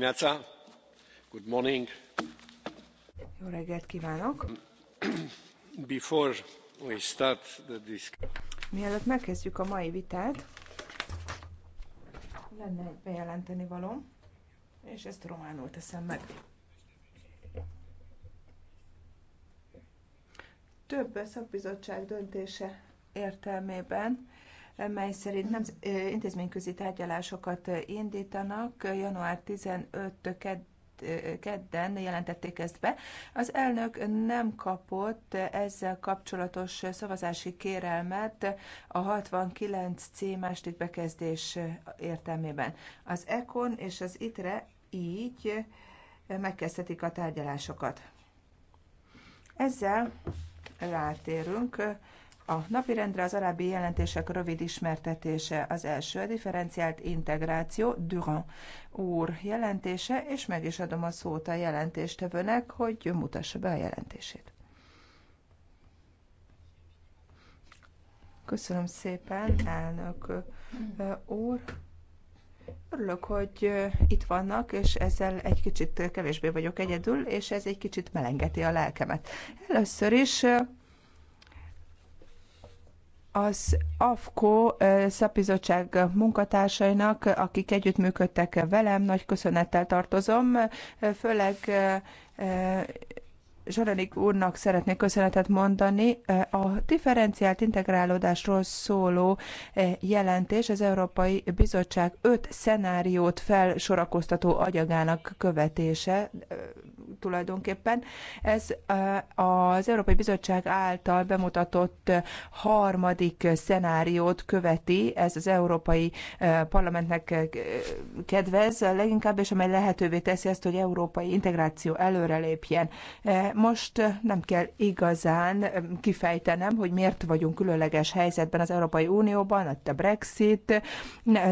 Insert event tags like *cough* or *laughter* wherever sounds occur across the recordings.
Good morning. Jó reggelt kívánok! Before we start the discussion. Mielőtt megkezdjük a mai vitát, lenne egy bejelenteni és ezt románul teszem meg. Több szakbizottság döntése értelmében mely szerint nem intézményközi tárgyalásokat indítanak január 15 től kedden jelentették ezt be. Az elnök nem kapott ezzel kapcsolatos szavazási kérelmet a 69 C második bekezdés értelmében. Az ECON és az ITRE így megkezdhetik a tárgyalásokat. Ezzel rátérünk a napirendre az alábbi jelentések rövid ismertetése az első, a differenciált integráció, Durand úr jelentése, és meg is adom a szót a jelentéstevőnek, hogy mutassa be a jelentését. Köszönöm szépen, elnök úr. Örülök, hogy itt vannak, és ezzel egy kicsit kevésbé vagyok egyedül, és ez egy kicsit melengeti a lelkemet. Először is az AFKO szabbizottság munkatársainak, akik együttműködtek velem, nagy köszönettel tartozom, főleg Zsaranik úrnak szeretnék köszönetet mondani. A differenciált integrálódásról szóló jelentés az Európai Bizottság öt szenáriót felsorakoztató agyagának követése tulajdonképpen. Ez eh, az Európai Bizottság által bemutatott eh, harmadik szenáriót követi, ez az Európai eh, Parlamentnek kedvez leginkább, és amely lehetővé teszi azt, hogy európai integráció előrelépjen. Most nem kell igazán kifejtenem, hogy miért vagyunk különleges helyzetben az Európai Unióban, a Brexit,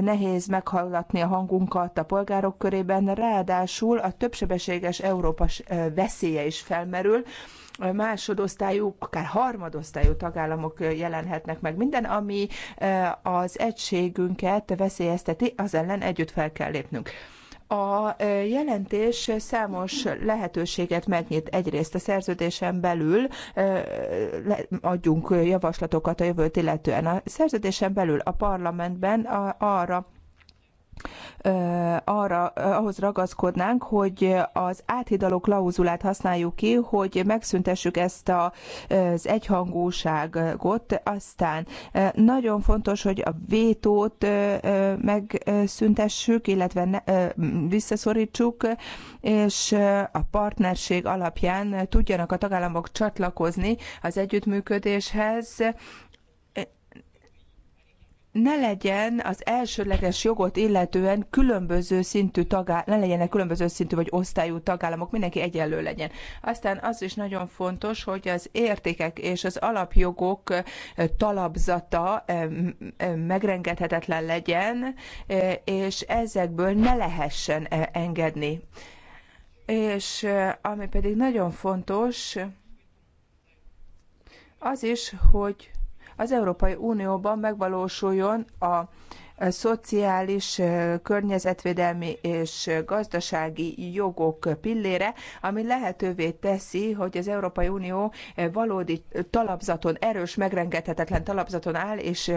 nehéz meghallatni a hangunkat a polgárok körében, ráadásul a többsebességes Európa Európas veszélye is felmerül. Másodosztályú, akár harmadosztályú tagállamok jelenhetnek meg. Minden, ami az egységünket veszélyezteti, az ellen együtt fel kell lépnünk. A jelentés számos lehetőséget megnyit. Egyrészt a szerződésen belül adjunk javaslatokat a jövőt illetően. A szerződésen belül a parlamentben arra arra, ahhoz ragaszkodnánk, hogy az áthidaló klauzulát használjuk ki, hogy megszüntessük ezt a, az egyhangúságot. Aztán nagyon fontos, hogy a vétót megszüntessük, illetve ne, visszaszorítsuk, és a partnerség alapján tudjanak a tagállamok csatlakozni az együttműködéshez, ne legyen az elsődleges jogot illetően különböző szintű tagállamok, ne legyenek különböző szintű vagy osztályú tagállamok, mindenki egyenlő legyen. Aztán az is nagyon fontos, hogy az értékek és az alapjogok talapzata megrengethetetlen legyen, és ezekből ne lehessen engedni. És ami pedig nagyon fontos, az is, hogy az Európai Unióban megvalósuljon a szociális, környezetvédelmi és gazdasági jogok pillére, ami lehetővé teszi, hogy az Európai Unió valódi talapzaton, erős, megrengethetetlen talapzaton áll, és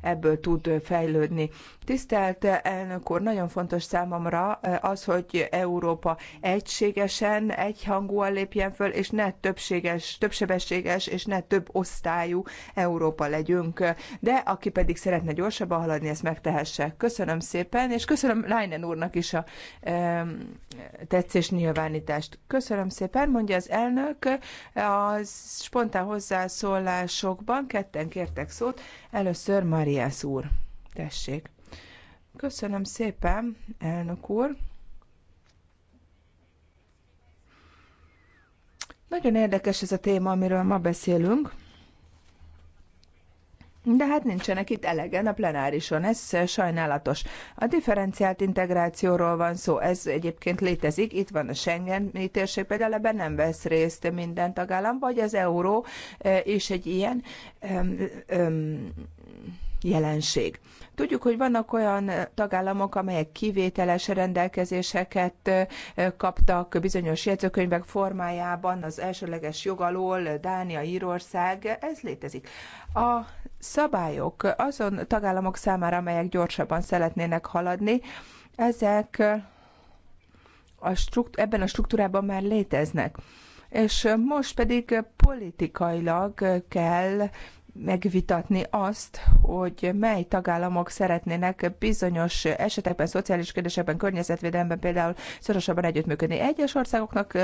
ebből tud fejlődni. Tisztelt elnök úr, nagyon fontos számomra eh, az, hogy Európa egységesen, egyhangúan lépjen föl, és ne többséges, többsebességes, és ne több osztályú Európa legyünk. De aki pedig szeretne gyorsabban haladni, ezt megtehesse. Köszönöm szépen, és köszönöm Leinen úrnak is a e, tetszés nyilvánítást. Köszönöm szépen, mondja az elnök. A spontán hozzászólásokban ketten kértek szót. Először Marias úr. Tessék. Köszönöm szépen, elnök úr. Nagyon érdekes ez a téma, amiről ma beszélünk. De hát nincsenek itt elegen a plenárison, ez sajnálatos. A differenciált integrációról van szó, ez egyébként létezik, itt van a Schengen térség, például ebben nem vesz részt minden tagállam, vagy az euró és eh, egy ilyen öm, öm, jelenség. Tudjuk, hogy vannak olyan tagállamok, amelyek kivételes rendelkezéseket kaptak bizonyos jegyzőkönyvek formájában az elsőleges jog alól, Dánia, Írország, ez létezik. A szabályok azon tagállamok számára, amelyek gyorsabban szeretnének haladni, ezek a ebben a struktúrában már léteznek és most pedig politikailag kell megvitatni azt, hogy mely tagállamok szeretnének bizonyos esetekben, szociális kérdésekben, környezetvédelemben például szorosabban együttműködni. Egyes országoknak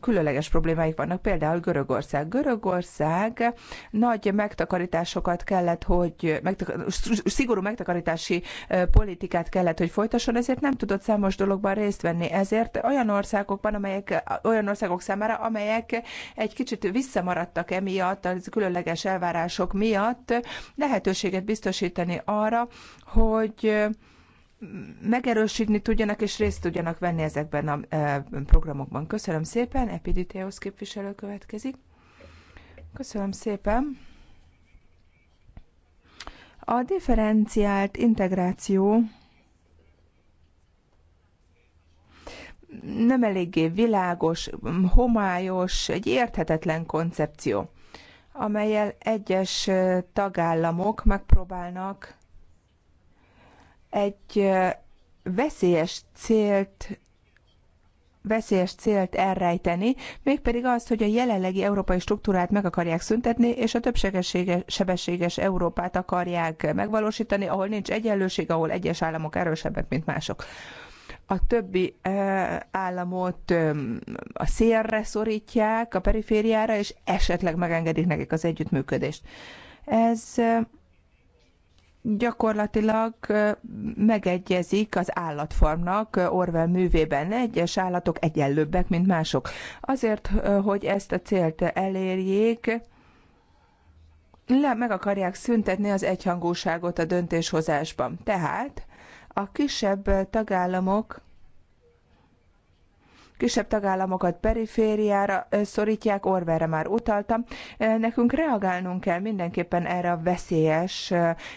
különleges problémáik vannak, például Görögország. Görögország nagy megtakarításokat kellett, hogy megtakar, szigorú megtakarítási politikát kellett, hogy folytasson, ezért nem tudott számos dologban részt venni. Ezért olyan országokban, amelyek, olyan országok számára, amelyek egy kicsit visszamaradtak emiatt a különleges elvárások elvárások miatt lehetőséget biztosítani arra, hogy megerősíteni tudjanak és részt tudjanak venni ezekben a e, programokban. Köszönöm szépen, Epiditeos képviselő következik. Köszönöm szépen. A differenciált integráció nem eléggé világos, homályos, egy érthetetlen koncepció amelyel egyes tagállamok megpróbálnak egy veszélyes célt veszélyes célt elrejteni, mégpedig azt, hogy a jelenlegi európai struktúrát meg akarják szüntetni, és a sebességes Európát akarják megvalósítani, ahol nincs egyenlőség, ahol egyes államok erősebbek, mint mások a többi államot a szélre szorítják, a perifériára, és esetleg megengedik nekik az együttműködést. Ez gyakorlatilag megegyezik az állatformnak Orwell művében. Egyes állatok egyenlőbbek, mint mások. Azért, hogy ezt a célt elérjék, le meg akarják szüntetni az egyhangúságot a döntéshozásban. Tehát a kisebb tagállamok kisebb tagállamokat perifériára szorítják, Orwellre már utaltam. Nekünk reagálnunk kell mindenképpen erre a veszélyes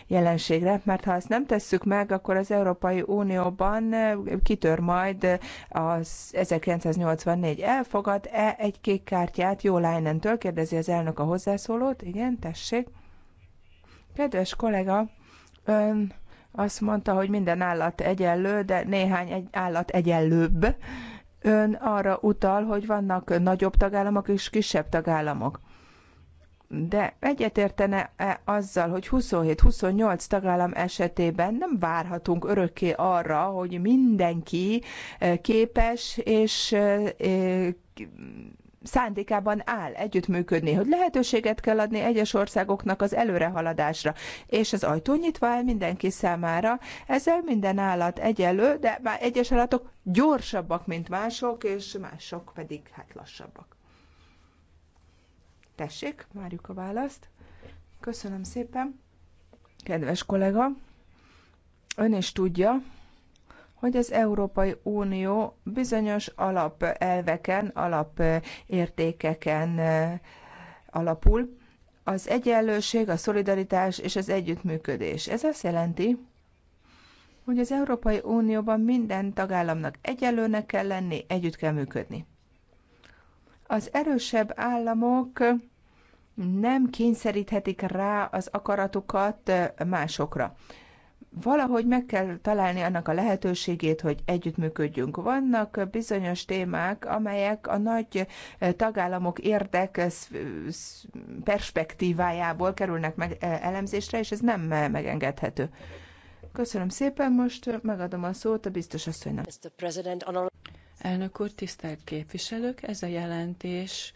jelenségre, mert ha ezt nem tesszük meg, akkor az Európai Unióban kitör majd az 1984 elfogad-e egy kék kártyát Jó Lájnentől, kérdezi az elnök a hozzászólót. Igen, tessék. Kedves kollega, ön azt mondta, hogy minden állat egyenlő, de néhány egy állat egyenlőbb. Ön arra utal, hogy vannak nagyobb tagállamok és kisebb tagállamok. De egyetértene -e azzal, hogy 27-28 tagállam esetében nem várhatunk örökké arra, hogy mindenki eh, képes és eh, eh, szándékában áll együttműködni, hogy lehetőséget kell adni egyes országoknak az előrehaladásra, és az ajtó nyitva el mindenki számára. Ezzel minden állat egyenlő, de már egyes állatok gyorsabbak, mint mások, és mások pedig hát lassabbak. Tessék, várjuk a választ. Köszönöm szépen. Kedves kollega, ön is tudja, hogy az Európai Unió bizonyos alapelveken, alapértékeken alapul. Az egyenlőség, a szolidaritás és az együttműködés. Ez azt jelenti, hogy az Európai Unióban minden tagállamnak egyenlőnek kell lenni, együtt kell működni. Az erősebb államok nem kényszeríthetik rá az akaratukat másokra. Valahogy meg kell találni annak a lehetőségét, hogy együttműködjünk. Vannak bizonyos témák, amelyek a nagy eh, tagállamok érdek eh, perspektívájából kerülnek meg eh, elemzésre, és ez nem megengedhető. Köszönöm szépen, most megadom a szót a biztos asszonynak. Elnök úr, tisztelt képviselők, ez a jelentés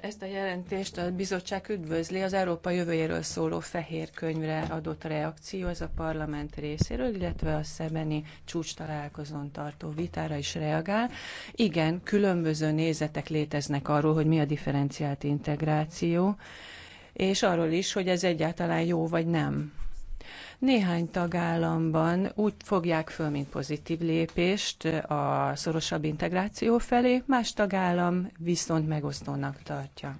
ezt a jelentést a bizottság üdvözli az Európa jövőjéről szóló fehér könyvre adott reakció, ez a parlament részéről, illetve a szemeni csúcs találkozón tartó vitára is reagál. Igen, különböző nézetek léteznek arról, hogy mi a differenciált integráció, és arról is, hogy ez egyáltalán jó vagy nem néhány tagállamban úgy fogják föl, mint pozitív lépést a szorosabb integráció felé, más tagállam viszont megosztónak tartja.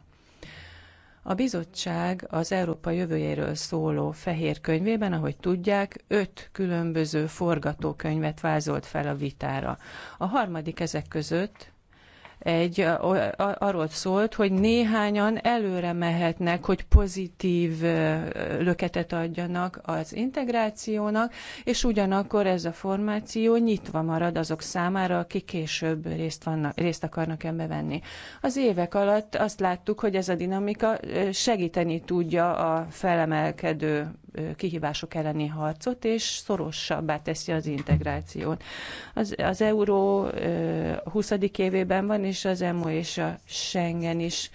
A bizottság az Európa jövőjéről szóló fehér könyvében, ahogy tudják, öt különböző forgatókönyvet vázolt fel a vitára. A harmadik ezek között egy, arról szólt, hogy néhányan előre mehetnek, hogy pozitív löketet adjanak az integrációnak, és ugyanakkor ez a formáció nyitva marad azok számára, akik később részt, vannak, részt akarnak ebbe venni. Az évek alatt azt láttuk, hogy ez a dinamika segíteni tudja a felemelkedő kihívások elleni harcot, és szorosabbá teszi az integrációt. Az, az euró 20. évében van, és az EMO és a Schengen is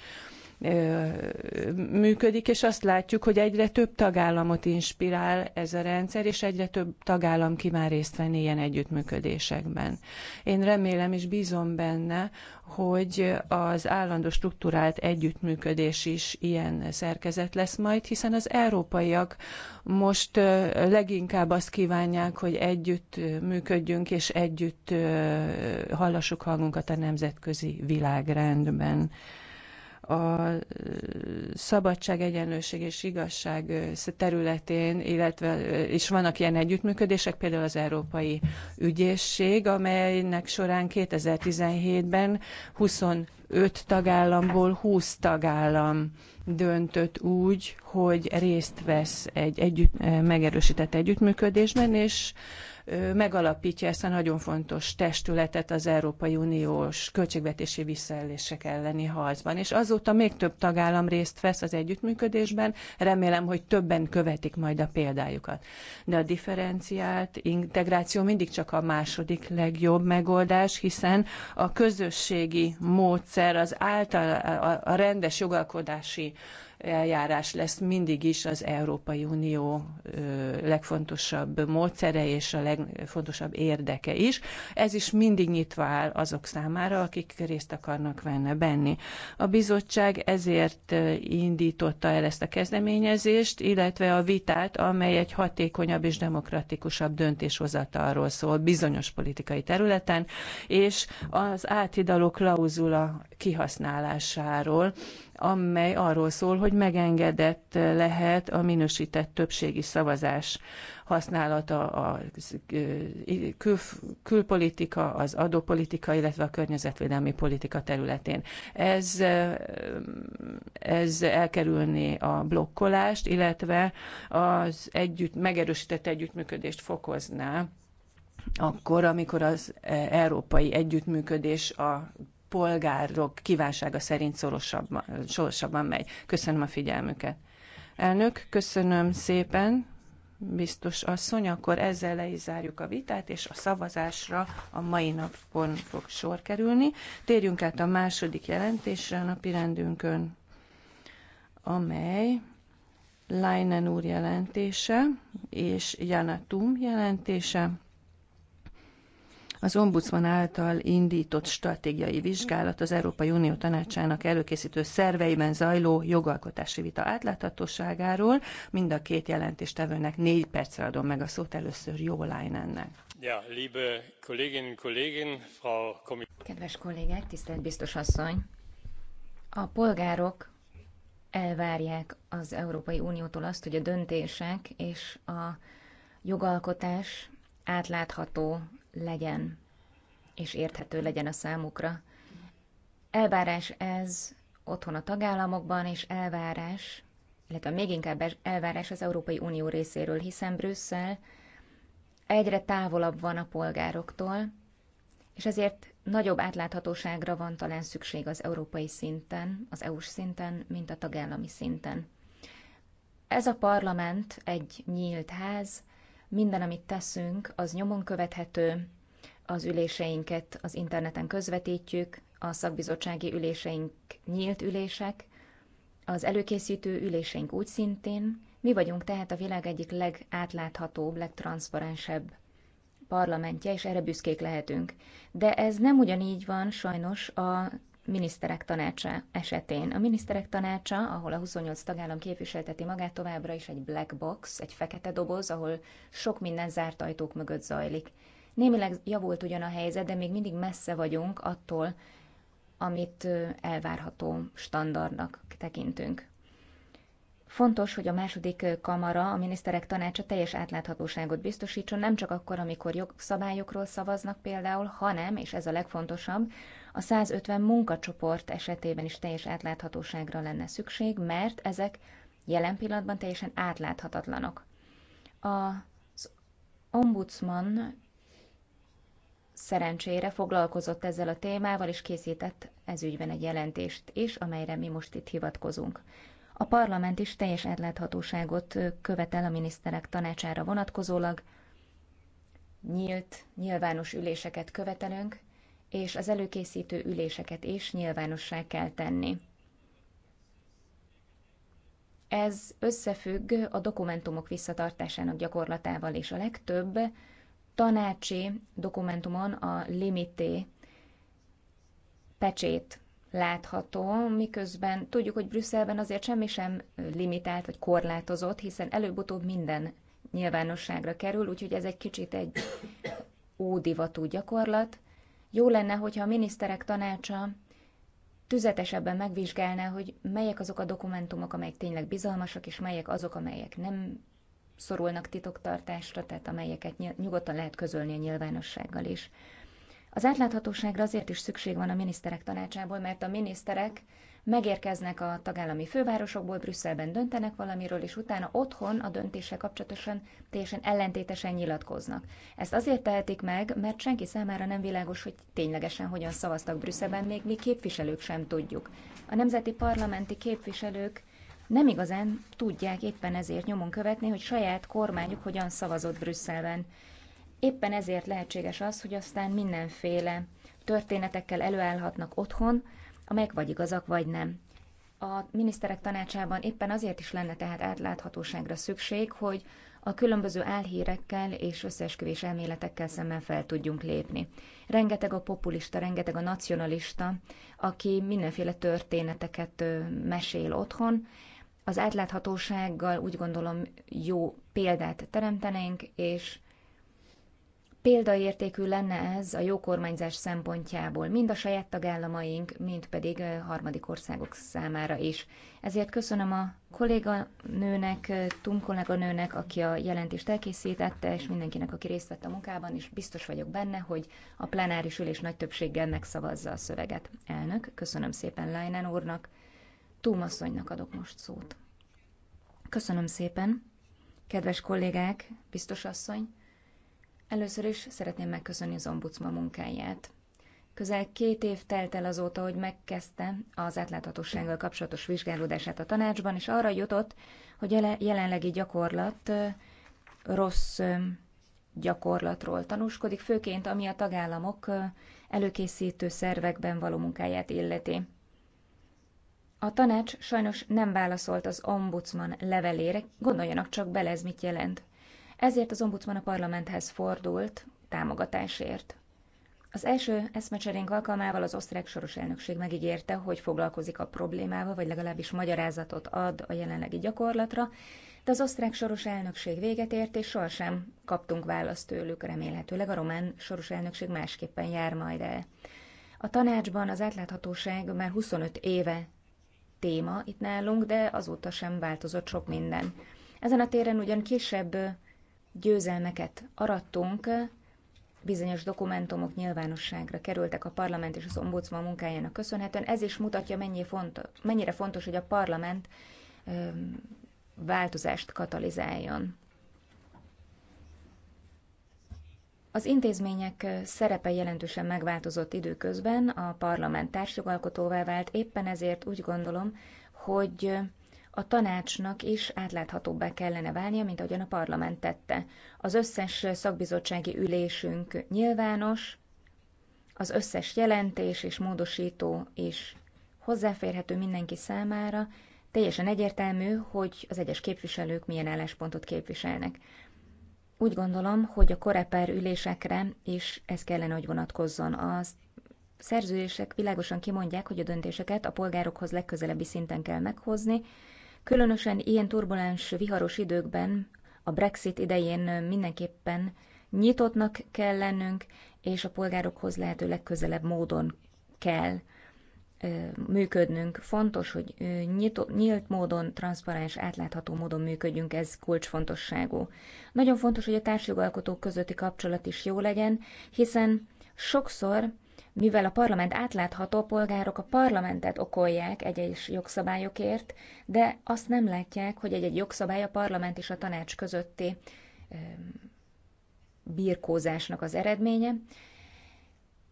működik, és azt látjuk, hogy egyre több tagállamot inspirál ez a rendszer, és egyre több tagállam kíván részt venni ilyen együttműködésekben. Én remélem és bízom benne, hogy az állandó struktúrált együttműködés is ilyen szerkezet lesz majd, hiszen az európaiak most leginkább azt kívánják, hogy együtt működjünk, és együtt hallassuk hangunkat a nemzetközi világrendben a szabadság, egyenlőség és igazság területén, illetve is vannak ilyen együttműködések, például az Európai Ügyészség, amelynek során 2017-ben 25 tagállamból 20 tagállam döntött úgy, hogy részt vesz egy együtt, megerősített együttműködésben, és megalapítja ezt a nagyon fontos testületet az Európai Uniós költségvetési visszaélések elleni harcban. És azóta még több tagállam részt vesz az együttműködésben, remélem, hogy többen követik majd a példájukat. De a differenciált integráció mindig csak a második legjobb megoldás, hiszen a közösségi módszer, az által a rendes jogalkodási eljárás lesz mindig is az Európai Unió legfontosabb módszere és a legfontosabb érdeke is. Ez is mindig nyitva áll azok számára, akik részt akarnak venni benni. A bizottság ezért indította el ezt a kezdeményezést, illetve a vitát, amely egy hatékonyabb és demokratikusabb döntéshozatalról szól bizonyos politikai területen, és az áthidaló klauzula kihasználásáról, amely arról szól, hogy megengedett lehet a minősített többségi szavazás használata a kül, külpolitika, az adópolitika, illetve a környezetvédelmi politika területén. Ez, ez elkerülni a blokkolást, illetve az együtt, megerősített együttműködést fokozná akkor, amikor az e, európai együttműködés a polgárok kívánsága szerint szorosabban, szorosabban megy. Köszönöm a figyelmüket. Elnök, köszönöm szépen, biztos asszony, akkor ezzel le is zárjuk a vitát, és a szavazásra a mai napon fog sor kerülni. Térjünk át a második jelentésre a napi rendünkön, amely Leinen úr jelentése és Janatum jelentése. Az ombudsman által indított stratégiai vizsgálat az Európai Unió tanácsának előkészítő szerveiben zajló jogalkotási vita átláthatóságáról. Mind a két jelentéstevőnek négy percre adom meg a szót először Jó Lájnennek. Ja, liebe Kolleginnen Kollegen, Frau Kedves kollégák, tisztelt biztos asszony! A polgárok elvárják az Európai Uniótól azt, hogy a döntések és a jogalkotás átlátható legyen, és érthető legyen a számukra. Elvárás ez otthon a tagállamokban, és elvárás, illetve még inkább elvárás az Európai Unió részéről, hiszen Brüsszel egyre távolabb van a polgároktól, és ezért nagyobb átláthatóságra van talán szükség az európai szinten, az EU-s szinten, mint a tagállami szinten. Ez a parlament egy nyílt ház, minden, amit teszünk, az nyomon követhető, az üléseinket az interneten közvetítjük, a szakbizottsági üléseink nyílt ülések, az előkészítő üléseink úgy szintén, mi vagyunk tehát a világ egyik legátláthatóbb, legtranszparensebb parlamentje, és erre büszkék lehetünk. De ez nem ugyanígy van sajnos a miniszterek tanácsa esetén. A miniszterek tanácsa, ahol a 28 tagállam képviselteti magát továbbra is egy black box, egy fekete doboz, ahol sok minden zárt ajtók mögött zajlik. Némileg javult ugyan a helyzet, de még mindig messze vagyunk attól, amit elvárható standardnak tekintünk. Fontos, hogy a második kamara, a miniszterek tanácsa teljes átláthatóságot biztosítson, nem csak akkor, amikor jogszabályokról szavaznak például, hanem, és ez a legfontosabb, a 150 munkacsoport esetében is teljes átláthatóságra lenne szükség, mert ezek jelen pillanatban teljesen átláthatatlanok. Az ombudsman szerencsére foglalkozott ezzel a témával, és készített ez ügyben egy jelentést is, amelyre mi most itt hivatkozunk. A parlament is teljes átláthatóságot követel a miniszterek tanácsára vonatkozólag, nyílt, nyilvános üléseket követelünk, és az előkészítő üléseket is nyilvánossá kell tenni. Ez összefügg a dokumentumok visszatartásának gyakorlatával, és a legtöbb tanácsi dokumentumon a limité pecsét látható, miközben tudjuk, hogy Brüsszelben azért semmi sem limitált vagy korlátozott, hiszen előbb-utóbb minden nyilvánosságra kerül, úgyhogy ez egy kicsit egy ódivatú gyakorlat. Jó lenne, hogyha a miniszterek tanácsa tüzetesebben megvizsgálná, hogy melyek azok a dokumentumok, amelyek tényleg bizalmasak, és melyek azok, amelyek nem szorulnak titoktartásra, tehát amelyeket nyugodtan lehet közölni a nyilvánossággal is. Az átláthatóságra azért is szükség van a miniszterek tanácsából, mert a miniszterek megérkeznek a tagállami fővárosokból, Brüsszelben döntenek valamiről, és utána otthon a döntése kapcsolatosan teljesen ellentétesen nyilatkoznak. Ezt azért tehetik meg, mert senki számára nem világos, hogy ténylegesen hogyan szavaztak Brüsszelben, még mi képviselők sem tudjuk. A nemzeti parlamenti képviselők nem igazán tudják éppen ezért nyomon követni, hogy saját kormányuk hogyan szavazott Brüsszelben. Éppen ezért lehetséges az, hogy aztán mindenféle történetekkel előállhatnak otthon, amelyek vagy igazak, vagy nem. A miniszterek tanácsában éppen azért is lenne tehát átláthatóságra szükség, hogy a különböző álhírekkel és összeesküvés elméletekkel szemben fel tudjunk lépni. Rengeteg a populista, rengeteg a nacionalista, aki mindenféle történeteket mesél otthon. Az átláthatósággal úgy gondolom jó példát teremtenénk, és Példaértékű lenne ez a jó kormányzás szempontjából, mind a saját tagállamaink, mind pedig harmadik országok számára is. Ezért köszönöm a kolléganőnek, Tum kolléganőnek, aki a jelentést elkészítette, és mindenkinek, aki részt vett a munkában, és biztos vagyok benne, hogy a plenáris ülés nagy többséggel megszavazza a szöveget. Elnök, köszönöm szépen Leinen úrnak, Tum asszonynak adok most szót. Köszönöm szépen, kedves kollégák, biztos asszony, Először is szeretném megköszönni az ombudsman munkáját. Közel két év telt el azóta, hogy megkezdte az átláthatósággal kapcsolatos vizsgálódását a tanácsban, és arra jutott, hogy a jelenlegi gyakorlat rossz gyakorlatról tanúskodik, főként ami a tagállamok előkészítő szervekben való munkáját illeti. A tanács sajnos nem válaszolt az ombudsman levelére, gondoljanak csak bele, ez mit jelent. Ezért az ombudsman a parlamenthez fordult támogatásért. Az első eszmecserénk alkalmával az osztrák soros elnökség megígérte, hogy foglalkozik a problémával, vagy legalábbis magyarázatot ad a jelenlegi gyakorlatra, de az osztrák soros elnökség véget ért, és sohasem kaptunk választ tőlük, remélhetőleg a román soros elnökség másképpen jár majd el. A tanácsban az átláthatóság már 25 éve téma itt nálunk, de azóta sem változott sok minden. Ezen a téren ugyan kisebb győzelmeket arattunk, bizonyos dokumentumok nyilvánosságra kerültek a parlament és az ombudsman munkájának köszönhetően. Ez is mutatja, mennyi fontos, mennyire fontos, hogy a parlament változást katalizáljon. Az intézmények szerepe jelentősen megváltozott időközben, a parlament társjogalkotóvá vált, éppen ezért úgy gondolom, hogy a tanácsnak is átláthatóbbá kellene válnia, mint ahogyan a parlament tette. Az összes szakbizottsági ülésünk nyilvános, az összes jelentés és módosító is hozzáférhető mindenki számára, teljesen egyértelmű, hogy az egyes képviselők milyen álláspontot képviselnek. Úgy gondolom, hogy a koreper ülésekre is ez kellene, hogy vonatkozzon. A szerződések világosan kimondják, hogy a döntéseket a polgárokhoz legközelebbi szinten kell meghozni, Különösen ilyen turbulens, viharos időkben, a Brexit idején mindenképpen nyitottnak kell lennünk, és a polgárokhoz lehető legközelebb módon kell működnünk. Fontos, hogy nyitó, nyílt módon, transzparens, átlátható módon működjünk, ez kulcsfontosságú. Nagyon fontos, hogy a társjogalkotók közötti kapcsolat is jó legyen, hiszen sokszor mivel a parlament átlátható, a polgárok a parlamentet okolják egyes jogszabályokért, de azt nem látják, hogy egy-egy jogszabály a parlament és a tanács közötti birkózásnak az eredménye,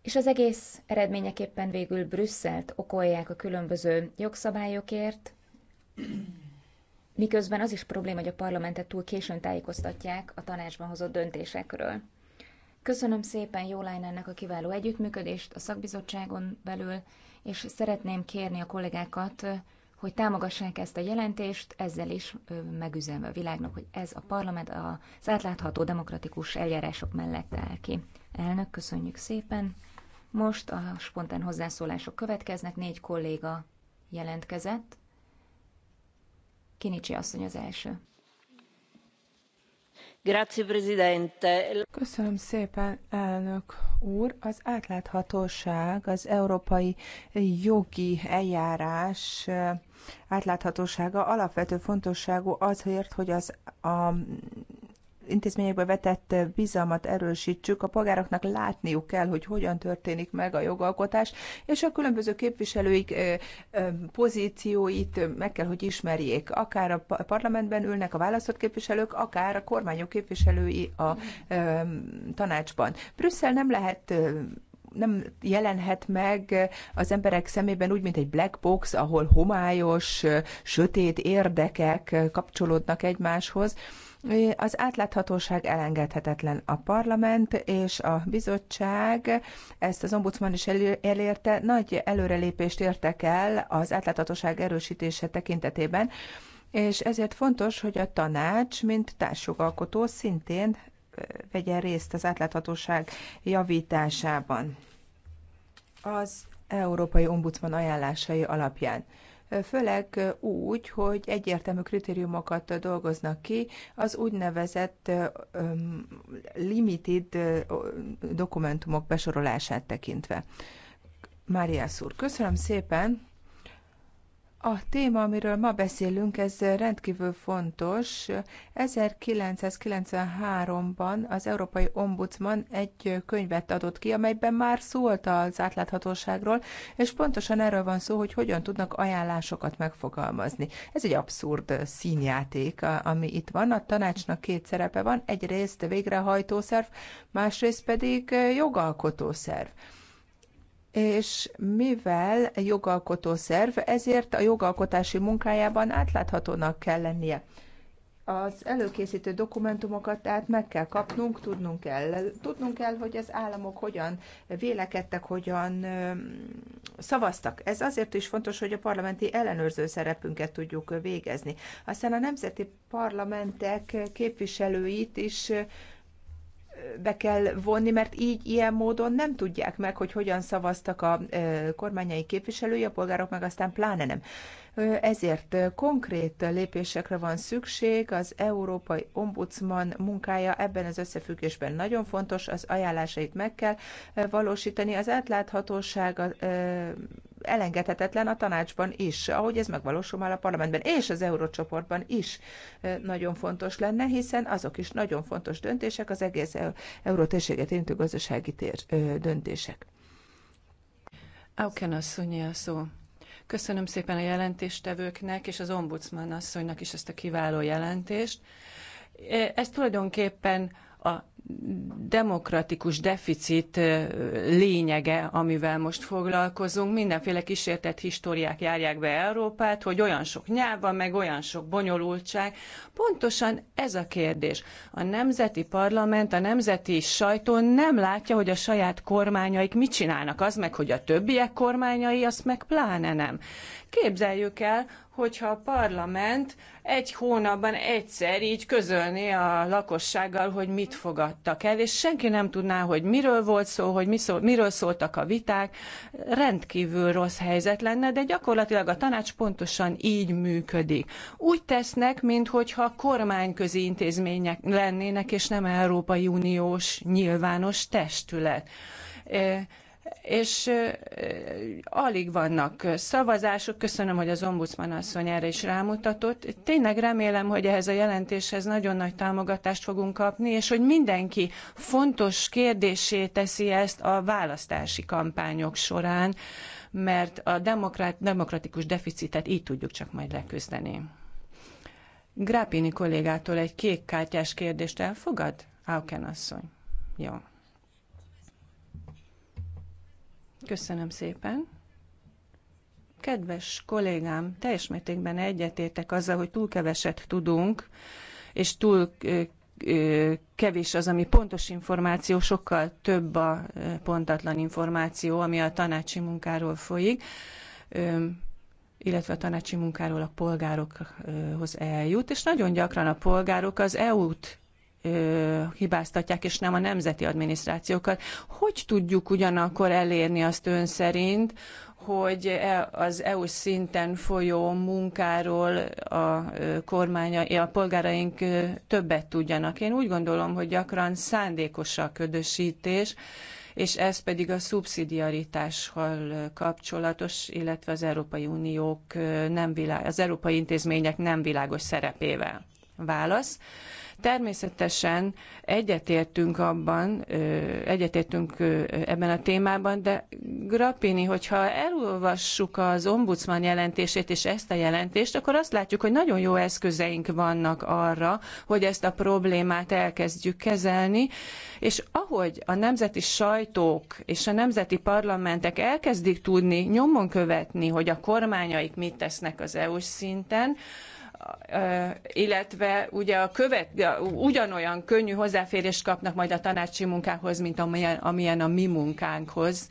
és az egész eredményeképpen végül Brüsszelt okolják a különböző jogszabályokért, miközben az is probléma, hogy a parlamentet túl későn tájékoztatják a tanácsban hozott döntésekről. Köszönöm szépen Jólájnának a kiváló együttműködést a szakbizottságon belül, és szeretném kérni a kollégákat, hogy támogassák ezt a jelentést, ezzel is megüzenve a világnak, hogy ez a parlament az átlátható demokratikus eljárások mellett áll ki. Elnök, köszönjük szépen. Most a spontán hozzászólások következnek, négy kolléga jelentkezett. Kinicsi asszony az első. Köszönöm szépen, elnök úr. Az átláthatóság, az európai jogi eljárás eh, átláthatósága alapvető fontosságú azért, hogy az intézményekbe vetett bizalmat erősítsük, a polgároknak látniuk kell, hogy hogyan történik meg a jogalkotás, és a különböző képviselőik pozícióit meg kell, hogy ismerjék. Akár a parlamentben ülnek a választott képviselők, akár a kormányok képviselői a tanácsban. Brüsszel nem lehet nem jelenhet meg az emberek szemében úgy, mint egy black box, ahol homályos, sötét érdekek kapcsolódnak egymáshoz az átláthatóság elengedhetetlen. A parlament és a bizottság ezt az ombudsman is elérte, nagy előrelépést értek el az átláthatóság erősítése tekintetében, és ezért fontos, hogy a tanács, mint társjogalkotó szintén vegyen részt az átláthatóság javításában. Az Európai Ombudsman ajánlásai alapján főleg úgy, hogy egyértelmű kritériumokat dolgoznak ki az úgynevezett limited dokumentumok besorolását tekintve. Mária úr, köszönöm szépen! A téma, amiről ma beszélünk, ez rendkívül fontos. 1993-ban az Európai Ombudsman egy könyvet adott ki, amelyben már szólt az átláthatóságról, és pontosan erről van szó, hogy hogyan tudnak ajánlásokat megfogalmazni. Ez egy abszurd színjáték, ami itt van. A tanácsnak két szerepe van, egyrészt végrehajtó szerv, másrészt pedig jogalkotó szerv és mivel jogalkotó szerv, ezért a jogalkotási munkájában átláthatónak kell lennie. Az előkészítő dokumentumokat tehát meg kell kapnunk, tudnunk kell. Tudnunk kell, hogy az államok hogyan vélekedtek, hogyan szavaztak. Ez azért is fontos, hogy a parlamenti ellenőrző szerepünket tudjuk végezni. Aztán a nemzeti parlamentek képviselőit is be kell vonni, mert így ilyen módon nem tudják meg, hogy hogyan szavaztak a kormányai képviselői, a polgárok meg aztán pláne nem ezért konkrét lépésekre van szükség. Az Európai Ombudsman munkája ebben az összefüggésben nagyon fontos, az ajánlásait meg kell valósítani. Az átláthatóság elengedhetetlen a tanácsban is, ahogy ez megvalósul már a parlamentben és az eurócsoportban is nagyon fontos lenne, hiszen azok is nagyon fontos döntések, az egész e-, eurótérséget érintő gazdasági tér, döntések. Auken asszonyi a szó. Köszönöm szépen a jelentéstevőknek és az ombudsman asszonynak is ezt a kiváló jelentést. Ez tulajdonképpen a demokratikus deficit lényege, amivel most foglalkozunk. Mindenféle kísértett históriák járják be Európát, hogy olyan sok nyelv van, meg olyan sok bonyolultság. Pontosan ez a kérdés. A nemzeti parlament, a nemzeti sajtó nem látja, hogy a saját kormányaik mit csinálnak. Az meg, hogy a többiek kormányai, azt meg pláne nem. Képzeljük el, hogyha a parlament egy hónapban egyszer így közölné a lakossággal, hogy mit fog a hangzottak el, és senki nem tudná, hogy miről volt szó, hogy mi szó, miről szóltak a viták. Rendkívül rossz helyzet lenne, de gyakorlatilag a tanács pontosan így működik. Úgy tesznek, minthogyha kormányközi intézmények lennének, és nem Európai Uniós nyilvános testület és alig vannak szavazások. Köszönöm, hogy az ombudsman asszony erre is rámutatott. Tényleg remélem, hogy ehhez a jelentéshez nagyon nagy támogatást fogunk kapni, és hogy mindenki fontos kérdésé teszi ezt a választási kampányok során, mert a demokratikus deficitet így tudjuk csak majd leküzdeni. Grápini kollégától egy kék kártyás kérdést elfogad? Auken asszony. Jó. Köszönöm szépen. Kedves kollégám, teljes mértékben egyetértek azzal, hogy túl keveset tudunk, és túl kevés az, ami pontos információ, sokkal több a pontatlan információ, ami a tanácsi munkáról folyik, illetve a tanácsi munkáról a polgárokhoz eljut, és nagyon gyakran a polgárok az EU-t ö, hibáztatják, és nem a nemzeti adminisztrációkat. Hogy tudjuk ugyanakkor elérni azt ön szerint, hogy e, az EU szinten folyó munkáról a kormánya, a polgáraink többet tudjanak. Én úgy gondolom, hogy gyakran szándékos a ködösítés, és ez pedig a szubszidiaritással kapcsolatos, illetve az Európai Uniók nem világ, az európai intézmények nem világos szerepével. Válasz. Természetesen egyetértünk abban, egyetértünk ebben a témában, de Grappini, hogyha elolvassuk az ombudsman jelentését és ezt a jelentést, akkor azt látjuk, hogy nagyon jó eszközeink vannak arra, hogy ezt a problémát elkezdjük kezelni, és ahogy a nemzeti sajtók és a nemzeti parlamentek elkezdik tudni nyomon követni, hogy a kormányaik mit tesznek az EU-s szinten, illetve ugye a követ, ugyanolyan könnyű hozzáférést kapnak majd a tanácsi munkához, mint amilyen, amilyen a mi munkánkhoz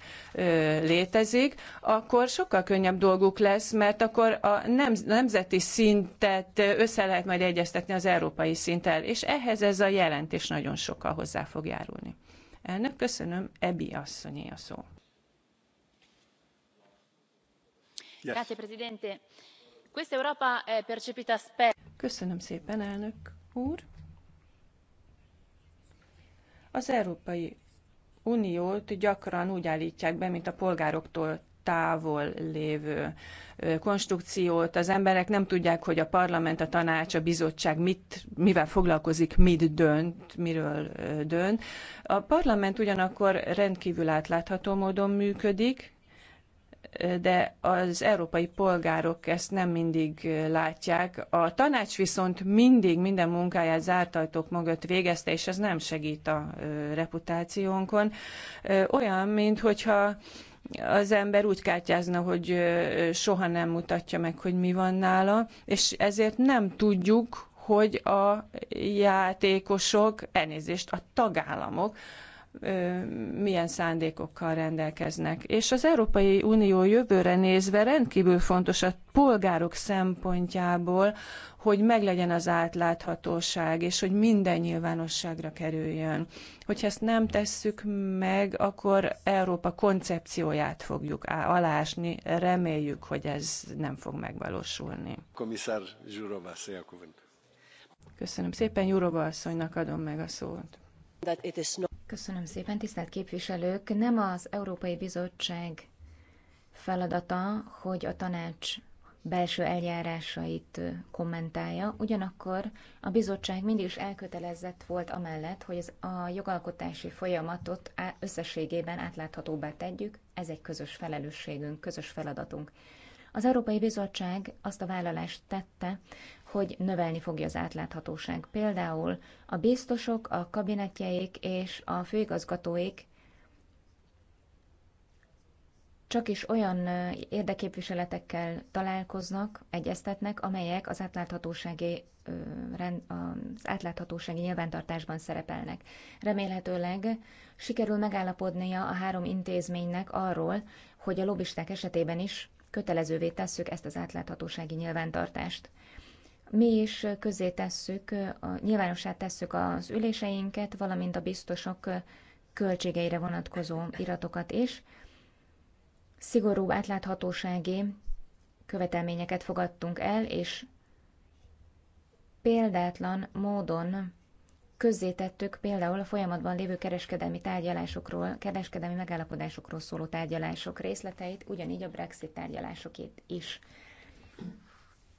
létezik, akkor sokkal könnyebb dolguk lesz, mert akkor a nemzeti szintet össze lehet majd egyeztetni az európai szinttel, és ehhez ez a jelentés nagyon sokkal hozzá fog járulni. Elnök, köszönöm, Ebi asszonyé a szó. Yes. Grazie, Köszönöm szépen, elnök úr. Az Európai Uniót gyakran úgy állítják be, mint a polgároktól távol lévő konstrukciót. Az emberek nem tudják, hogy a parlament, a tanács, a bizottság mit, mivel foglalkozik, mit dönt, miről dönt. A parlament ugyanakkor rendkívül átlátható módon működik, de az európai polgárok ezt nem mindig látják. A tanács viszont mindig minden munkáját zárt ajtók mögött végezte, és ez nem segít a reputációnkon. Olyan, mint hogyha az ember úgy kártyázna, hogy soha nem mutatja meg, hogy mi van nála, és ezért nem tudjuk, hogy a játékosok, elnézést, a tagállamok milyen szándékokkal rendelkeznek. És az Európai Unió jövőre nézve rendkívül fontos a polgárok szempontjából, hogy meglegyen az átláthatóság, és hogy minden nyilvánosságra kerüljön. Hogyha ezt nem tesszük meg, akkor Európa koncepcióját fogjuk alásni. Reméljük, hogy ez nem fog megvalósulni. Komisár Zsurova, szia Köszönöm szépen, Jurova asszonynak adom meg a szót. Köszönöm szépen, tisztelt képviselők! Nem az Európai Bizottság feladata, hogy a tanács belső eljárásait kommentálja, ugyanakkor a bizottság mindig is elkötelezett volt amellett, hogy ez a jogalkotási folyamatot összességében átláthatóbbá tegyük, ez egy közös felelősségünk, közös feladatunk. Az Európai Bizottság azt a vállalást tette, hogy növelni fogja az átláthatóság. Például a biztosok, a kabinetjeik és a főigazgatóik csak is olyan érdeképviseletekkel találkoznak, egyeztetnek, amelyek az átláthatósági, az átláthatósági nyilvántartásban szerepelnek. Remélhetőleg sikerül megállapodnia a három intézménynek arról, hogy a lobbisták esetében is kötelezővé tesszük ezt az átláthatósági nyilvántartást. Mi is közé tesszük, nyilvánossá tesszük az üléseinket, valamint a biztosok költségeire vonatkozó iratokat is. Szigorú átláthatósági követelményeket fogadtunk el, és példátlan módon közzétettük például a folyamatban lévő kereskedelmi tárgyalásokról, kereskedelmi megállapodásokról szóló tárgyalások részleteit, ugyanígy a Brexit tárgyalásokét is.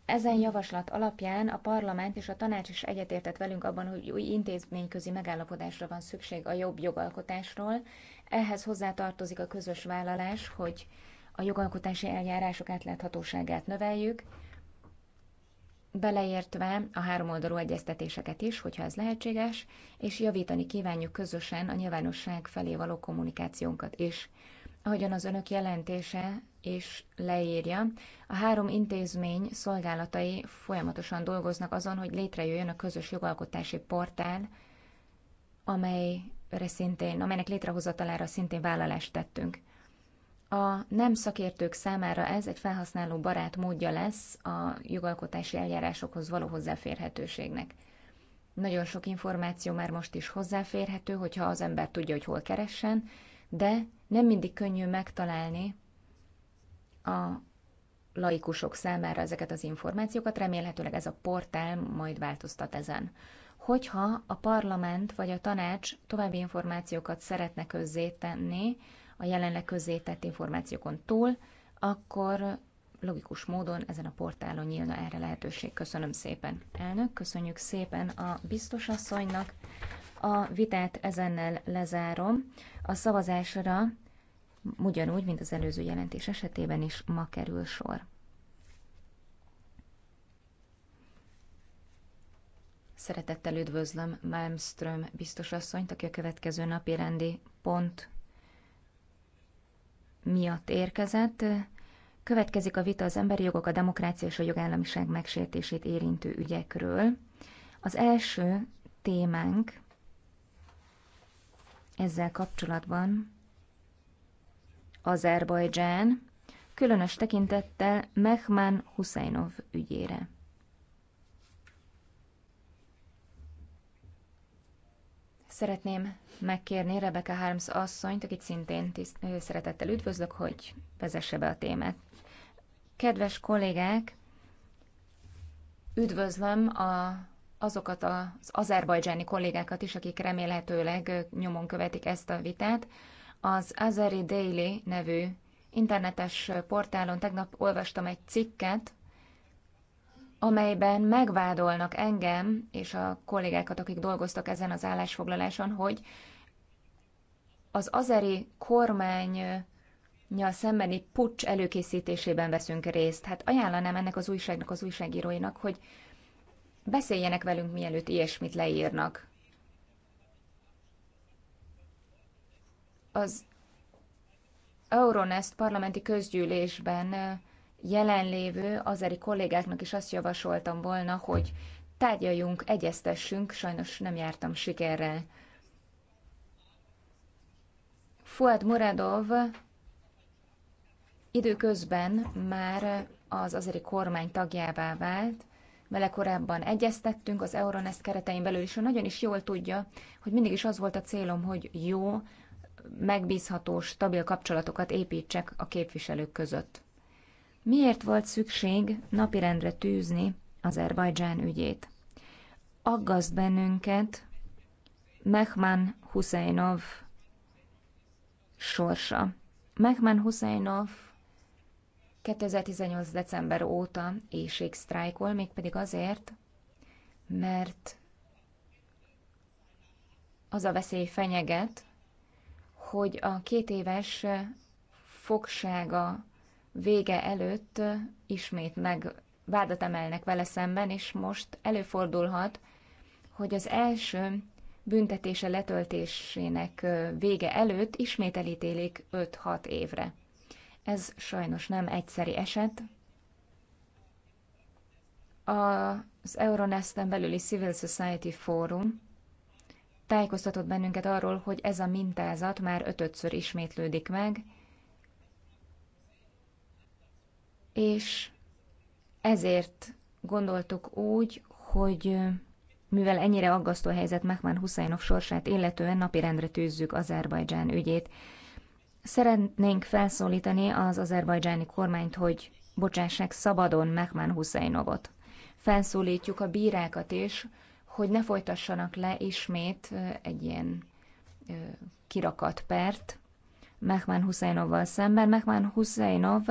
Ezen javaslat alapján a parlament és a tanács is egyetértett velünk abban, hogy új intézményközi megállapodásra van szükség a jobb jogalkotásról. Ehhez hozzátartozik a közös vállalás, hogy a jogalkotási eljárások átláthatóságát növeljük, beleértve a háromoldalú egyeztetéseket is, hogyha ez lehetséges, és javítani kívánjuk közösen a nyilvánosság felé való kommunikációnkat is. Ahogyan az önök jelentése és leírja. A három intézmény szolgálatai folyamatosan dolgoznak azon, hogy létrejöjjön a közös jogalkotási portál, amelyre szintén, amelynek létrehozatalára szintén vállalást tettünk. A nem szakértők számára ez egy felhasználó barát módja lesz a jogalkotási eljárásokhoz való hozzáférhetőségnek. Nagyon sok információ már most is hozzáférhető, hogyha az ember tudja, hogy hol keressen, de nem mindig könnyű megtalálni a laikusok számára ezeket az információkat, remélhetőleg ez a portál majd változtat ezen. Hogyha a parlament vagy a tanács további információkat szeretne közzétenni, a jelenleg közzétett információkon túl, akkor logikus módon ezen a portálon nyílna erre lehetőség. Köszönöm szépen, elnök, köszönjük szépen a biztosasszonynak. A vitát ezennel lezárom. A szavazásra ugyanúgy, mint az előző jelentés esetében is ma kerül sor. Szeretettel üdvözlöm Malmström biztos asszonyt, aki a következő napi rendi pont miatt érkezett. Következik a vita az emberi jogok, a demokrácia és a jogállamiság megsértését érintő ügyekről. Az első témánk ezzel kapcsolatban Azerbajdzsán, különös tekintettel Mehman Husseinov ügyére. Szeretném megkérni Rebecca Harms asszonyt, akit szintén tiszt- szeretettel üdvözlök, hogy vezesse be a témát. Kedves kollégák, üdvözlöm a, azokat az azerbajdzsáni kollégákat is, akik remélhetőleg nyomon követik ezt a vitát. Az Azari Daily nevű internetes portálon tegnap olvastam egy cikket, amelyben megvádolnak engem és a kollégákat, akik dolgoztak ezen az állásfoglaláson, hogy az azeri kormány nyal szembeni pucs előkészítésében veszünk részt. Hát ajánlanám ennek az újságnak, az újságíróinak, hogy beszéljenek velünk, mielőtt ilyesmit leírnak. az Euronest parlamenti közgyűlésben jelenlévő azeri kollégáknak is azt javasoltam volna, hogy tárgyaljunk, egyeztessünk, sajnos nem jártam sikerrel. Fuad Muradov időközben már az azeri kormány tagjává vált, vele korábban egyeztettünk az Euronest keretein belül, és ő nagyon is jól tudja, hogy mindig is az volt a célom, hogy jó, megbízható, stabil kapcsolatokat építsek a képviselők között. Miért volt szükség napirendre tűzni Azerbajdzsán ügyét? Aggaszt bennünket Mehman Husseinov sorsa. Mehman Husseinov 2018. december óta sztrájkol, mégpedig azért, mert az a veszély fenyeget, hogy a két éves fogsága vége előtt ismét meg vádat emelnek vele szemben, és most előfordulhat, hogy az első büntetése letöltésének vége előtt ismét elítélik 5-6 évre. Ez sajnos nem egyszeri eset. Az Euronesten belüli Civil Society Forum tájékoztatott bennünket arról, hogy ez a mintázat már ötödször ismétlődik meg, és ezért gondoltuk úgy, hogy mivel ennyire aggasztó helyzet Mehman Husseinov sorsát illetően napirendre tűzzük Azerbajdzsán ügyét. Szeretnénk felszólítani az azerbajdzsáni kormányt, hogy bocsássák szabadon Mehman Husseinovot. Felszólítjuk a bírákat is, hogy ne folytassanak le ismét egy ilyen kirakat pert Mehmán Huszainovval szemben. Mehmán Huszainov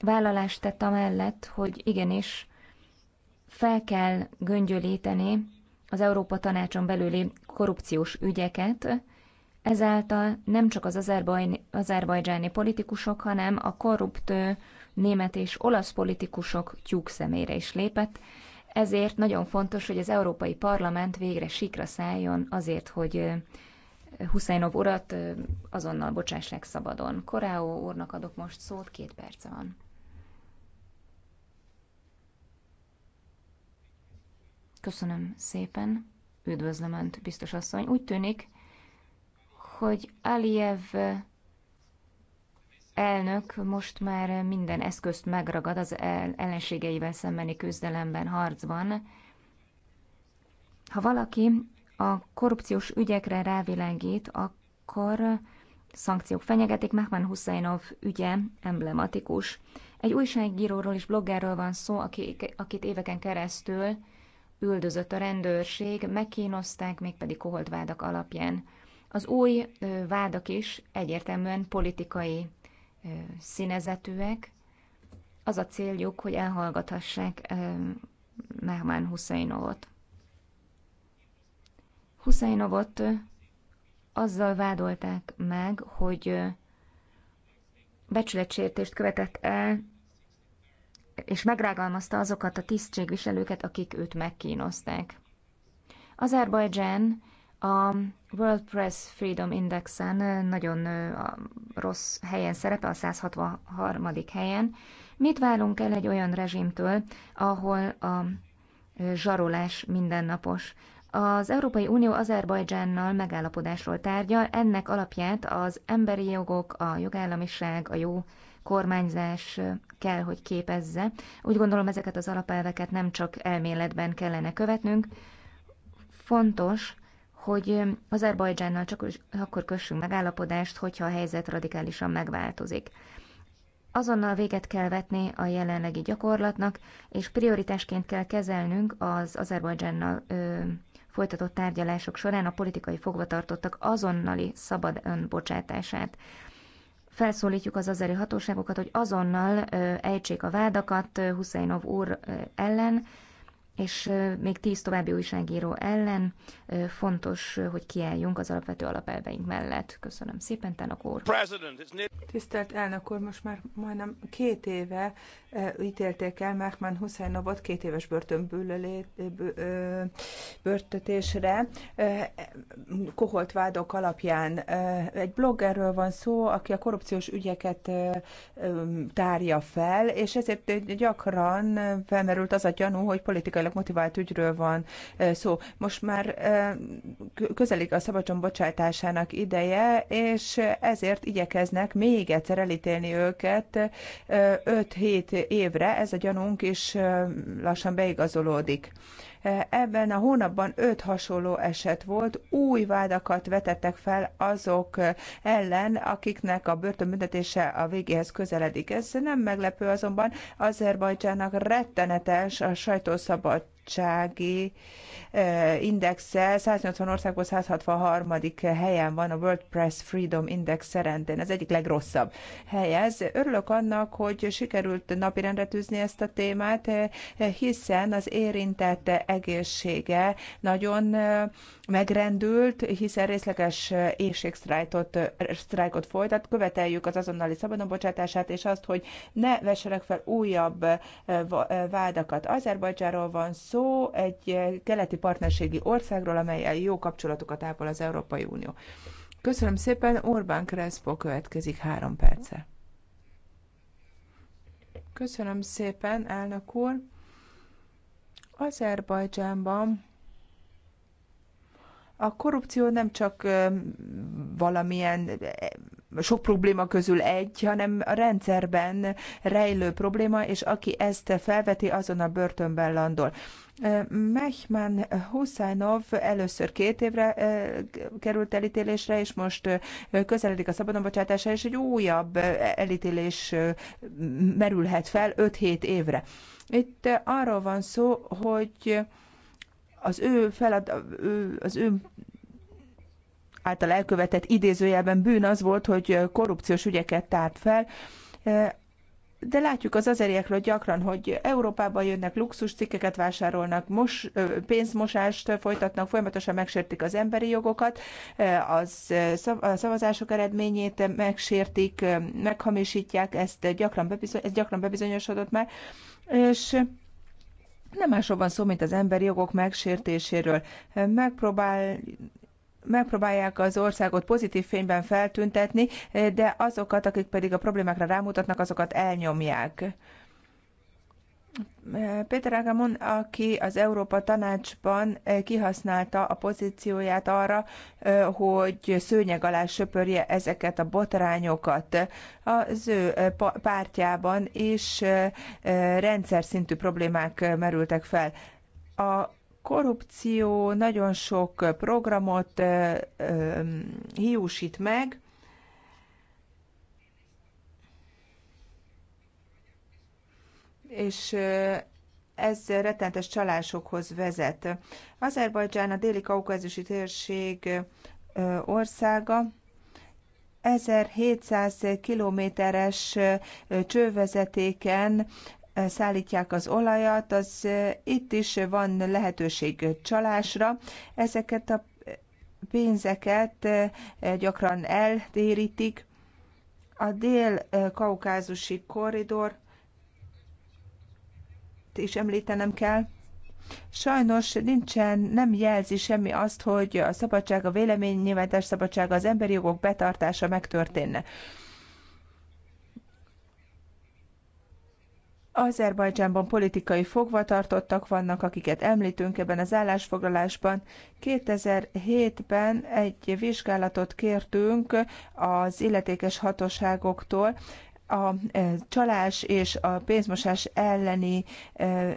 vállalást tett amellett, hogy igenis fel kell göngyölíteni az Európa Tanácson belüli korrupciós ügyeket, ezáltal nem csak az azerbajdzsáni politikusok, hanem a korrupt német és olasz politikusok tyúk szemére is lépett, ezért nagyon fontos, hogy az Európai Parlament végre sikra szálljon azért, hogy Huszajnov urat azonnal bocsássák szabadon. Koráó úrnak adok most szót, két perce van. Köszönöm szépen. Üdvözlöm Önt, biztos asszony. Úgy tűnik, hogy Aliyev elnök most már minden eszközt megragad az ellenségeivel szembeni küzdelemben, harcban. Ha valaki a korrupciós ügyekre rávilágít, akkor szankciók fenyegetik. Mehman Husseinov ügye emblematikus. Egy újságíróról és bloggerről van szó, akit éveken keresztül üldözött a rendőrség, megkínozták, mégpedig koholt vádak alapján. Az új vádak is egyértelműen politikai színezetűek. Az a céljuk, hogy elhallgathassák Mehmán Huszainovot. Huszainovot azzal vádolták meg, hogy becsületsértést követett el, és megrágalmazta azokat a tisztségviselőket, akik őt megkínozták. Azerbajdzsán a World Press Freedom Indexen nagyon rossz helyen szerepel, a 163. helyen. Mit várunk el egy olyan rezsimtől, ahol a zsarolás mindennapos? Az Európai Unió Azerbajdzsánnal megállapodásról tárgyal, ennek alapját az emberi jogok, a jogállamiság, a jó kormányzás kell, hogy képezze. Úgy gondolom ezeket az alapelveket nem csak elméletben kellene követnünk, fontos, hogy Azerbajdzsánnal csak akkor kössünk megállapodást, hogyha a helyzet radikálisan megváltozik. Azonnal véget kell vetni a jelenlegi gyakorlatnak, és prioritásként kell kezelnünk az Azerbajdzsánnal ö, folytatott tárgyalások során a politikai fogvatartottak azonnali szabad önbocsátását. Felszólítjuk az azeri hatóságokat, hogy azonnal ö, ejtsék a vádakat Huszeinov úr ö, ellen, és még tíz további újságíró ellen fontos, hogy kiálljunk az alapvető alapelveink mellett. Köszönöm szépen, Tának úr. Tisztelt elnök úr, most már majdnem két éve ítélték el Mehman Huszainovot két éves börtönbüntetésre koholt vádok alapján. Egy bloggerről van szó, aki a korrupciós ügyeket tárja fel, és ezért gyakran felmerült az a gyanú, hogy politikai politikailag motivált ügyről van szó. Most már közelik a szabadon bocsátásának ideje, és ezért igyekeznek még egyszer elítélni őket 5-7 évre. Ez a gyanunk is lassan beigazolódik. Ebben a hónapban öt hasonló eset volt, új vádakat vetettek fel azok ellen, akiknek a börtönbüntetése a végéhez közeledik. Ez nem meglepő azonban, Azerbajdzsának rettenetes a sajtószabad bizottsági eh, indexe 180 országból 163. helyen van a World Press Freedom Index szerintén. Ez egyik legrosszabb helyez. Örülök annak, hogy sikerült napirendre tűzni ezt a témát, eh, hiszen az érintett egészsége nagyon eh, megrendült, hiszen részleges éjségsztrájkot folytat. Követeljük az azonnali szabadonbocsátását, és azt, hogy ne vessenek fel újabb vádakat. Azerbajdzsáról van szó, szó egy eh, keleti partnerségi országról, amelyel jó kapcsolatokat ápol az Európai Unió. Köszönöm szépen, Orbán Crespo következik három perce. Köszönöm szépen, elnök úr. Azerbajdzsánban a korrupció nem csak eh, valamilyen eh, sok probléma közül egy, hanem a rendszerben rejlő probléma, és aki ezt felveti, azon a börtönben landol. Mehman Huszánov először két évre került elítélésre, és most közeledik a szabadonbocsátása, és egy újabb elítélés merülhet fel 5-7 évre. Itt arról van szó, hogy az ő felad, az ő által elkövetett idézőjelben bűn az volt, hogy korrupciós ügyeket tárt fel, de látjuk az azeriekről gyakran, hogy Európában jönnek luxus cikkeket vásárolnak, mos, pénzmosást folytatnak, folyamatosan megsértik az emberi jogokat, az, a szavazások eredményét megsértik, meghamisítják, ezt gyakran, bebizony, ez gyakran bebizonyosodott már, és nem másról van szó, mint az emberi jogok megsértéséről. Megpróbál megpróbálják az országot pozitív fényben feltüntetni, de azokat, akik pedig a problémákra rámutatnak, azokat elnyomják. Péter Ágamon, aki az Európa Tanácsban eh, kihasználta a pozícióját arra, eh, hogy szőnyeg alá söpörje ezeket a botrányokat, az ő eh, pártjában is rendszer szintű problémák merültek fel. A korrupció nagyon sok programot hiúsít meg, és ez rettentes csalásokhoz vezet. Azerbajdzsán a déli kaukázusi térség országa, 1700 kilométeres csővezetéken szállítják az olajat, az itt is van lehetőség csalásra. Ezeket a pénzeket gyakran eltérítik. A dél-kaukázusi korridor is említenem kell. Sajnos nincsen, nem jelzi semmi azt, hogy a szabadság, a véleménynyilvánítás szabadsága, az emberi jogok betartása megtörténne. Azerbajdzsánban politikai fogvatartottak vannak, akiket említünk ebben az állásfoglalásban. 2007-ben egy vizsgálatot kértünk az illetékes hatóságoktól a eh, csalás és a pénzmosás elleni eh,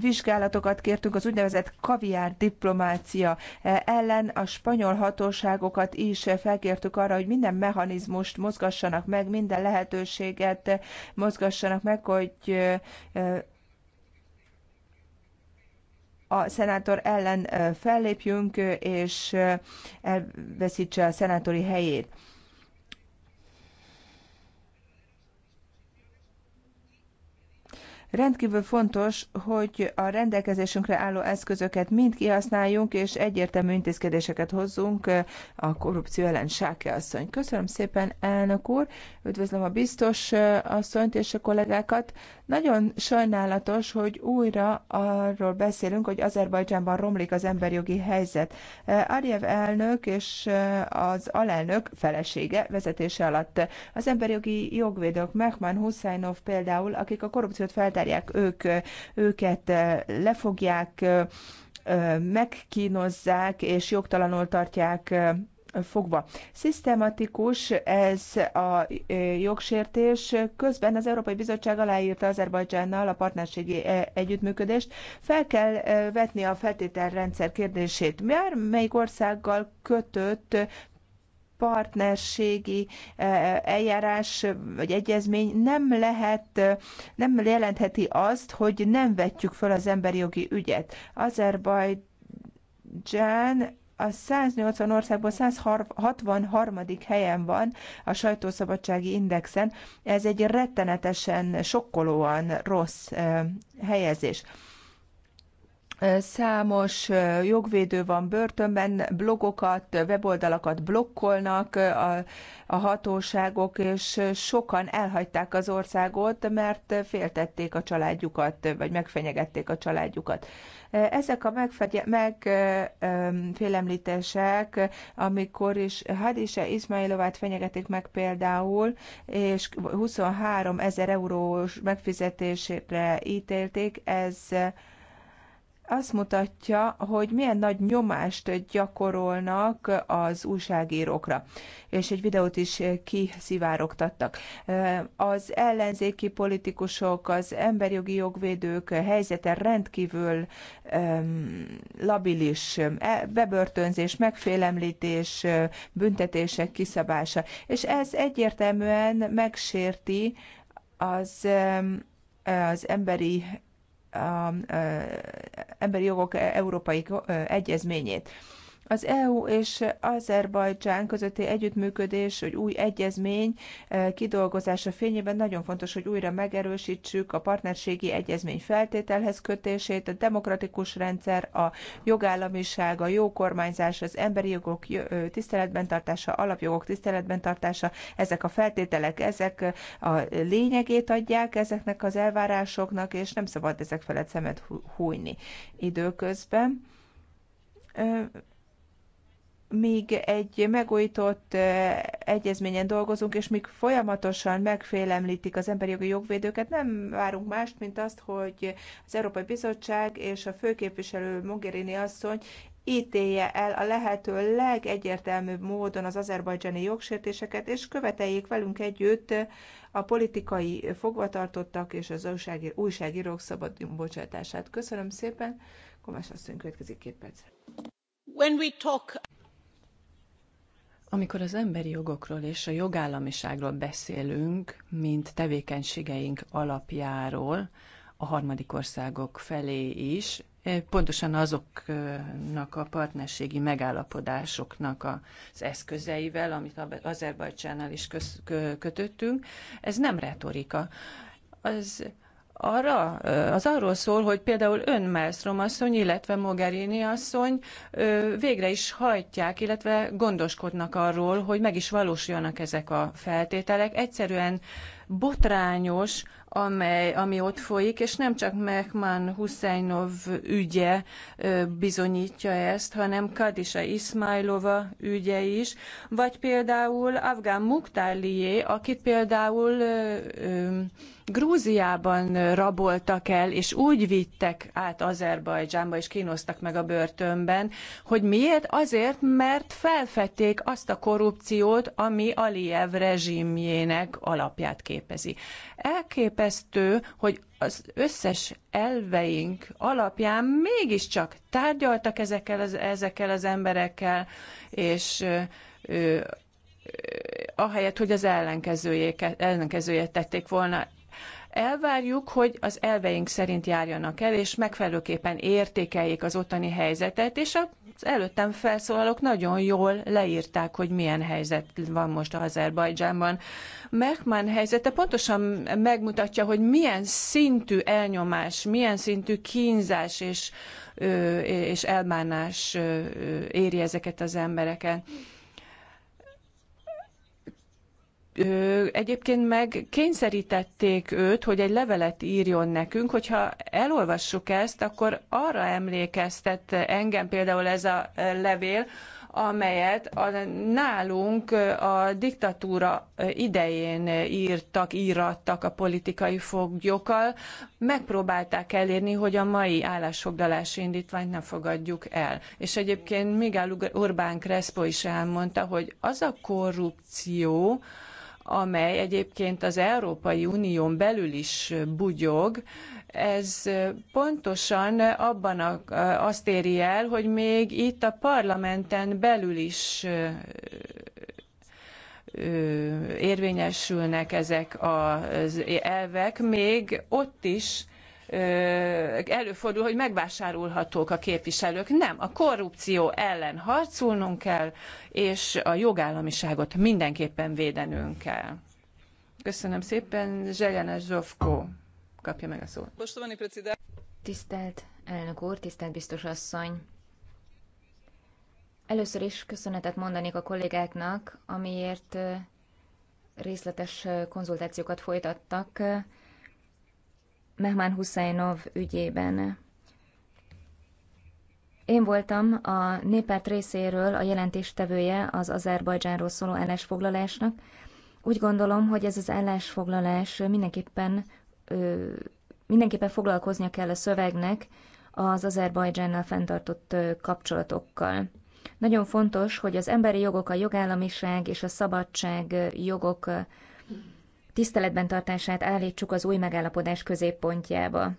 vizsgálatokat kértünk az úgynevezett kaviár diplomácia ellen, a spanyol hatóságokat is felkértük arra, hogy minden mechanizmust mozgassanak meg, minden lehetőséget mozgassanak meg, hogy eh, a szenátor ellen eh, fellépjünk, és eh, elveszítse a szenátori helyét. Rendkívül fontos, hogy a rendelkezésünkre álló eszközöket mind kihasználjunk, és egyértelmű intézkedéseket hozzunk eh, a korrupció ellen. Sáke asszony. Köszönöm szépen, elnök úr. Üdvözlöm a biztos eh, asszonyt és a kollégákat. Nagyon sajnálatos, hogy újra arról beszélünk, hogy Azerbajdzsánban romlik az emberjogi helyzet. Eh, Arjev elnök és eh, az alelnök felesége vezetése alatt az emberjogi jogvédők Mehman Husseinov például, akik a korrupciót feltárják, ők, eh, őket lefogják, megkínozzák és jogtalanul tartják fogva. Szisztematikus ez a jogsértés. Közben az Európai Bizottság aláírta Azerbajdzsánnal a partnerségi együttműködést. Fel kell vetni a feltételrendszer kérdését. Már melyik országgal kötött partnerségi eljárás vagy egyezmény nem lehet, nem jelentheti azt, hogy nem vetjük föl az emberi jogi ügyet. Azerbajdzsán a 180 országból 163. helyen van a sajtószabadsági indexen. Ez egy rettenetesen sokkolóan rossz helyezés. Számos jogvédő van börtönben, blogokat, weboldalakat blokkolnak a, a hatóságok, és sokan elhagyták az országot, mert féltették a családjukat, vagy megfenyegették a családjukat. Ezek a megfélemlítések, amikor is Hadise Izmailovát fenyegetik meg például, és 23 ezer eurós megfizetésre ítélték, ez azt mutatja, hogy milyen nagy nyomást gyakorolnak az újságírókra, és egy videót is kiszivárogtattak. Az ellenzéki politikusok, az emberjogi jogvédők helyzete rendkívül labilis, e, bebörtönzés, megfélemlítés, büntetések kiszabása, és ez egyértelműen megsérti az az emberi a, emberi jogok európai egyezményét. Az EU és Azerbajdzsán közötti együttműködés, hogy új egyezmény eh, kidolgozása fényében nagyon fontos, hogy újra megerősítsük a partnerségi egyezmény feltételhez kötését, a demokratikus rendszer, a jogállamiság, a jó kormányzás, az emberi jogok tiszteletben tartása, alapjogok tiszteletben tartása, ezek a feltételek, ezek eh, a lényegét adják ezeknek az elvárásoknak, és nem szabad ezek felett szemet hújni időközben eh, míg egy megújított egyezményen dolgozunk, és míg folyamatosan megfélemlítik az emberi jogi jogvédőket, nem várunk mást, mint azt, hogy az Európai Bizottság és a főképviselő Mogherini asszony ítélje el a lehető legegyértelműbb módon az azerbajdzsáni jogsértéseket, és követeljék velünk együtt a politikai fogvatartottak és az újságírók szabad bocsátását. Köszönöm szépen. Komás asszony következik két percre. When we talk... Amikor az emberi jogokról és a jogállamiságról beszélünk, mint tevékenységeink alapjáról, a harmadik országok felé is, e, pontosan azoknak a partnerségi megállapodásoknak az eszközeivel, amit Azerbajcsánnal is kötöttünk, ez nem retorika. Az arra, az arról szól, hogy például ön Melstrom asszony, illetve Mogherini asszony végre is hajtják, illetve gondoskodnak arról, hogy meg is valósuljanak ezek a feltételek. Egyszerűen botrányos, amely, ami ott folyik, és nem csak Mehman Husseinov ügye bizonyítja ezt, hanem Kadisa Ismailova ügye is, vagy például Afgán Muktálié, akit például Grúziában raboltak el, és úgy vittek át Azerbajdzsánba, és kínoztak meg a börtönben, hogy miért? Azért, mert felfedték azt a korrupciót, ami Aliyev rezsimjének alapját képviselte képezi. Elképesztő, hogy az összes elveink alapján mégiscsak tárgyaltak ezekkel az, ezekkel az emberekkel, és ö, ahelyett, hogy az ellenkezőjét tették volna. Elvárjuk, hogy az elveink szerint járjanak el, és megfelelőképpen értékeljék az ottani helyzetet, és a előttem felszólalók nagyon jól leírták, hogy milyen helyzet van most Azerbajdzsánban. Mehman helyzete pontosan megmutatja, hogy milyen szintű elnyomás, milyen szintű kínzás és, és elbánás éri ezeket az embereket egyébként meg kényszerítették őt, hogy egy levelet írjon nekünk, hogyha elolvassuk ezt, akkor arra emlékeztet engem például ez a levél, amelyet a, nálunk a diktatúra idején írtak, írattak a politikai foglyokkal, megpróbálták elérni, hogy a mai állásfoglalási indítványt nem fogadjuk el. És egyébként Miguel Orbán Crespo is elmondta, hogy az a korrupció, amely egyébként az Európai Unión belül is bugyog, ez pontosan abban a, azt éri el, hogy még itt a parlamenten belül is érvényesülnek ezek az elvek, még ott is, előfordul, hogy megvásárolhatók a képviselők. Nem, a korrupció ellen harcolnunk kell, és a jogállamiságot mindenképpen védenünk kell. Köszönöm szépen, Zseljenes Zsovko kapja meg a szót. Tisztelt elnök úr, tisztelt biztos asszony! Először is köszönetet mondanék a kollégáknak, amiért részletes konzultációkat folytattak Mehmán Husseinov ügyében. Én voltam a néppárt részéről a jelentéstevője az Azerbajdzsánról szóló állásfoglalásnak. Úgy gondolom, hogy ez az állásfoglalás mindenképpen, mindenképpen foglalkoznia kell a szövegnek az Azerbajdzsánnal fenntartott kapcsolatokkal. Nagyon fontos, hogy az emberi jogok, a jogállamiság és a szabadság jogok tiszteletben tartását állítsuk az új megállapodás középpontjába.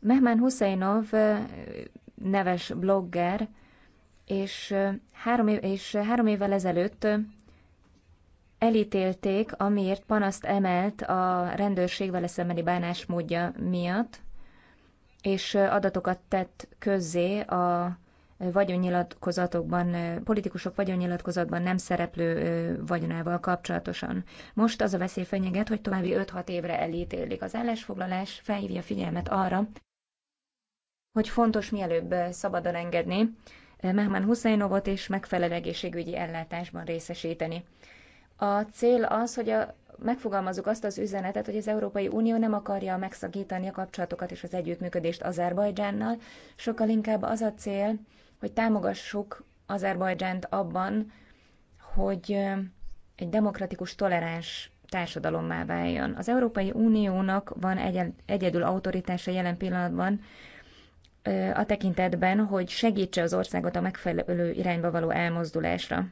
Mehman Husseinov neves blogger, és három, év, és három évvel ezelőtt elítélték, amiért panaszt emelt a rendőrség vele szembeni bánásmódja miatt, és adatokat tett közzé a vagyonnyilatkozatokban, politikusok vagyonnyilatkozatban nem szereplő vagyonával kapcsolatosan. Most az a veszély fenyeget, hogy további 5-6 évre elítélik. Az állásfoglalás felhívja figyelmet arra, hogy fontos mielőbb szabadon engedni Mehman Huszainovot és megfelelő egészségügyi ellátásban részesíteni. A cél az, hogy a, megfogalmazzuk azt az üzenetet, hogy az Európai Unió nem akarja megszakítani a kapcsolatokat és az együttműködést Azerbajdzsánnal, sokkal inkább az a cél, hogy támogassuk Azerbajdzsánt abban, hogy egy demokratikus, toleráns társadalommá váljon. Az Európai Uniónak van egyedül autoritása jelen pillanatban a tekintetben, hogy segítse az országot a megfelelő irányba való elmozdulásra.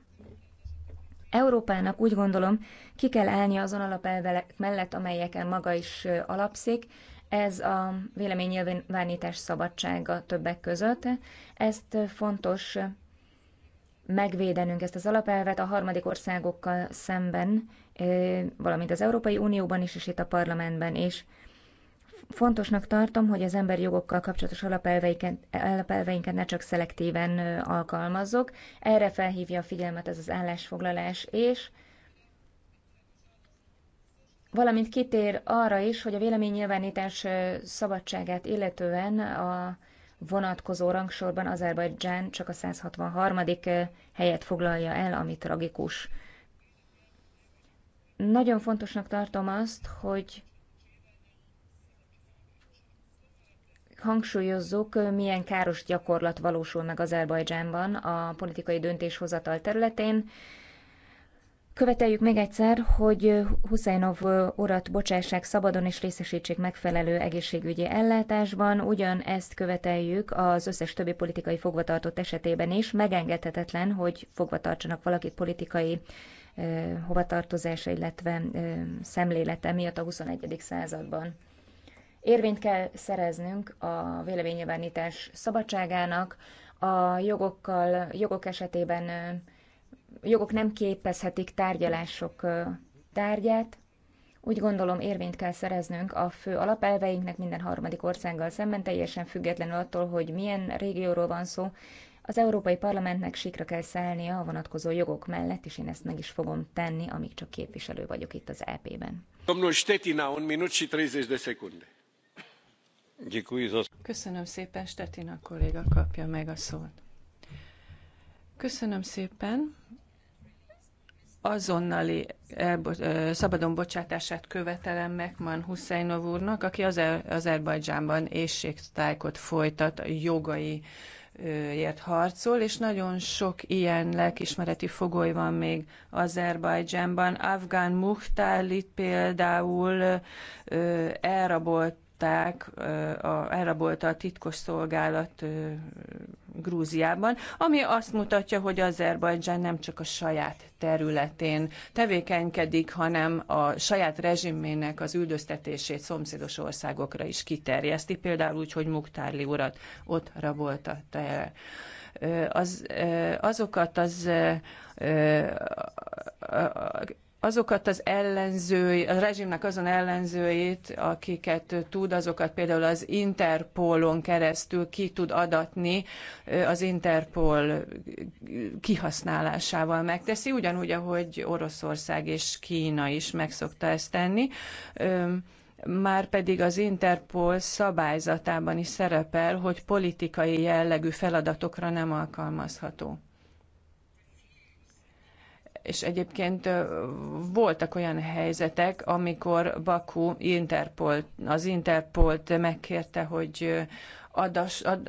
Európának úgy gondolom ki kell állni azon alapelvek mellett, amelyeken maga is alapszik, ez a véleménynyilvánítás szabadsága többek között. Ezt fontos megvédenünk ezt az alapelvet a harmadik országokkal szemben, valamint az Európai Unióban is, és itt a parlamentben is. Fontosnak tartom, hogy az emberi jogokkal kapcsolatos alapelveinket, alapelveinket ne csak szelektíven alkalmazzuk. Erre felhívja a figyelmet ez az állásfoglalás, és valamint kitér arra is, hogy a véleménynyilvánítás szabadságát illetően a vonatkozó rangsorban Azerbajdzsán csak a 163. helyet foglalja el, ami tragikus. Nagyon fontosnak tartom azt, hogy hangsúlyozzuk, milyen káros gyakorlat valósul meg Azerbajdzsánban a politikai döntéshozatal területén. Követeljük még egyszer, hogy Huszajnov urat bocsássák szabadon és részesítsék megfelelő egészségügyi ellátásban. Ugyan ezt követeljük az összes többi politikai fogvatartott esetében is. Megengedhetetlen, hogy fogvatartsanak valakit politikai eh, hovatartozása, illetve eh, szemlélete miatt a 21. században. Érvényt kell szereznünk a véleménynyilvánítás szabadságának, a jogokkal, jogok esetében eh, jogok nem képezhetik tárgyalások tárgyát. Úgy gondolom érvényt kell szereznünk a fő alapelveinknek minden harmadik országgal szemben, teljesen függetlenül attól, hogy milyen régióról van szó. Az Európai Parlamentnek sikra kell szállnia a vonatkozó jogok mellett, és én ezt meg is fogom tenni, amíg csak képviselő vagyok itt az EP-ben. Stetina, Köszönöm szépen, Stetina kolléga kapja meg a szót. Köszönöm szépen azonnali elbo- szabadon bocsátását követelem Mekman Husseinov úrnak, aki az e- Azerbajdzsánban éjségsztájkot folytat a jogai ért harcol, és nagyon sok ilyen lelkismereti fogoly van még Azerbajdzsánban. Afgán Muhtálit például elrabolt elrabolták, a, elrabolta a titkos szolgálat Grúziában, ami azt mutatja, hogy Azerbajdzsán nem csak a saját területén tevékenykedik, hanem a saját rezsimének az üldöztetését szomszédos országokra is kiterjeszti, például úgy, hogy Muktárli urat ott raboltatta el az, azokat az azokat az ellenzői, a rezsimnek azon ellenzőit, akiket tud, azokat például az Interpolon keresztül ki tud adatni, az Interpol kihasználásával megteszi, ugyanúgy, ahogy Oroszország és Kína is megszokta ezt tenni. Már pedig az Interpol szabályzatában is szerepel, hogy politikai jellegű feladatokra nem alkalmazható és egyébként voltak olyan helyzetek, amikor Baku Interpol, az Interpolt megkérte, hogy adas, ad,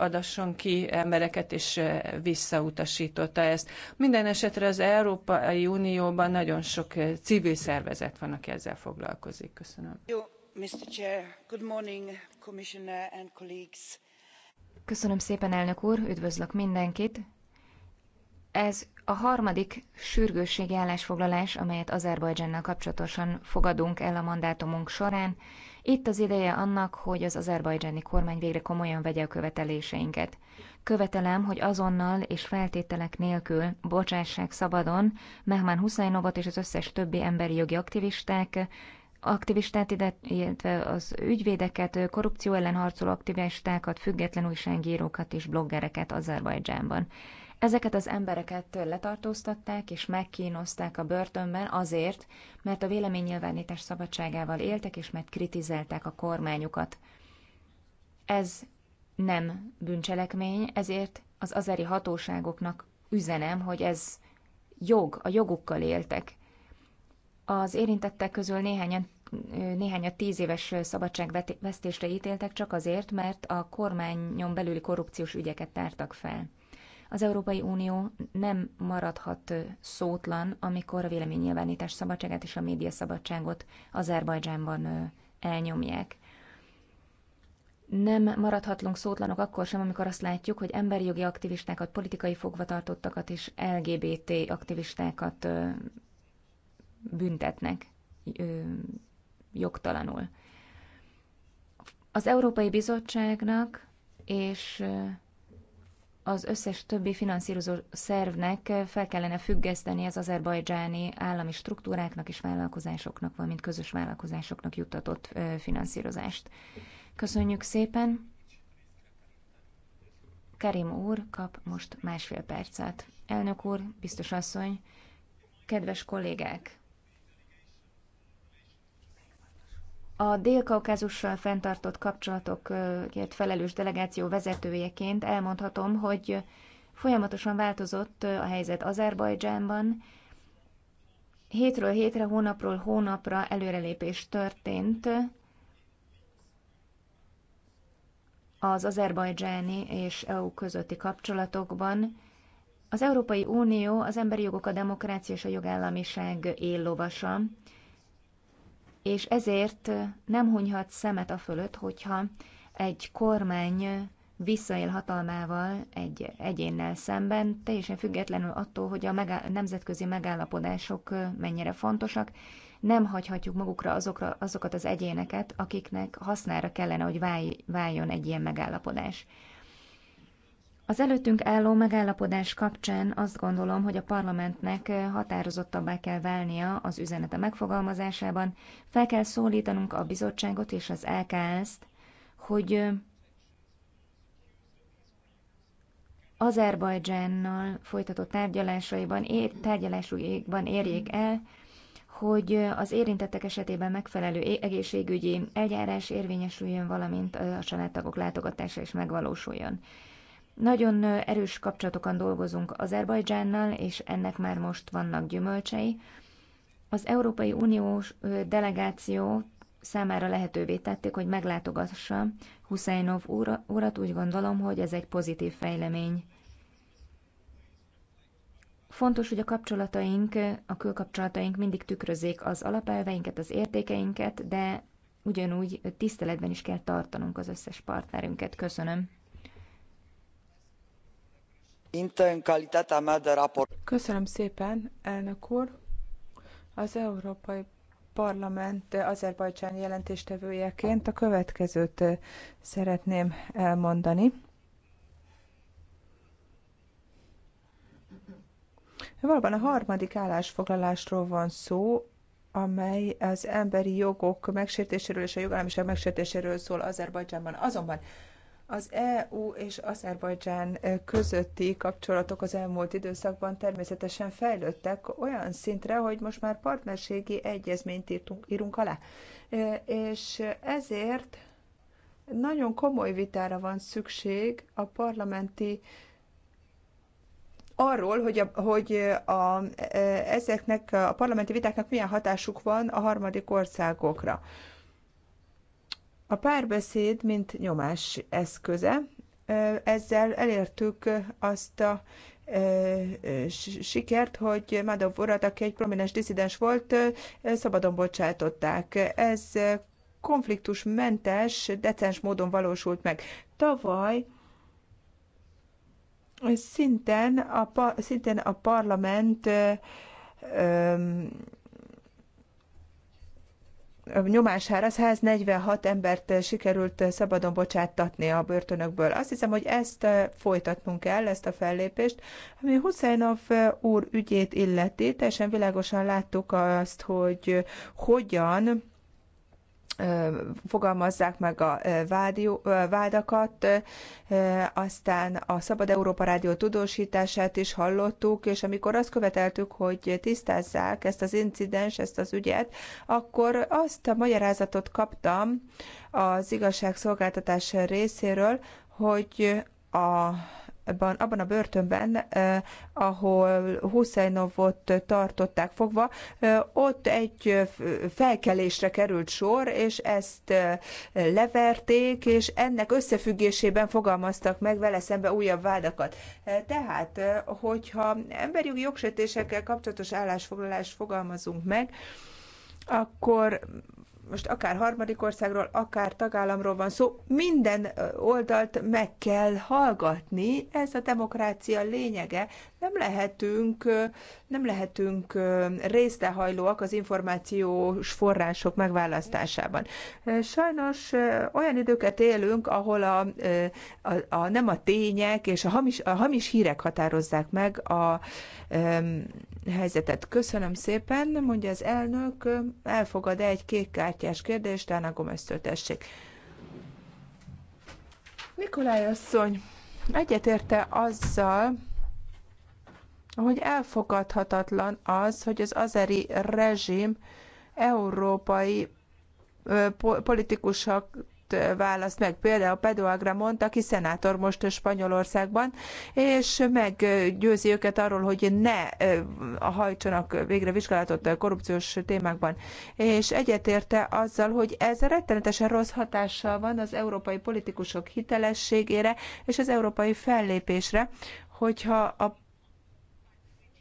adasson ki embereket, és visszautasította ezt. Minden esetre az Európai Unióban nagyon sok civil szervezet van, aki ezzel foglalkozik. Köszönöm. Jó, Mr. Chair. Good morning, Commissioner and colleagues. Köszönöm szépen, elnök úr, üdvözlök mindenkit. Ez a harmadik sürgősségi állásfoglalás, amelyet Azerbajdzsánnal kapcsolatosan fogadunk el a mandátumunk során. Itt az ideje annak, hogy az azerbajdzsáni kormány végre komolyan vegye a követeléseinket. Követelem, hogy azonnal és feltételek nélkül bocsássák szabadon Mehman Huszainovot és az összes többi emberi jogi aktivisták, aktivistát, ide, illetve az ügyvédeket, korrupció ellen harcoló aktivistákat, független újságírókat és bloggereket Azerbajdzsánban. Ezeket az embereket letartóztatták és megkínozták a börtönben azért, mert a véleménynyilvánítás szabadságával éltek, és mert kritizálták a kormányukat. Ez nem bűncselekmény, ezért az azeri hatóságoknak üzenem, hogy ez jog, a jogukkal éltek. Az érintettek közül néhányan néhányat tíz éves szabadságvesztésre ítéltek csak azért, mert a kormányon belüli korrupciós ügyeket tártak fel. Az Európai Unió nem maradhat szótlan, amikor a véleménynyilvánítás szabadságát és a média szabadságot Azerbajdzsánban elnyomják. Nem maradhatunk szótlanok akkor sem, amikor azt látjuk, hogy emberi jogi aktivistákat, politikai fogvatartottakat és LGBT aktivistákat büntetnek jogtalanul. Az Európai Bizottságnak és az összes többi finanszírozó szervnek fel kellene függeszteni az azerbajdzsáni állami struktúráknak és vállalkozásoknak, valamint közös vállalkozásoknak juttatott finanszírozást. Köszönjük szépen! Karim úr kap most másfél percet. Elnök úr, biztos asszony, kedves kollégák! A Dél-Kaukázussal fenntartott kapcsolatokért felelős delegáció vezetőjeként elmondhatom, hogy folyamatosan változott a helyzet Azerbajdzsánban. Hétről hétre, hónapról hónapra előrelépés történt az azerbajdzsáni és EU közötti kapcsolatokban. Az Európai Unió az emberi jogok, a demokrácia és a jogállamiság éllovasa és ezért nem hunyhat szemet a fölött, hogyha egy kormány visszaél hatalmával egy egyénnel szemben, teljesen függetlenül attól, hogy a megá- nemzetközi megállapodások mennyire fontosak, nem hagyhatjuk magukra azokra, azokat az egyéneket, akiknek hasznára kellene, hogy válj, váljon egy ilyen megállapodás. Az előttünk álló megállapodás kapcsán azt gondolom, hogy a parlamentnek határozottabbá kell válnia az üzenete megfogalmazásában, fel kell szólítanunk a bizottságot és az LKS-t, hogy Azerbajdzsánnal folytatott tárgyalásaiban, ér, tárgyalásaikban érjék el, hogy az érintettek esetében megfelelő egészségügyi eljárás érvényesüljön, valamint a családtagok látogatása is megvalósuljon. Nagyon erős kapcsolatokon dolgozunk Azerbajdzsánnal, és ennek már most vannak gyümölcsei. Az Európai Uniós delegáció számára lehetővé tették, hogy meglátogassa Huszájnov urat, úgy gondolom, hogy ez egy pozitív fejlemény. Fontos, hogy a kapcsolataink, a külkapcsolataink mindig tükrözzék az alapelveinket, az értékeinket, de ugyanúgy tiszteletben is kell tartanunk az összes partnerünket. Köszönöm. Köszönöm szépen, elnök úr! Az Európai Parlament Azerbajdzsán jelentéstevőjeként a következőt szeretném elmondani. Valóban a harmadik állásfoglalásról van szó, amely az emberi jogok megsértéséről és a jogállamiság megsértéséről szól Azerbajdzsánban. Azonban az EU és Azerbajdzsán közötti kapcsolatok az elmúlt időszakban természetesen fejlődtek olyan szintre, hogy most már partnerségi egyezményt írtunk, írunk alá. És ezért nagyon komoly vitára van szükség a parlamenti arról, hogy, a, hogy a, ezeknek a parlamenti vitáknak milyen hatásuk van a harmadik országokra. A párbeszéd, mint nyomás eszköze, ezzel elértük azt a sikert, hogy Madov urat, aki egy prominens diszidens volt, szabadon bocsátották. Ez konfliktusmentes, decens módon valósult meg. Tavaly szinten a, szintén a parlament nyomására 146 embert sikerült szabadon bocsáttatni a börtönökből. Azt hiszem, hogy ezt folytatnunk kell, ezt a fellépést, ami Huszajnov úr ügyét illeti. Teljesen világosan láttuk azt, hogy hogyan fogalmazzák meg a vádakat. Aztán a Szabad Európa Rádió tudósítását is hallottuk, és amikor azt követeltük, hogy tisztázzák ezt az incidens, ezt az ügyet, akkor azt a magyarázatot kaptam az igazságszolgáltatás részéről, hogy a börtönben, abban a börtönben, eh, ahol Huszainovot tartották fogva, eh, ott egy eh, felkelésre került sor, és ezt leverték, és ennek összefüggésében fogalmaztak meg vele szembe újabb vádakat. Tehát, hogyha emberi jogsértésekkel kapcsolatos állásfoglalást fogalmazunk meg, akkor most akár harmadik országról, akár tagállamról van szó, minden oldalt meg kell hallgatni, ez a demokrácia lényege, nem lehetünk, nem lehetünk részlehajlóak az információs források megválasztásában. Sajnos olyan időket élünk, ahol a, a, a nem a tények és a hamis, a hamis hírek határozzák meg a, helyzetet. Köszönöm szépen, mondja az elnök, elfogad -e egy kék kártyás kérdést, Ána Gomeztől tessék. Nikolaj asszony, egyetérte azzal, hogy elfogadhatatlan az, hogy az azeri rezsim európai politikusok választ meg. Például Pedro Agramont, aki szenátor most Spanyolországban, és meggyőzi őket arról, hogy ne hajtsanak végre vizsgálatot korrupciós témákban. És egyetérte azzal, hogy ez rettenetesen rossz hatással van az európai politikusok hitelességére és az európai fellépésre, hogyha a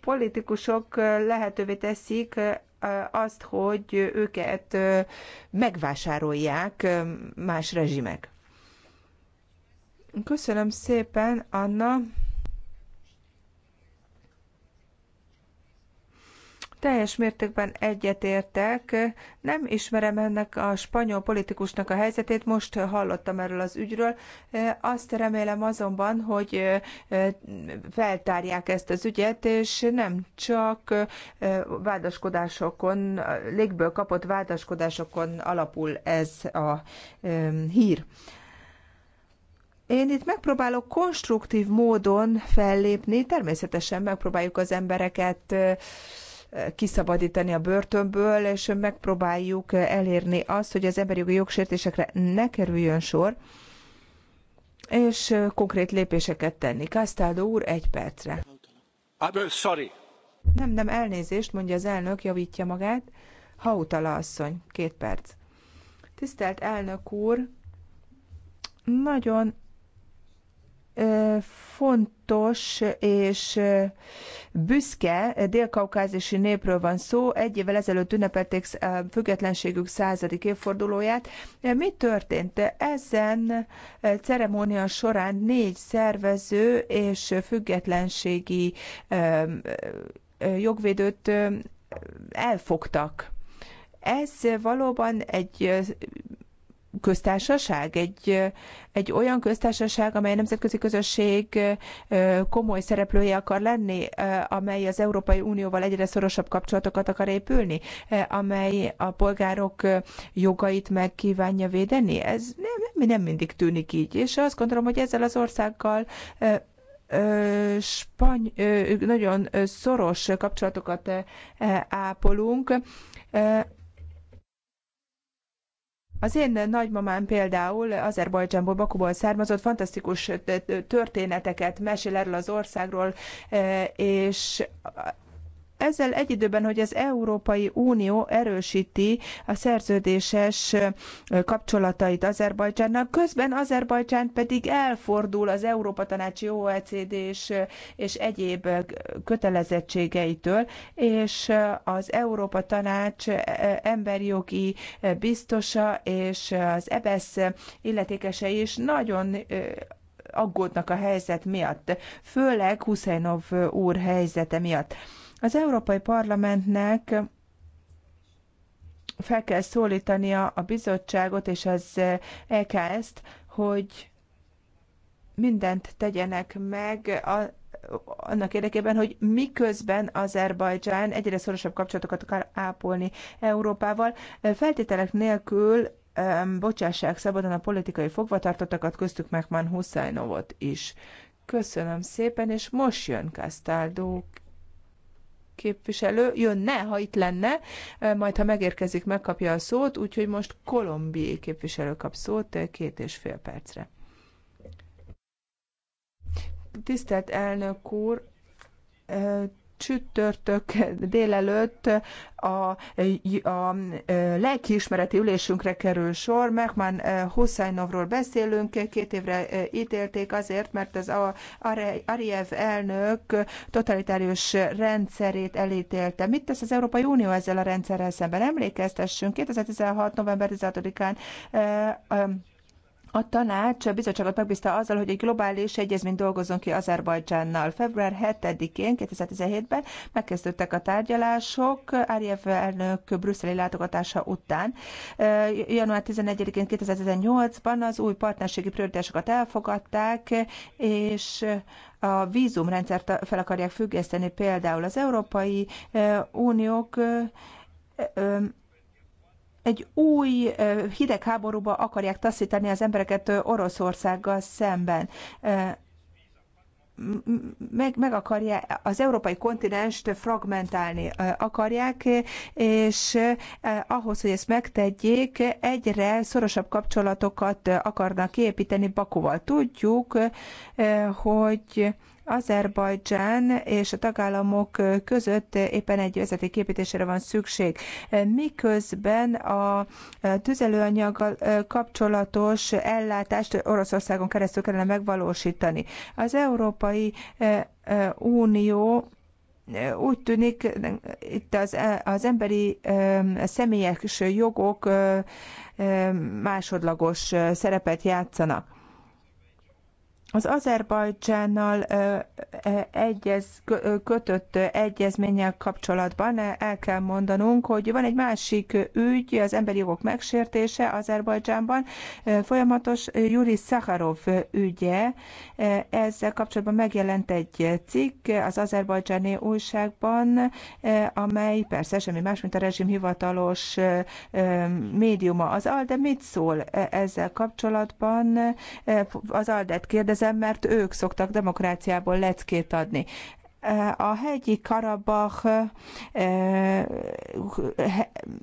politikusok lehetővé teszik azt, hogy őket megvásárolják más rezsimek. Köszönöm szépen, Anna. Teljes mértékben egyetértek. Nem ismerem ennek a spanyol politikusnak a helyzetét, most hallottam erről az ügyről. Azt remélem azonban, hogy feltárják ezt az ügyet, és nem csak vádaskodásokon, légből kapott vádaskodásokon alapul ez a hír. Én itt megpróbálok konstruktív módon fellépni, természetesen megpróbáljuk az embereket kiszabadítani a börtönből, és megpróbáljuk elérni azt, hogy az emberi jogi jogsértésekre ne kerüljön sor, és konkrét lépéseket tenni. Kasztáldó úr, egy percre. Ah, sorry. Nem, nem, elnézést, mondja az elnök, javítja magát. Hautala asszony, két perc. Tisztelt elnök úr, nagyon fontos és büszke dél-kaukázisi népről van szó. Egy évvel ezelőtt ünnepelték függetlenségük századik évfordulóját. Mi történt? Ezen ceremónia során négy szervező és függetlenségi jogvédőt elfogtak. Ez valóban egy köztársaság, egy, egy olyan köztársaság, amely a nemzetközi közösség komoly szereplője akar lenni, amely az Európai Unióval egyre szorosabb kapcsolatokat akar épülni, amely a polgárok jogait meg kívánja védeni. Ez nem, nem mindig tűnik így, és azt gondolom, hogy ezzel az országgal spany, nagyon szoros kapcsolatokat ápolunk az én nagymamám például Azerbajdzsánból, Bakuból származott, fantasztikus történeteket mesél erről az országról, eh, és ezzel egy időben, hogy az Európai Unió erősíti a szerződéses kapcsolatait Azerbajdzsánnak, közben Azerbajdzsán pedig elfordul az Európa Tanácsi OECD és, és egyéb kötelezettségeitől, és az Európa Tanács emberi jogi biztosa és az EBSZ e illetékesei is nagyon aggódnak a helyzet miatt, főleg Huszajnov úr helyzete miatt. Az Európai Parlamentnek fel kell szólítania a bizottságot és az EKS-t, hogy mindent tegyenek meg a, annak érdekében, hogy miközben Azerbajdzsán egyre szorosabb kapcsolatokat akar ápolni Európával, feltételek nélkül um, bocsássák szabadon a politikai fogvatartottakat, köztük Mekman Huszajnovot is. Köszönöm szépen, és most jön Castaldo képviselő jönne, ha itt lenne, majd ha megérkezik, megkapja a szót, úgyhogy most kolombiai képviselő kap szót két és fél percre. Tisztelt elnök úr, csütörtök délelőtt a, a lelkiismereti ülésünkre kerül sor. Mehman Huszainovról beszélünk, két évre ítélték azért, mert az Ariev elnök totalitárius rendszerét elítélte. Mit tesz az Európai Unió ezzel a rendszerrel szemben? Emlékeztessünk, 2016. november 16-án a tanács a bizottságot megbízta azzal, hogy egy globális egyezmény dolgozzon ki Azerbajdzsánnal. Február 7-én, 2017-ben megkezdődtek a tárgyalások Árjev elnök brüsszeli látogatása után. Január 11-én, 2018-ban az új partnerségi prioritásokat elfogadták, és a vízumrendszert fel akarják függeszteni például az Európai Uniók egy új hidegháborúba akarják taszítani az embereket Oroszországgal szemben. Meg, meg akarják az európai kontinenst fragmentálni akarják, és ahhoz, hogy ezt megtegyék, egyre szorosabb kapcsolatokat akarnak kiépíteni Bakuval. Tudjuk, hogy Azerbajdzsán és a tagállamok között éppen egy vezetéképítésre van szükség. Miközben a tüzelőanyaggal kapcsolatos ellátást Oroszországon keresztül kellene megvalósítani. Az Európai Unió úgy tűnik, itt az, az emberi személyes jogok másodlagos szerepet játszanak az Azerbajdzsánnal egyez, kötött egyezménnyel kapcsolatban el kell mondanunk, hogy van egy másik ügy, az emberi jogok megsértése Azerbajdzsánban, folyamatos Juri Szaharov ügye. Ezzel kapcsolatban megjelent egy cikk az azerbajdzsáni újságban, amely persze semmi más, mint a rezsim hivatalos médiuma. Az ALDE mit szól ezzel kapcsolatban? Az ALDE-t kérdez kérdezem, mert ők szoktak demokráciából leckét adni a hegyi Karabach eh,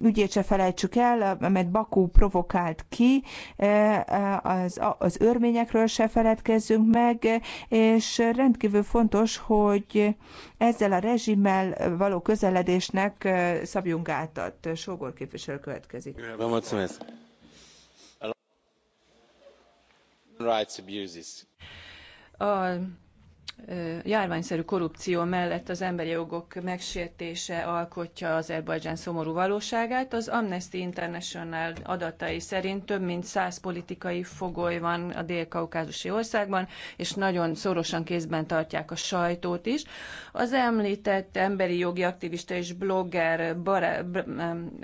ügyét se felejtsük el, mert Bakú provokált ki, eh, az, az örményekről se feledkezzünk meg, és rendkívül fontos, hogy ezzel a rezsimmel való közeledésnek eh, szabjunk átad. Sógor képviselő következik. Köszönöm. a járványszerű korrupció mellett az emberi jogok megsértése alkotja Azerbajdzsán szomorú valóságát. Az Amnesty International adatai szerint több mint száz politikai fogoly van a dél-kaukázusi országban, és nagyon szorosan kézben tartják a sajtót is. Az említett emberi jogi aktivista és blogger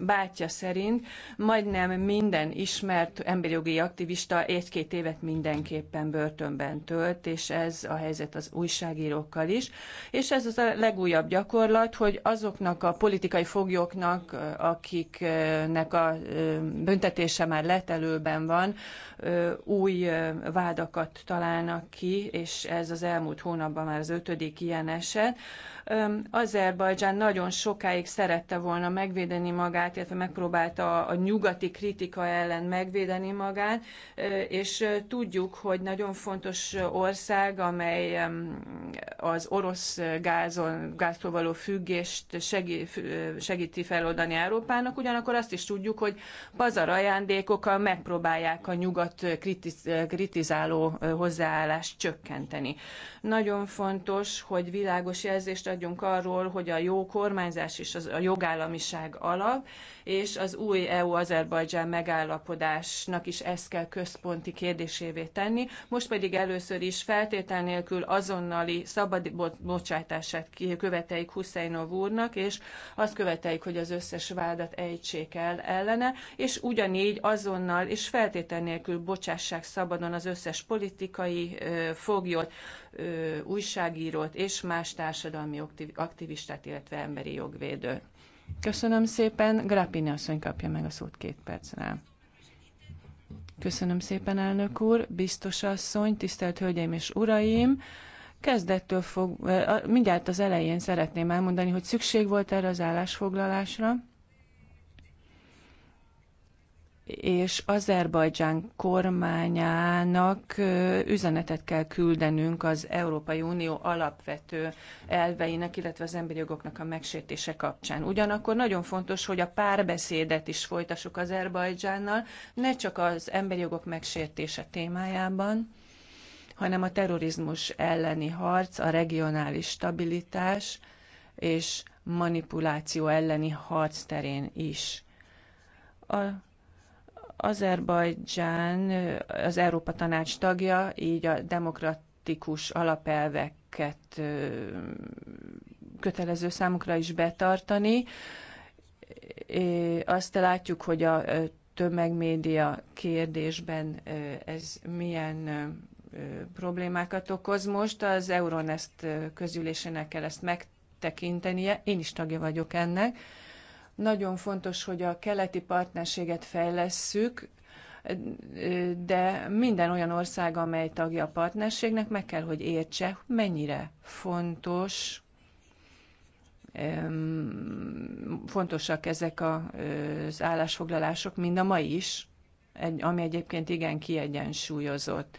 bátyja szerint majdnem minden ismert emberi jogi aktivista egy-két évet mindenképpen börtönben tölt, és ez a helyzet az új újságírókkal is, és ez az a legújabb gyakorlat, hogy azoknak a politikai foglyoknak, akiknek a büntetése már letelőben van, új vádakat találnak ki, és ez az elmúlt hónapban már az ötödik ilyen eset, Azerbajdzsán nagyon sokáig szerette volna megvédeni magát, illetve megpróbálta a nyugati kritika ellen megvédeni magát, és tudjuk, hogy nagyon fontos ország, amely az orosz gázon, gáztól való függést segíti feloldani Európának, ugyanakkor azt is tudjuk, hogy pazar ajándékokkal megpróbálják a nyugat kritizáló hozzáállást csökkenteni. Nagyon fontos, hogy világos jelzést adjunk arról, hogy a jó kormányzás és a jogállamiság alap, és az új EU-Azerbajdzsán megállapodásnak is ezt kell központi kérdésévé tenni. Most pedig először is feltétel nélkül azonnali szabadbocsátását követeljük Huszeinov úrnak, és azt követeljük, hogy az összes vádat ejtsék el ellene, és ugyanígy azonnal és feltétel nélkül bocsássák szabadon az összes politikai foglyot, újságírót és más társadalmi aktivistát, illetve emberi jogvédőt. Köszönöm szépen. Grappini asszony kapja meg a szót két percnál. Köszönöm szépen, elnök úr, biztos asszony, tisztelt hölgyeim és uraim! Kezdettől fog, eh, mindjárt az elején szeretném elmondani, hogy szükség volt erre az állásfoglalásra, és Azerbajdzsán kormányának üzenetet kell küldenünk az Európai Unió alapvető elveinek, illetve az emberi jogoknak a megsértése kapcsán. Ugyanakkor nagyon fontos, hogy a párbeszédet is folytassuk Azerbajdzsánnal, ne csak az emberi jogok megsértése témájában, hanem a terrorizmus elleni harc, a regionális stabilitás és manipuláció elleni harc terén is. A Azerbajdzsán az Európa Tanács tagja, így a demokratikus alapelveket kötelező számukra is betartani. Azt látjuk, hogy a tömegmédia kérdésben ez milyen problémákat okoz most. Az Euronest közülésének kell ezt megtekintenie. Én is tagja vagyok ennek nagyon fontos, hogy a keleti partnerséget fejlesszük, de minden olyan ország, amely tagja a partnerségnek, meg kell, hogy értse, mennyire fontos fontosak ezek az állásfoglalások, mind a mai is, ami egyébként igen kiegyensúlyozott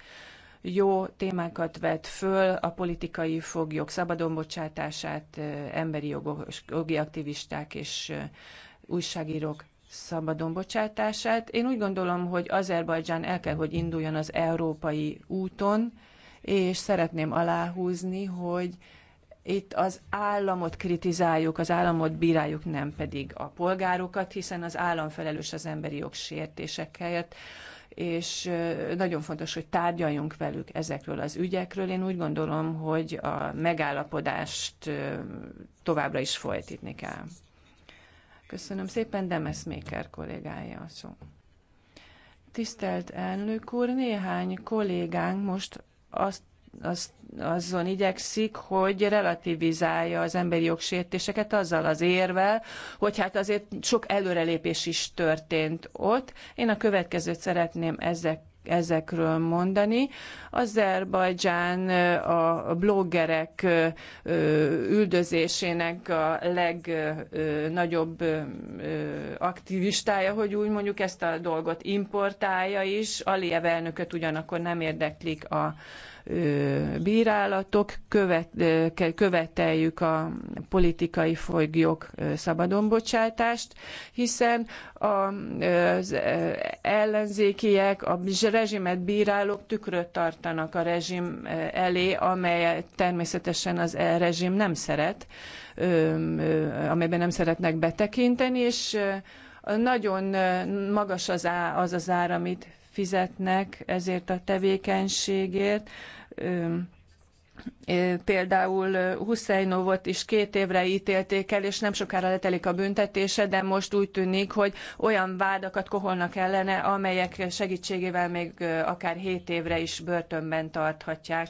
jó témákat vet föl, a politikai foglyok szabadonbocsátását, emberi jogi aktivisták és újságírók szabadonbocsátását. Én úgy gondolom, hogy Azerbajdzsán el kell, hogy induljon az európai úton, és szeretném aláhúzni, hogy itt az államot kritizáljuk, az államot bíráljuk, nem pedig a polgárokat, hiszen az állam felelős az emberi jog sértésekért és nagyon fontos, hogy tárgyaljunk velük ezekről az ügyekről. Én úgy gondolom, hogy a megállapodást továbbra is folytatni kell. Köszönöm szépen, Demes Méker kollégája a szó. Tisztelt elnök úr, néhány kollégánk most azt azt, azon igyekszik, hogy relativizálja az emberi jogsértéseket azzal az érvel, hogy hát azért sok előrelépés is történt ott. Én a következőt szeretném ezek ezekről mondani. Azerbajdzsán a bloggerek üldözésének a legnagyobb aktivistája, hogy úgy mondjuk ezt a dolgot importálja is. Aliyev elnököt ugyanakkor nem érdeklik a bírálatok, követ, követeljük a politikai foglyok szabadonbocsátást, hiszen az ellenzékiek, a rezsimet bírálók tükröt tartanak a rezsim elé, amelyet természetesen az e rezsim nem szeret, amelyben nem szeretnek betekinteni, és nagyon magas az, á, az az ár, amit fizetnek ezért a tevékenységért. Például Huszeinovot is két évre ítélték el, és nem sokára letelik a büntetése, de most úgy tűnik, hogy olyan vádakat koholnak ellene, amelyek segítségével még akár hét évre is börtönben tarthatják.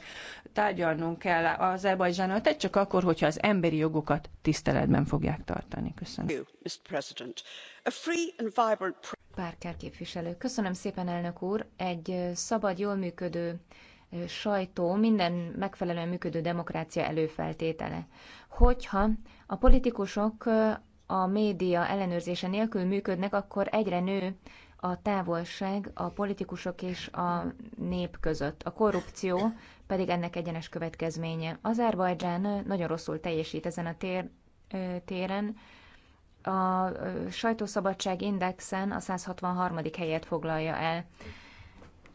Tárgyalnunk kell az Azerbajdzsánnal, tehát csak akkor, hogyha az emberi jogokat tiszteletben fogják tartani. Köszönöm. Parker képviselő. Köszönöm szépen, elnök úr. Egy szabad, jól működő sajtó minden megfelelően működő demokrácia előfeltétele. Hogyha a politikusok a média ellenőrzése nélkül működnek, akkor egyre nő a távolság a politikusok és a nép között. A korrupció pedig ennek egyenes következménye. Azerbajdzsán nagyon rosszul teljesít ezen a tér, téren a sajtószabadság indexen a 163. helyet foglalja el.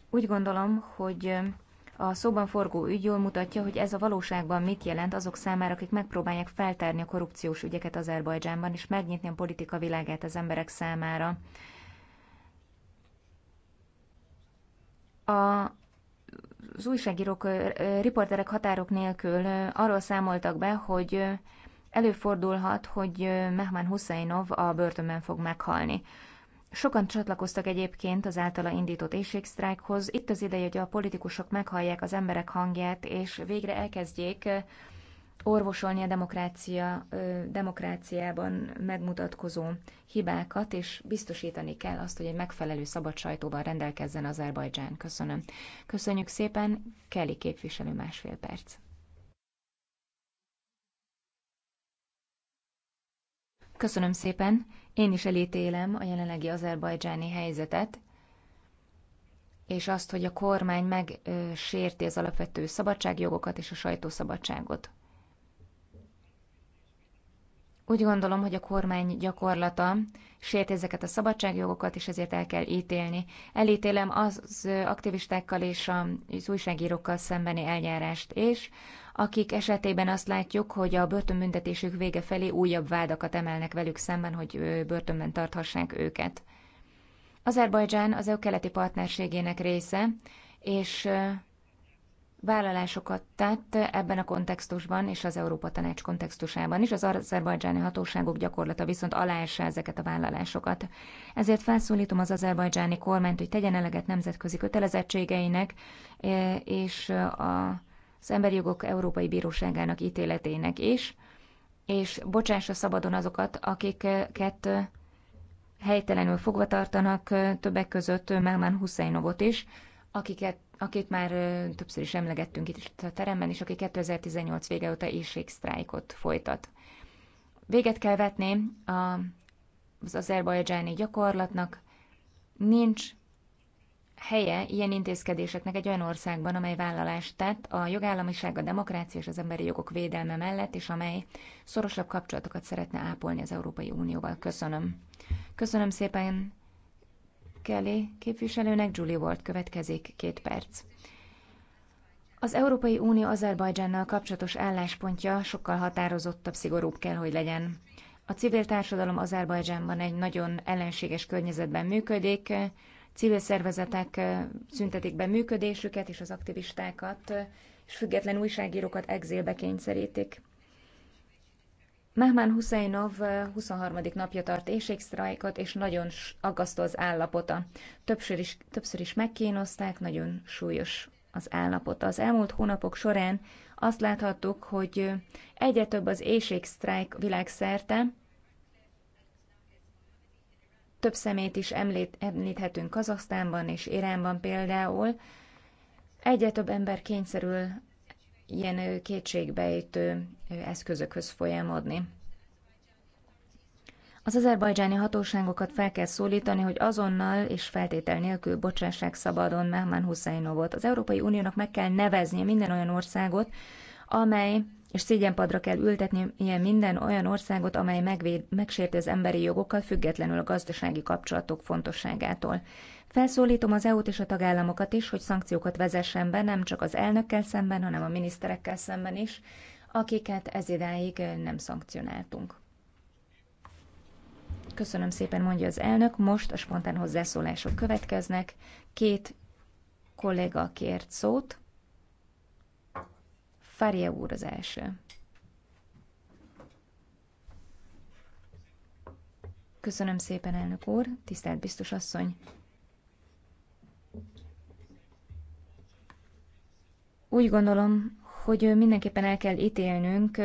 Úgy gondolom, hogy a szóban forgó ügy jól mutatja, hogy ez a valóságban mit jelent azok számára, akik megpróbálják feltárni a korrupciós ügyeket Azerbajdzsánban, és megnyitni a politika világát az emberek számára. A az újságírók, riporterek határok nélkül arról számoltak be, hogy előfordulhat, hogy Mehman Husseinov a börtönben fog meghalni. Sokan csatlakoztak egyébként az általa indított éjségsztrájkhoz. Itt az ideje, hogy a politikusok meghallják az emberek hangját, és végre elkezdjék orvosolni a demokrácia, demokráciában megmutatkozó hibákat, és biztosítani kell azt, hogy egy megfelelő szabad sajtóban rendelkezzen Azerbajdzsán. Köszönöm. Köszönjük szépen, Kelly képviselő másfél perc. Köszönöm szépen. Én is elítélem a jelenlegi azerbajdzsáni helyzetet, és azt, hogy a kormány megsérti az alapvető szabadságjogokat és a sajtószabadságot. Úgy gondolom, hogy a kormány gyakorlata sérti ezeket a szabadságjogokat, és ezért el kell ítélni. Elítélem az aktivistákkal és az újságírókkal szembeni eljárást, és akik esetében azt látjuk, hogy a börtönbüntetésük vége felé újabb vádakat emelnek velük szemben, hogy börtönben tarthassák őket. Azerbajdzsán az EU keleti partnerségének része, és vállalásokat tett ebben a kontextusban és az Európa Tanács kontextusában is. Az azerbajdzsáni hatóságok gyakorlata viszont aláássa ezeket a vállalásokat. Ezért felszólítom az azerbajdzsáni kormányt, hogy tegyen eleget nemzetközi kötelezettségeinek, és a az Emberi Jogok Európai Bíróságának ítéletének is, és bocsássa szabadon azokat, akiket helytelenül fogva tartanak, többek között Melman Husseinovot is, akiket, akit már többször is emlegettünk itt a teremben, és aki 2018 vége óta éjségsztrájkot folytat. Véget kell vetni az azerbajdzsáni gyakorlatnak, nincs helye ilyen intézkedéseknek egy olyan országban, amely vállalást tett a jogállamiság, a demokrácia és az emberi jogok védelme mellett, és amely szorosabb kapcsolatokat szeretne ápolni az Európai Unióval. Köszönöm. Köszönöm szépen Kelly képviselőnek, Julie Ward következik, két perc. Az Európai Unió Azerbajdzsánnal kapcsolatos álláspontja sokkal határozottabb, szigorúbb kell, hogy legyen. A civil társadalom Azerbajdzsánban egy nagyon ellenséges környezetben működik, civil szervezetek szüntetik be működésüket, és az aktivistákat és független újságírókat exilbe kényszerítik. Mehman Husseinov 23. napja tart éjségsztrájkot, és nagyon aggasztó az állapota. Többször is, többször is megkínozták, nagyon súlyos az állapota. Az elmúlt hónapok során azt láthattuk, hogy egyre több az éjségsztrájk világszerte, több szemét is említ, említhetünk Kazaksztánban és Iránban például. Egyre több ember kényszerül ilyen kétségbejtő eszközökhöz folyamodni. Az azerbajdzsáni hatóságokat fel kell szólítani, hogy azonnal és feltétel nélkül bocsássák szabadon Mehman Huszainovot. Az Európai Uniónak meg kell neveznie minden olyan országot, amely és szégyenpadra kell ültetni ilyen minden olyan országot, amely megvéd, megsérti az emberi jogokkal függetlenül a gazdasági kapcsolatok fontosságától. Felszólítom az EU-t és a tagállamokat is, hogy szankciókat vezessen be nem csak az elnökkel szemben, hanem a miniszterekkel szemben is, akiket ez idáig nem szankcionáltunk. Köszönöm szépen, mondja az elnök. Most a spontán hozzászólások következnek. Két kolléga kért szót. Fárje úr az első. Köszönöm szépen, elnök úr, tisztelt biztos asszony. Úgy gondolom, hogy mindenképpen el kell ítélnünk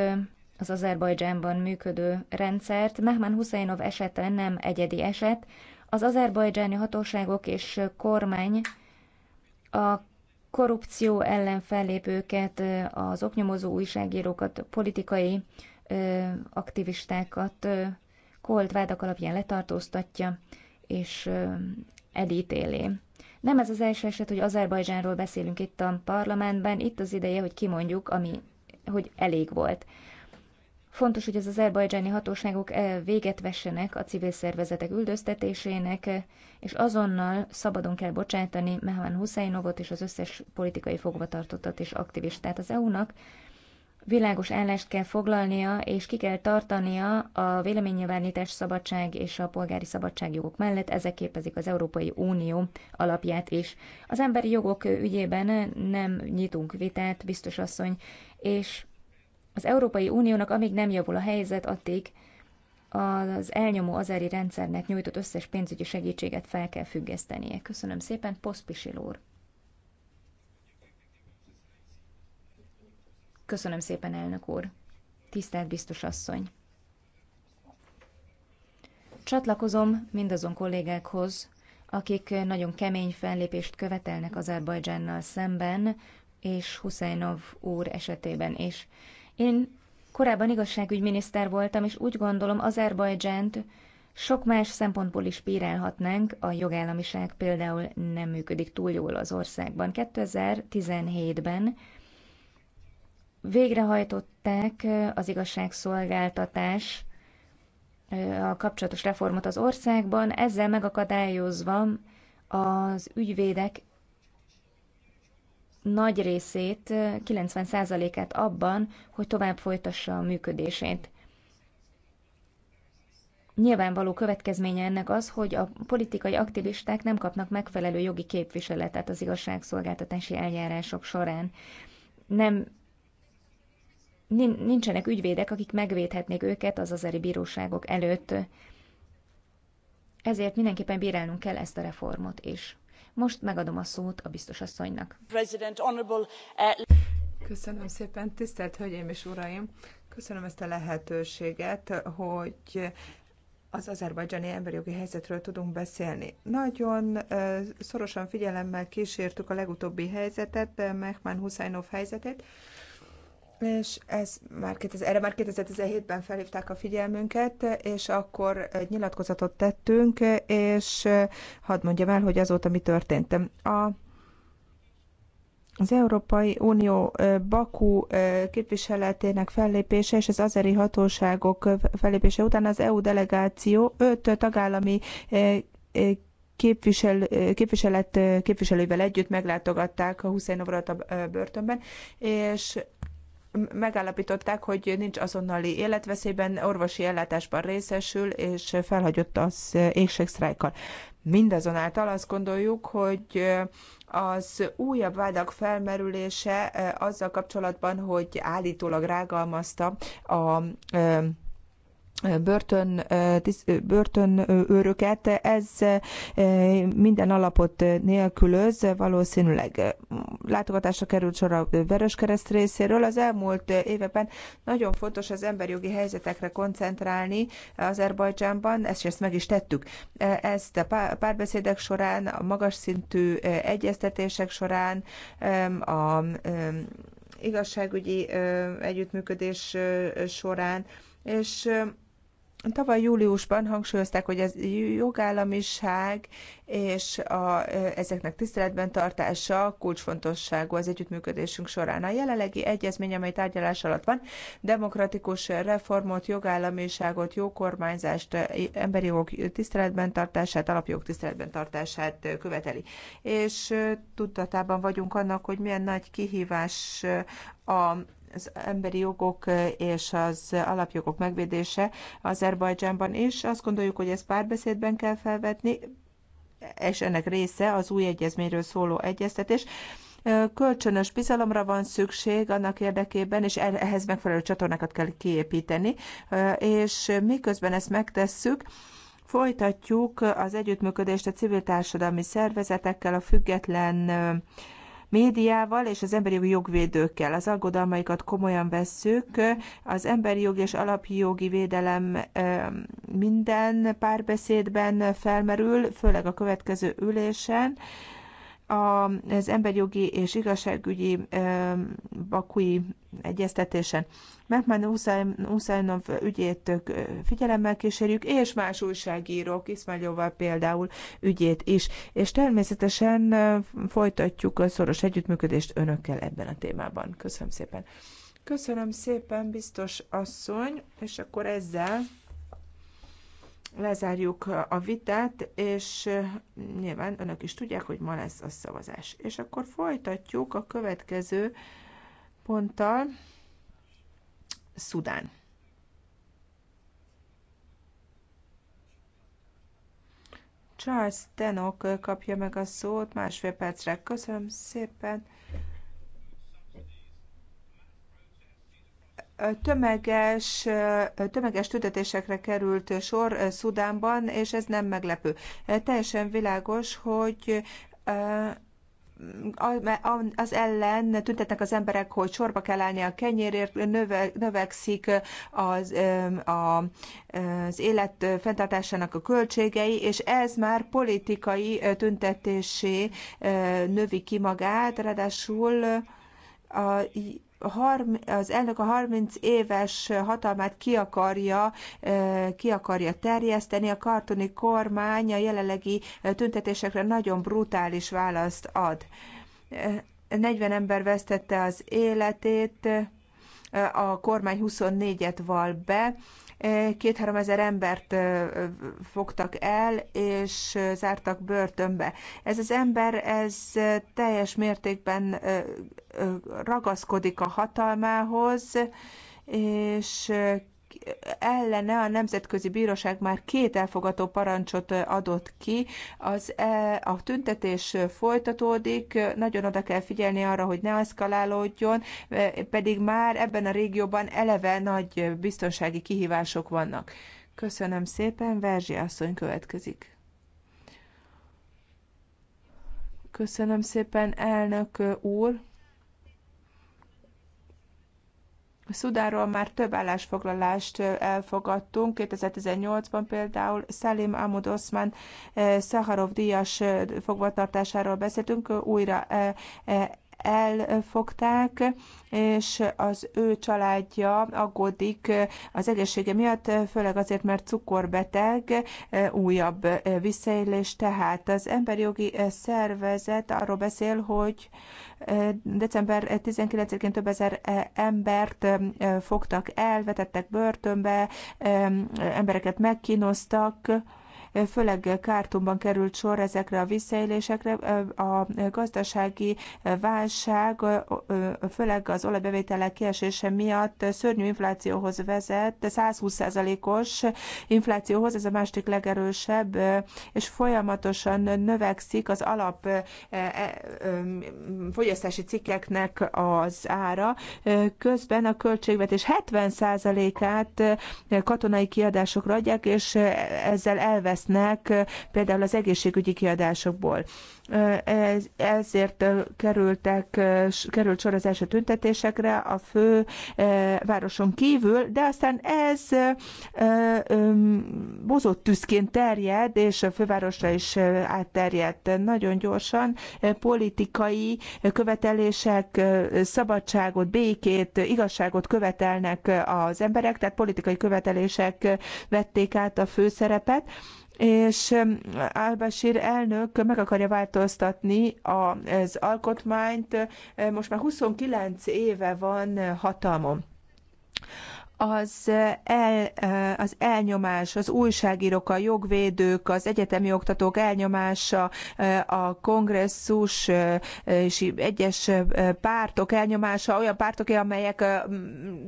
az Azerbajdzsánban működő rendszert. Mehman Husseinov esete nem egyedi eset. Az azerbajdzsáni hatóságok és kormány a korrupció ellen fellépőket, az oknyomozó újságírókat, politikai aktivistákat kolt vádak alapján letartóztatja és elítéli. Nem ez az első eset, hogy Azerbajdzsánról beszélünk itt a parlamentben, itt az ideje, hogy kimondjuk, ami, hogy elég volt. Fontos, hogy az azerbajdzsáni hatóságok eh, véget vessenek a civil szervezetek üldöztetésének, eh, és azonnal szabadon kell bocsátani Mehman Huszainovot és az összes politikai fogvatartottat és aktivistát az EU-nak. Világos állást kell foglalnia, és ki kell tartania a véleménynyilvánítás szabadság és a polgári szabadságjogok mellett, ezek képezik az Európai Unió alapját is. Az emberi jogok ügyében nem nyitunk vitát, biztos asszony, és az Európai Uniónak amíg nem javul a helyzet, addig az elnyomó azári rendszernek nyújtott összes pénzügyi segítséget fel kell függesztenie. Köszönöm szépen, Poszpisil úr. Köszönöm szépen, elnök úr. Tisztelt biztos asszony. Csatlakozom mindazon kollégákhoz, akik nagyon kemény fellépést követelnek Azerbajdzsánnal szemben, és Huszajnov úr esetében is. Én korábban igazságügyminiszter voltam, és úgy gondolom, Azerbajdzsánt sok más szempontból is bírálhatnánk, a jogállamiság például nem működik túl jól az országban. 2017-ben végrehajtották az igazságszolgáltatás a kapcsolatos reformot az országban, ezzel megakadályozva az ügyvédek nagy részét, 90%-át abban, hogy tovább folytassa a működését. Nyilvánvaló következménye ennek az, hogy a politikai aktivisták nem kapnak megfelelő jogi képviseletet az igazságszolgáltatási eljárások során. Nem nincsenek ügyvédek, akik megvédhetnék őket az azeri bíróságok előtt. Ezért mindenképpen bírálnunk kell ezt a reformot is. Most megadom a szót a biztos asszonynak. Eh, Köszönöm szépen, tisztelt Hölgyeim és Uraim! Köszönöm ezt a lehetőséget, hogy az Azerbajdzsani emberi jogi helyzetről tudunk beszélni. Nagyon eh, szorosan figyelemmel kísértük a legutóbbi helyzetet, eh, Mehman Husainov helyzetét, és ez már 2000, erre már 2017-ben felhívták a figyelmünket, és akkor egy nyilatkozatot tettünk, és hadd mondjam el, hogy azóta mi történt. A az Európai Unió Baku képviseletének fellépése és az azeri hatóságok fellépése után az EU delegáció öt tagállami képvisel, képviselet képviselőivel együtt meglátogatták a Hussein Obrata börtönben, és megállapították, hogy nincs azonnali életveszélyben, orvosi ellátásban részesül, és felhagyott az éjségsztrájkkal. Mindazonáltal azt gondoljuk, hogy az újabb vádak felmerülése eh, azzal kapcsolatban, hogy állítólag rágalmazta a eh, börtön, börtönőröket, ez minden alapot nélkülöz valószínűleg. Látogatásra került sor a Vöröskereszt részéről. Az elmúlt években nagyon fontos az emberjogi helyzetekre koncentrálni az Erbajcsánban, ezt, ezt meg is tettük. Ezt a párbeszédek során, a magas szintű egyeztetések során, a igazságügyi együttműködés során, és Tavaly júliusban hangsúlyozták, hogy ez jogállamiság és a, ezeknek tiszteletben tartása kulcsfontosságú az együttműködésünk során. A jelenlegi egyezmény, amely tárgyalás alatt van, demokratikus reformot, jogállamiságot, jókormányzást, emberi jogok tiszteletben tartását, alapjog tiszteletben tartását követeli. És tudatában vagyunk annak, hogy milyen nagy kihívás a az emberi jogok és az alapjogok megvédése Azerbajdzsánban is. Azt gondoljuk, hogy ezt párbeszédben kell felvetni, és ennek része az új egyezményről szóló egyeztetés kölcsönös bizalomra van szükség annak érdekében, és ehhez megfelelő csatornákat kell kiépíteni, és miközben ezt megtesszük, Folytatjuk az együttműködést a civil társadalmi szervezetekkel, a független médiával és az emberi jogvédőkkel. Az aggodalmaikat komolyan vesszük. Az emberi jog és alapjogi védelem minden párbeszédben felmerül, főleg a következő ülésen az emberjogi és igazságügyi bakui egyeztetésen. Mehman Huszajnov ügyét figyelemmel kísérjük, és más újságírók, Iszmányóval például ügyét is. És természetesen folytatjuk a szoros együttműködést önökkel ebben a témában. Köszönöm szépen. Köszönöm szépen, biztos asszony, és akkor ezzel lezárjuk a vitát, és eh, nyilván önök is tudják, hogy ma lesz a szavazás. És akkor folytatjuk a következő ponttal. Szudán. Charles Tenok kapja meg a szót másfél percre. Köszönöm szépen. tömeges, tömeges tüntetésekre került sor Szudánban, és ez nem meglepő. Teljesen világos, hogy az ellen tüntetnek az emberek, hogy sorba kell állni a kenyérért, növe, növekszik az, a, az élet fenntartásának a költségei, és ez már politikai tüntetésé növi ki magát, ráadásul a az elnök a 30 éves hatalmát ki akarja, ki akarja terjeszteni, a kartoni kormány a jelenlegi tüntetésekre nagyon brutális választ ad. 40 ember vesztette az életét, a kormány 24-et val be, két-három ezer embert fogtak el, és zártak börtönbe. Ez az ember, ez teljes mértékben ragaszkodik a hatalmához, és ellene a Nemzetközi Bíróság már két elfogató parancsot adott ki. Az, e, a tüntetés folytatódik, nagyon oda kell figyelni arra, hogy ne eszkalálódjon, pedig már ebben a régióban eleve nagy biztonsági kihívások vannak. Köszönöm szépen, Verzsi asszony következik. Köszönöm szépen, elnök úr. Szudáról már több állásfoglalást elfogadtunk, 2018-ban például Salim Ahmud Osman Szaharov díjas fogvatartásáról beszéltünk, újra elfogták, és az ő családja aggódik az egészsége miatt, főleg azért, mert cukorbeteg, újabb visszaélés. Tehát az emberi jogi szervezet arról beszél, hogy december 19-én több ezer embert fogtak el, vetettek börtönbe, embereket megkínoztak, főleg Kártumban került sor ezekre a visszaélésekre. A gazdasági válság, főleg az olajbevételek kiesése miatt szörnyű inflációhoz vezet, 120%-os inflációhoz, ez a másik legerősebb, és folyamatosan növekszik az alap e, e, fogyasztási cikkeknek az ára. Közben a költségvetés 70%-át katonai kiadásokra adják, és ezzel elvesz lesznek, például az egészségügyi kiadásokból ez, ezért kerültek, került sor az első tüntetésekre a fő városon kívül, de aztán ez bozott tűzként terjed, és a fővárosra is átterjedt nagyon gyorsan. Politikai követelések szabadságot, békét, igazságot követelnek az emberek, tehát politikai követelések vették át a főszerepet és Al-Bashir elnök meg akarja váltani megváltoztatni az alkotmányt. Most már 29 éve van hatalmon az, el, az elnyomás, az újságírók, a jogvédők, az egyetemi oktatók elnyomása, a kongresszus és egyes pártok elnyomása, olyan pártok, amelyek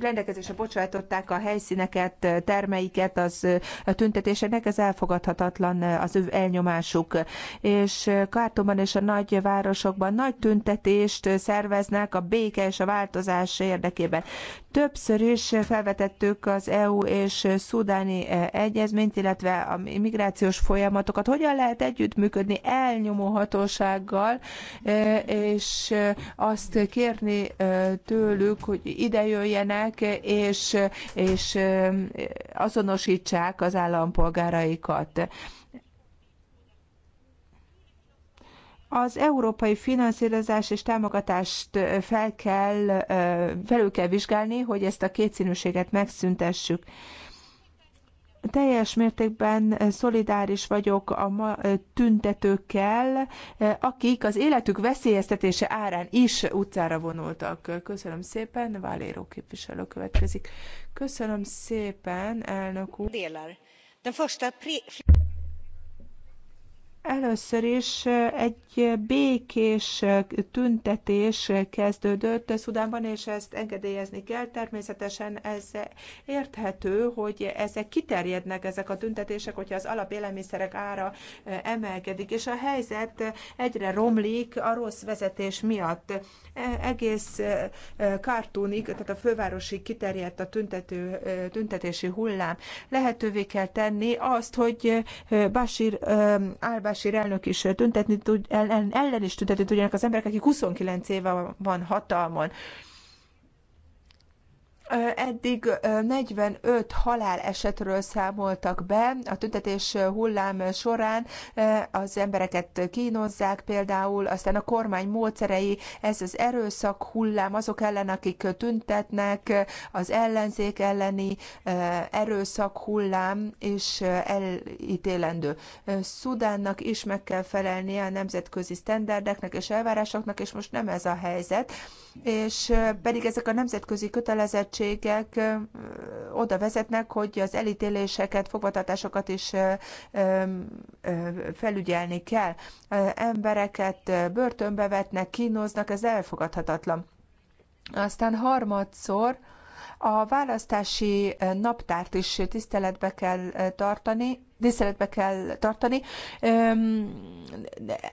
rendelkezésre bocsátották a helyszíneket, termeiket az tüntetéseknek, ez elfogadhatatlan az ő elnyomásuk. És Kártóban és a nagy városokban nagy tüntetést szerveznek a béke és a változás érdekében. Többször is felvetettük az EU és szudáni eh, egyezményt, illetve a migrációs folyamatokat. Hogyan lehet együttműködni elnyomó hatósággal, eh, és eh, azt kérni tőlük, hogy ide jöjjenek, és, és azonosítsák az állampolgáraikat. Az európai finanszírozás és támogatást fel kell, felül kell vizsgálni, hogy ezt a kétszínűséget megszüntessük. Teljes mértékben szolidáris vagyok a ma, tüntetőkkel, akik az életük veszélyeztetése árán is utcára vonultak. Köszönöm szépen, Váléró képviselő következik. Köszönöm szépen, elnök úr. Először is eh, egy békés eh, tüntetés kezdődött Szudánban, és ezt engedélyezni kell. Természetesen ez érthető, hogy ezek kiterjednek, ezek a tüntetések, hogyha az alapélelmiszerek ára eh, emelkedik, és a helyzet egyre romlik a rossz vezetés miatt. E, egész Kártúnig, tehát a fővárosi kiterjedt a tüntető, tüntetési hullám. Lehetővé kell tenni azt, hogy Basir Álbás al elnök is tüntetni tud, ellen, ellen is tüntetni tudjanak az emberek, akik 29 éve van hatalmon. Eddig 45 halálesetről számoltak be a tüntetés hullám során. Az embereket kínozzák például, aztán a kormány módszerei, ez az erőszak hullám azok ellen, akik tüntetnek, az ellenzék elleni erőszak hullám és elítélendő. Szudánnak is meg kell felelnie a nemzetközi sztenderdeknek és elvárásoknak, és most nem ez a helyzet, és pedig ezek a nemzetközi kötelezettségek költségek oda vezetnek, hogy az elítéléseket, fogvatartásokat is felügyelni kell. Embereket börtönbe vetnek, kínoznak, ez elfogadhatatlan. Aztán harmadszor a választási naptárt is tiszteletbe kell tartani, tiszteletbe kell tartani.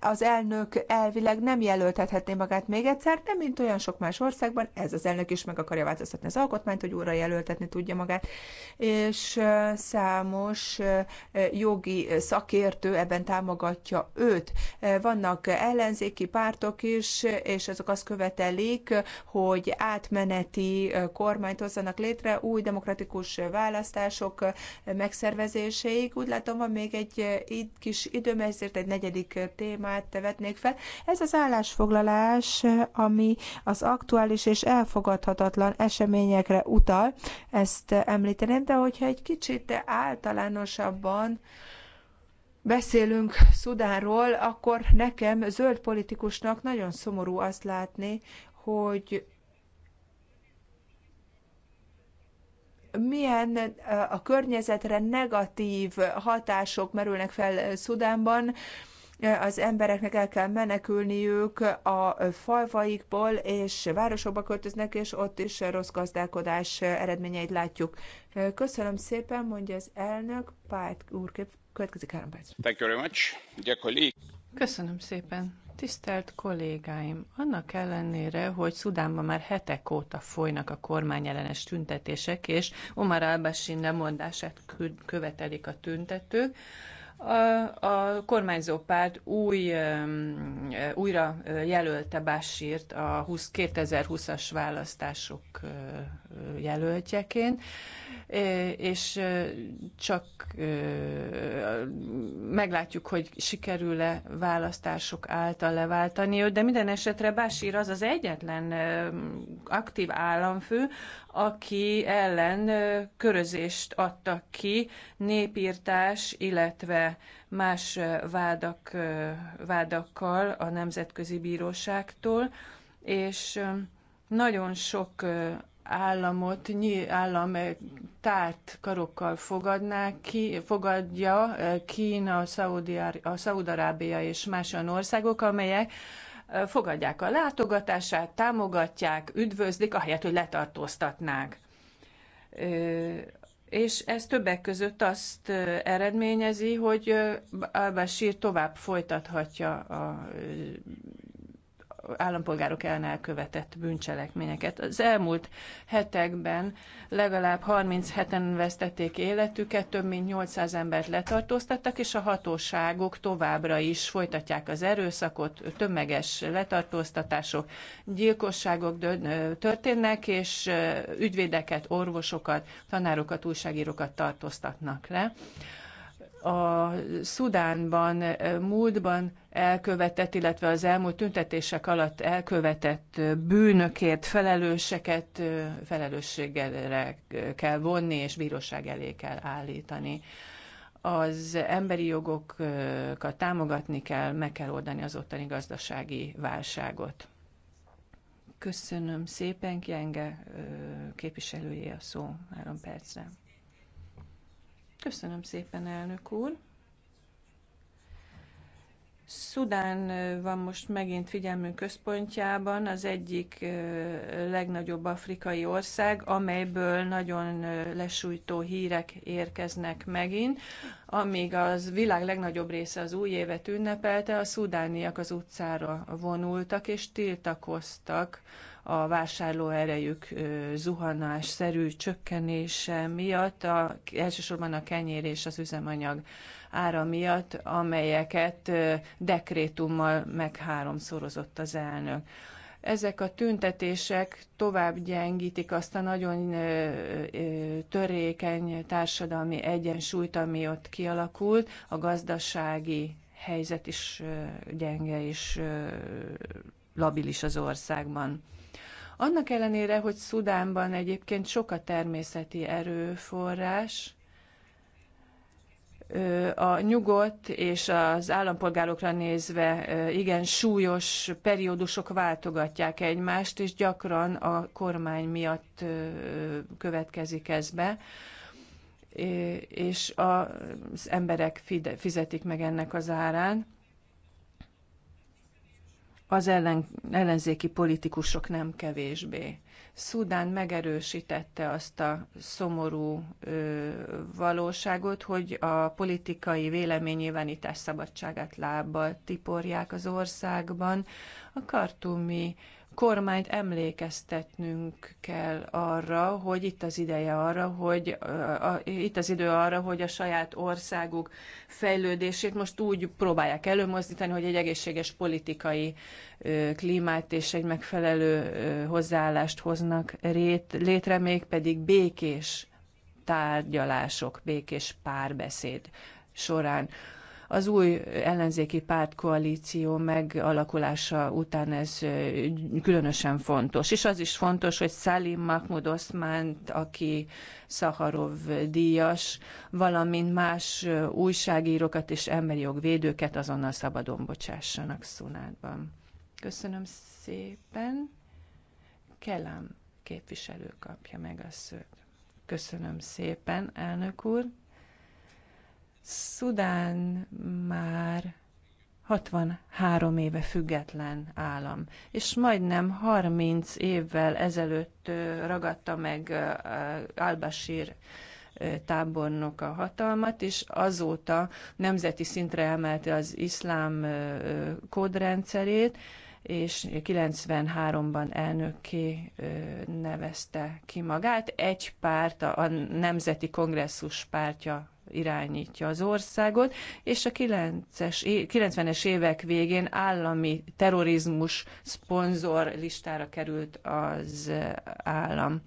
Az elnök elvileg nem jelöltethetné magát még egyszer, de mint olyan sok más országban, ez az elnök is meg akarja változtatni az alkotmányt, hogy újra jelöltetni tudja magát. És számos jogi szakértő ebben támogatja őt. Vannak ellenzéki pártok is, és azok azt követelik, hogy átmeneti kormányt hozzanak létre, új demokratikus választások megszervezéséig. Úgy látom, van még egy eh, kis időm, ezért egy negyedik eh, témát vetnék fel. Ez az állásfoglalás, eh, ami az aktuális és elfogadhatatlan eseményekre utal, ezt említeném, de hogyha egy kicsit általánosabban beszélünk Szudánról, akkor nekem zöld politikusnak nagyon szomorú azt látni, hogy milyen eh, a környezetre negatív hatások merülnek fel Szudánban, eh, az embereknek el kell menekülniük a falvaikból, és városokba költöznek, és ott is rossz gazdálkodás eredményeit látjuk. Eh, köszönöm szépen, mondja az elnök, Párt úr, következik három perc. Thank you very much. Köszönöm szépen. Tisztelt kollégáim! Annak ellenére, hogy Szudánban már hetek óta folynak a kormányellenes tüntetések, és Omar al-Bashir lemondását követelik a tüntetők, a, a kormányzó párt új, újra jelölte Basírt a 2020-as választások jelöltjeként, és csak meglátjuk, hogy sikerül-e választások által leváltani őt, de minden esetre Basír az az egyetlen aktív államfő, aki ellen körözést adtak ki, népírtás, illetve más vádak, vádakkal a Nemzetközi Bíróságtól, és nagyon sok államot, állam tárt karokkal fogadnák, ki, fogadja Kína, a Szaudarábia és más olyan országok, amelyek fogadják a látogatását, támogatják, üdvözlik, ahelyett, hogy letartóztatnák. És ez többek között azt eredményezi, hogy Al-Bashir tovább folytathatja a állampolgárok ellen elkövetett bűncselekményeket. Az elmúlt hetekben legalább 37-en vesztették életüket, több mint 800 embert letartóztattak, és a hatóságok továbbra is folytatják az erőszakot, tömeges letartóztatások, gyilkosságok történnek, és ügyvédeket, orvosokat, tanárokat, újságírókat tartóztatnak le a Szudánban e, múltban elkövetett, illetve az elmúlt tüntetések alatt elkövetett bűnökért felelőseket e, felelősségre kell vonni, és bíróság elé kell állítani. Az emberi jogokat támogatni kell, meg kell oldani az ottani gazdasági válságot. Köszönöm szépen, Kienge e, képviselője a szó három percre. Köszönöm szépen, elnök úr. Szudán van most megint figyelmünk központjában, az egyik legnagyobb afrikai ország, amelyből nagyon lesújtó hírek érkeznek megint. Amíg az világ legnagyobb része az új évet ünnepelte, a szudániak az utcára vonultak és tiltakoztak a vásárlóerejük szerű csökkenése miatt, a, elsősorban a kenyér és az üzemanyag ára miatt, amelyeket dekrétummal megháromszorozott az elnök ezek a tüntetések tovább gyengítik azt a nagyon törékeny társadalmi egyensúlyt, ami ott kialakult, a gazdasági helyzet is gyenge és labilis az országban. Annak ellenére, hogy Szudánban egyébként sok a természeti erőforrás, a nyugodt és az állampolgárokra nézve igen súlyos periódusok váltogatják egymást, és gyakran a kormány miatt következik ez be, és az emberek fizetik meg ennek az árán az ellen, ellenzéki politikusok nem kevésbé. Szudán megerősítette azt a szomorú ö, valóságot, hogy a politikai véleménynyilvánítás szabadságát lábbal tiporják az országban. A kartumi kormányt emlékeztetnünk kell arra, hogy itt az ideje arra, hogy a, a, itt az idő arra, hogy a saját országuk fejlődését most úgy próbálják előmozdítani, hogy egy egészséges politikai ö, klímát és egy megfelelő ö, hozzáállást hoznak rét, létre, még pedig békés tárgyalások, békés párbeszéd során. Az új ellenzéki pártkoalíció megalakulása után ez különösen fontos. És az is fontos, hogy Salim Mahmoud Oszmánt, aki Szaharov díjas, valamint más újságírókat és emberi jogvédőket azonnal szabadon bocsássanak Szunátban. Köszönöm szépen. Kelem képviselő kapja meg a szőt. Köszönöm szépen, elnök úr. Szudán már 63 éve független állam, és majdnem 30 évvel ezelőtt ragadta meg Al-Bashir tábornok a hatalmat, és azóta nemzeti szintre emelte az iszlám kódrendszerét, és 93-ban elnökké nevezte ki magát. Egy párt, a Nemzeti Kongresszus pártja irányítja az országot, és a 90-es évek végén állami terrorizmus szponzor listára került az állam.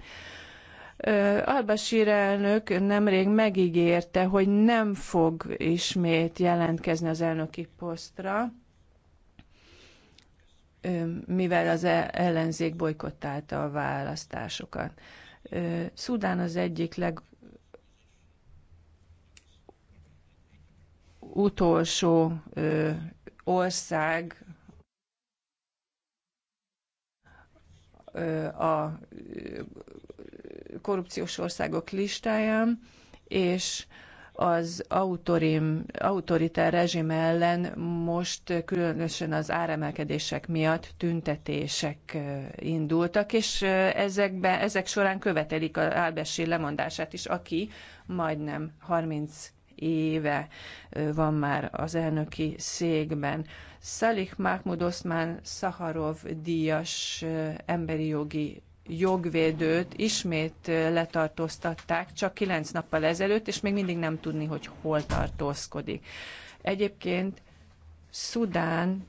Albasír elnök nemrég megígérte, hogy nem fog ismét jelentkezni az elnöki posztra, mivel az e- ellenzék bolykottálta a választásokat. Szudán az egyik leg utolsó ország a korrupciós országok listáján, és az autorim, autoritár rezsim ellen most különösen az áremelkedések miatt tüntetések indultak, és ezekbe, ezek során követelik az Álbesi lemondását is, aki majdnem 30 éve van már az elnöki székben. Szalik Mahmud Oszmán Szaharov díjas emberi jogi jogvédőt ismét letartóztatták csak kilenc nappal ezelőtt, és még mindig nem tudni, hogy hol tartózkodik. Egyébként Szudán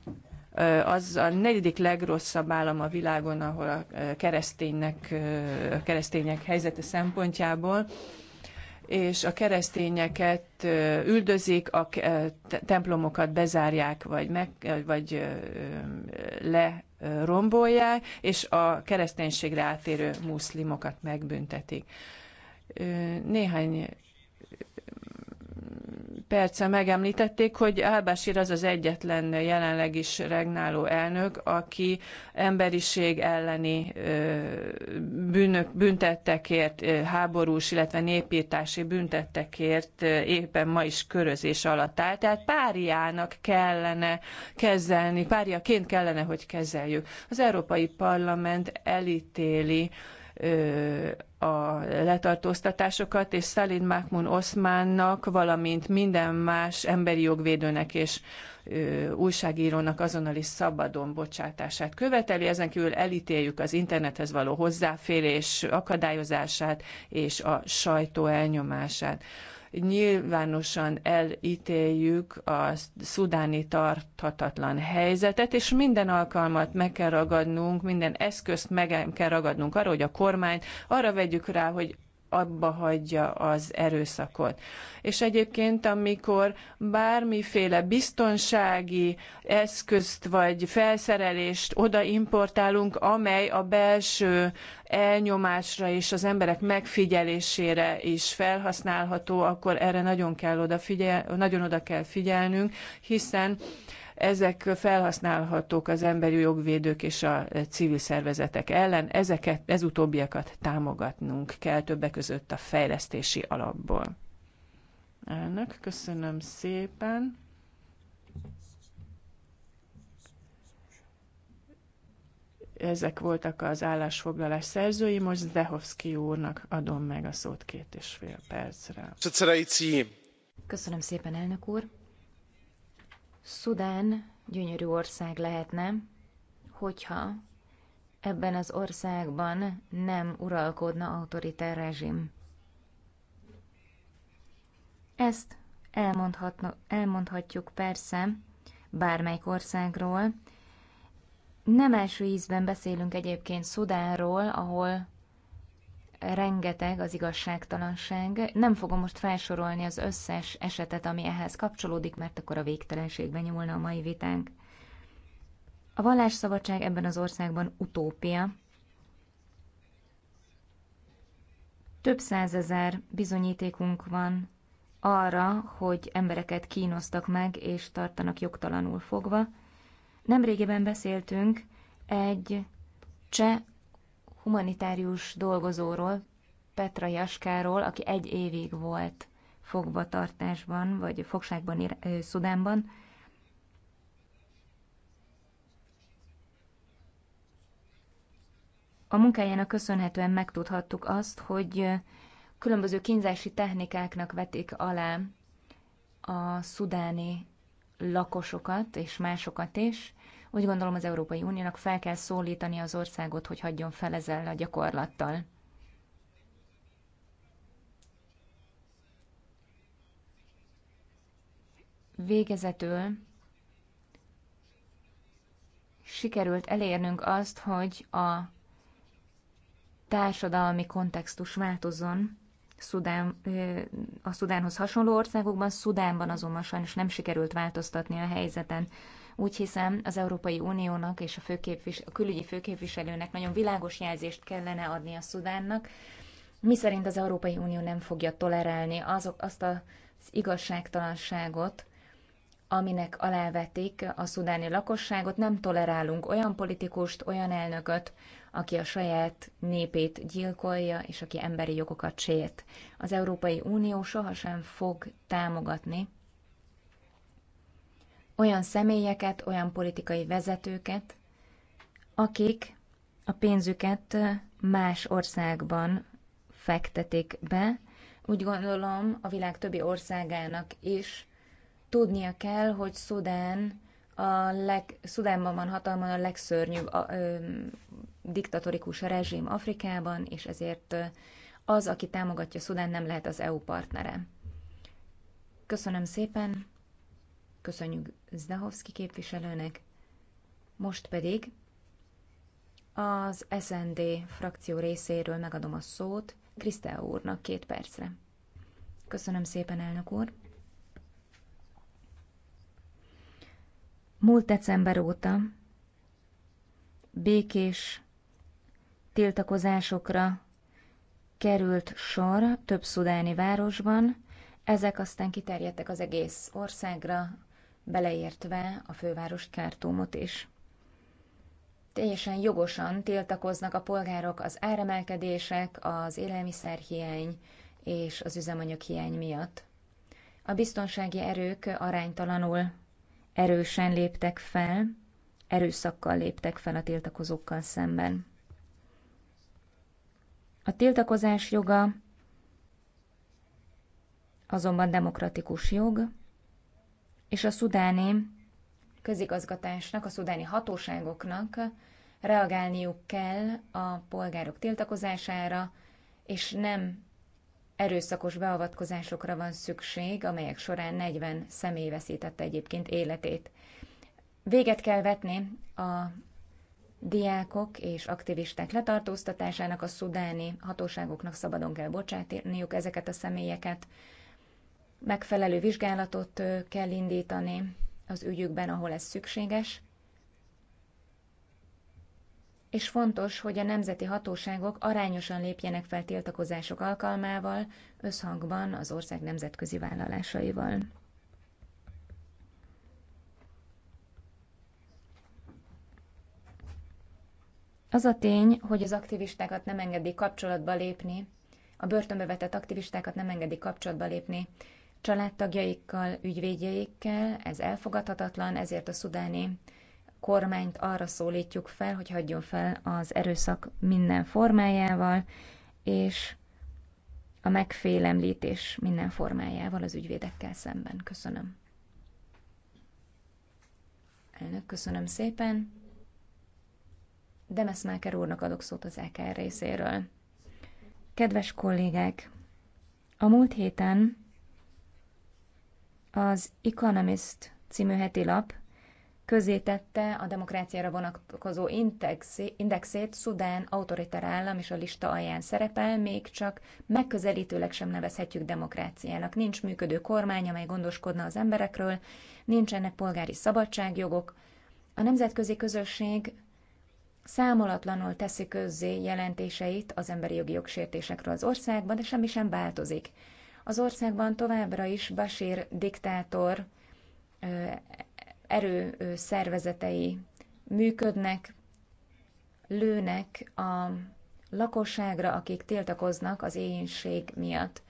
az a negyedik legrosszabb állam a világon, ahol a kereszténynek, a keresztények helyzete szempontjából és a keresztényeket üldözik, a templomokat bezárják, vagy, meg, vagy lerombolják, és a kereszténységre átérő muszlimokat megbüntetik. Néhány perce megemlítették, hogy Álbásír az az egyetlen jelenleg is regnáló elnök, aki emberiség elleni bűnök, büntettekért, háborús, illetve népírtási büntettekért éppen ma is körözés alatt áll. Tehát páriának kellene kezelni, páriaként kellene, hogy kezeljük. Az Európai Parlament elítéli a letartóztatásokat, és Szalid Mahmoud Oszmánnak, valamint minden más emberi jogvédőnek és újságírónak azonnali szabadon bocsátását követeli. Ezen kívül elítéljük az internethez való hozzáférés akadályozását és a sajtó elnyomását nyilvánosan elítéljük a szudáni tarthatatlan helyzetet, és minden alkalmat meg kell ragadnunk, minden eszközt meg kell ragadnunk arra, hogy a kormányt arra vegyük rá, hogy abba hagyja az erőszakot. És egyébként, amikor bármiféle biztonsági eszközt vagy felszerelést oda importálunk, amely a belső elnyomásra és az emberek megfigyelésére is felhasználható, akkor erre nagyon kell odafigyel, nagyon oda kell figyelnünk, hiszen ezek felhasználhatók az emberi jogvédők és a civil szervezetek ellen, ezeket, ez utóbbiakat támogatnunk kell többek között a fejlesztési alapból. Elnök, köszönöm szépen. Ezek voltak az állásfoglalás szerzői, most Zdehovszki úrnak adom meg a szót két és fél percre. Köszönöm szépen, elnök úr. Szudán gyönyörű ország lehetne, hogyha ebben az országban nem uralkodna autoritár rezsim. Ezt elmondhatjuk persze bármelyik országról. Nem első ízben beszélünk egyébként Szudánról, ahol rengeteg az igazságtalanság. Nem fogom most felsorolni az összes esetet, ami ehhez kapcsolódik, mert akkor a végtelenségben nyúlna a mai vitánk. A vallásszabadság ebben az országban utópia. Több százezer bizonyítékunk van arra, hogy embereket kínoztak meg és tartanak jogtalanul fogva. Nemrégiben beszéltünk egy cseh humanitárius dolgozóról, Petra Jaskáról, aki egy évig volt fogvatartásban, vagy fogságban Szudánban. A munkájának köszönhetően megtudhattuk azt, hogy különböző kínzási technikáknak vetik alá a szudáni lakosokat és másokat is, úgy gondolom az Európai Uniónak fel kell szólítani az országot, hogy hagyjon fel ezzel a gyakorlattal. Végezetül sikerült elérnünk azt, hogy a társadalmi kontextus változzon, Szudán, a Szudánhoz hasonló országokban, Szudánban azonban sajnos nem sikerült változtatni a helyzeten. Úgy hiszem, az Európai Uniónak és a, főképvis- a külügyi főképviselőnek nagyon világos jelzést kellene adni a Szudánnak, szerint az Európai Unió nem fogja tolerálni azok, azt az igazságtalanságot, aminek alávetik a szudáni lakosságot, nem tolerálunk olyan politikust, olyan elnököt, aki a saját népét gyilkolja, és aki emberi jogokat sért. Az Európai Unió sohasem fog támogatni olyan személyeket, olyan politikai vezetőket, akik a pénzüket más országban fektetik be. Úgy gondolom, a világ többi országának is tudnia kell, hogy Szudán a leg, Szudánban van hatalmon a legszörnyűbb a, ö, diktatorikus rezsim Afrikában, és ezért az, aki támogatja Szudán, nem lehet az EU partnere. Köszönöm szépen! Köszönjük Zdahovszki képviselőnek. Most pedig az SND frakció részéről megadom a szót Krisztel úrnak két percre. Köszönöm szépen, elnök úr! Múlt december óta békés tiltakozásokra került sor több szudáni városban, ezek aztán kiterjedtek az egész országra, beleértve a főváros Kártómot is. Teljesen jogosan tiltakoznak a polgárok az áremelkedések, az élelmiszerhiány és az üzemanyaghiány miatt. A biztonsági erők aránytalanul erősen léptek fel, erőszakkal léptek fel a tiltakozókkal szemben. A tiltakozás joga azonban demokratikus jog, és a szudáni közigazgatásnak, a szudáni hatóságoknak reagálniuk kell a polgárok tiltakozására, és nem erőszakos beavatkozásokra van szükség, amelyek során 40 személy veszítette egyébként életét. Véget kell vetni a diákok és aktivisták letartóztatásának, a szudáni hatóságoknak szabadon kell bocsátniuk ezeket a személyeket, megfelelő vizsgálatot kell indítani az ügyükben, ahol ez szükséges, és fontos, hogy a nemzeti hatóságok arányosan lépjenek fel tiltakozások alkalmával, összhangban az ország nemzetközi vállalásaival. Az a tény, hogy az aktivistákat nem engedik kapcsolatba lépni, a börtönbe vetett aktivistákat nem engedik kapcsolatba lépni családtagjaikkal, ügyvédjeikkel, ez elfogadhatatlan, ezért a szudáni kormányt arra szólítjuk fel, hogy hagyjon fel az erőszak minden formájával, és a megfélemlítés minden formájával az ügyvédekkel szemben. Köszönöm. Elnök, köszönöm szépen. Demeszmáker úrnak adok szót az EKR részéről. Kedves kollégák, a múlt héten az Economist című heti lap közzétette a demokráciára vonatkozó indexét, Szudán autoritár állam és a lista alján szerepel, még csak megközelítőleg sem nevezhetjük demokráciának. Nincs működő kormány, amely gondoskodna az emberekről, nincsenek polgári szabadságjogok. A nemzetközi közösség számolatlanul teszi közzé jelentéseit az emberi jogi jogsértésekről az országban, de semmi sem változik. Az országban továbbra is Basír diktátor erő szervezetei működnek, lőnek a lakosságra, akik tiltakoznak az éhénység miatt.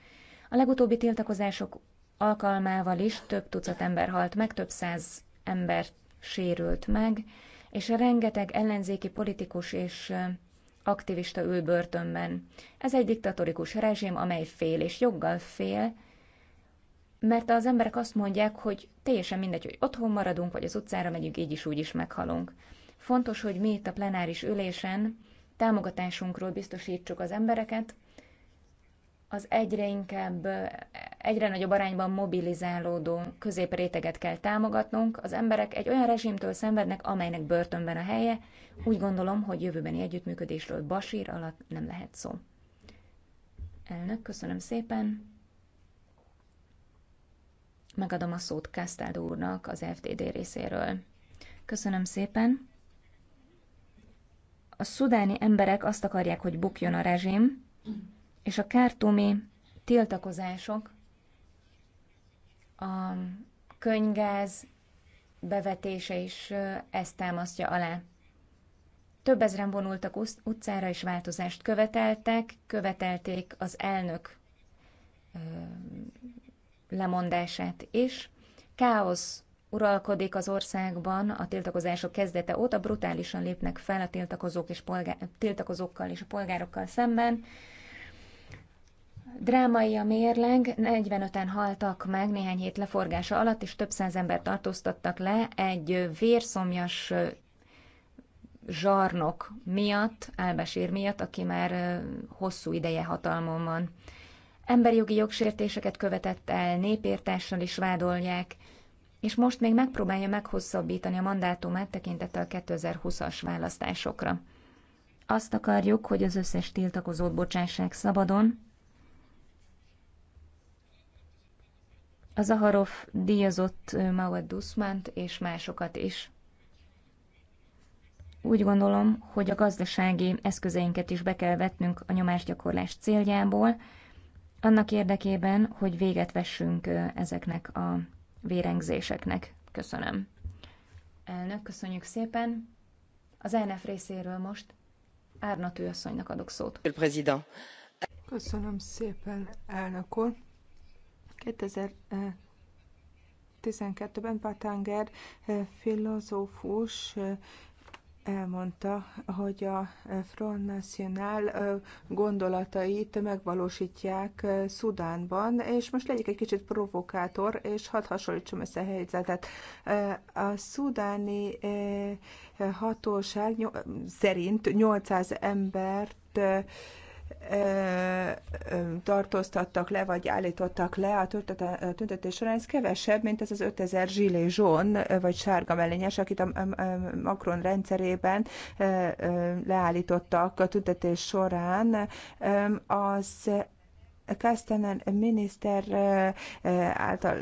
A legutóbbi tiltakozások alkalmával is több tucat ember halt meg, több száz ember sérült meg, és rengeteg ellenzéki politikus és aktivista ül börtönben. Ez egy diktatórikus rezsim, amely fél, és joggal fél, mert az emberek azt mondják, hogy teljesen mindegy, hogy otthon maradunk, vagy az utcára megyünk, így is úgy is meghalunk. Fontos, hogy mi itt a plenáris ülésen támogatásunkról biztosítsuk az embereket, az egyre inkább, egyre nagyobb arányban mobilizálódó középréteget kell támogatnunk. Az emberek egy olyan rezsimtől szenvednek, amelynek börtönben a helye. Úgy gondolom, hogy jövőbeni együttműködésről Basír alatt nem lehet szó. Elnök, köszönöm szépen. Megadom a szót Kastád úrnak az FTD részéről. Köszönöm szépen. A szudáni emberek azt akarják, hogy bukjon a rezsim, és a kártumi tiltakozások a könygáz bevetése is ezt támasztja alá. Több ezren vonultak utcára és változást követeltek, követelték az elnök lemondását is. Káosz uralkodik az országban a tiltakozások kezdete óta, brutálisan lépnek fel a tiltakozók és polgá- tiltakozókkal és a polgárokkal szemben. Drámai a mérleg, 45-en haltak meg néhány hét leforgása alatt, és több száz ember tartóztattak le egy vérszomjas zsarnok miatt, Elbesír miatt, aki már hosszú ideje hatalmon van. Emberjogi jogsértéseket követett el, népértással is vádolják, és most még megpróbálja meghosszabbítani a mandátumát tekintettel 2020-as választásokra. Azt akarjuk, hogy az összes tiltakozót bocsássák szabadon, az Zaharov díjazott Mawad Dussmant és másokat is. Úgy gondolom, hogy a gazdasági eszközeinket is be kell vetnünk a nyomásgyakorlás céljából, annak érdekében, hogy véget vessünk ezeknek a vérengzéseknek. Köszönöm. Elnök, köszönjük szépen. Az ENF részéről most Árnatő asszonynak adok szót. Köszönöm szépen, elnök úr. 2012-ben Patanger eh, filozófus eh, elmondta, hogy a eh, Front National gondolatait megvalósítják Szudánban, és most legyek egy kicsit provokátor, és hadd hasonlítsam ezt a helyzetet. A szudáni hatóság szerint 800 embert tartóztattak le, vagy állítottak le a tüntetés során, ez kevesebb, mint ez az 5000 zsilé zsón, vagy sárga mellényes, akit a Macron rendszerében leállítottak a tüntetés során. Az Kastanen miniszter által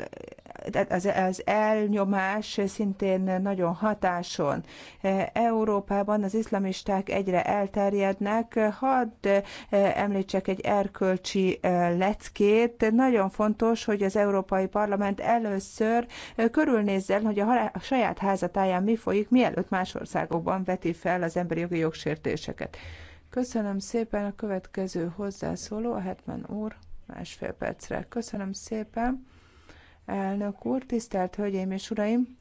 az, az elnyomás szintén nagyon hatáson. Európában az iszlamisták egyre elterjednek. Hadd említsek egy erkölcsi leckét. Nagyon fontos, hogy az Európai Parlament először körülnézzen, hogy a saját házatáján mi folyik, mielőtt más országokban veti fel az emberi jogi jogsértéseket. Köszönöm szépen a következő hozzászóló, a Hetman úr, másfél percre. Köszönöm szépen, elnök úr, tisztelt hölgyeim és uraim!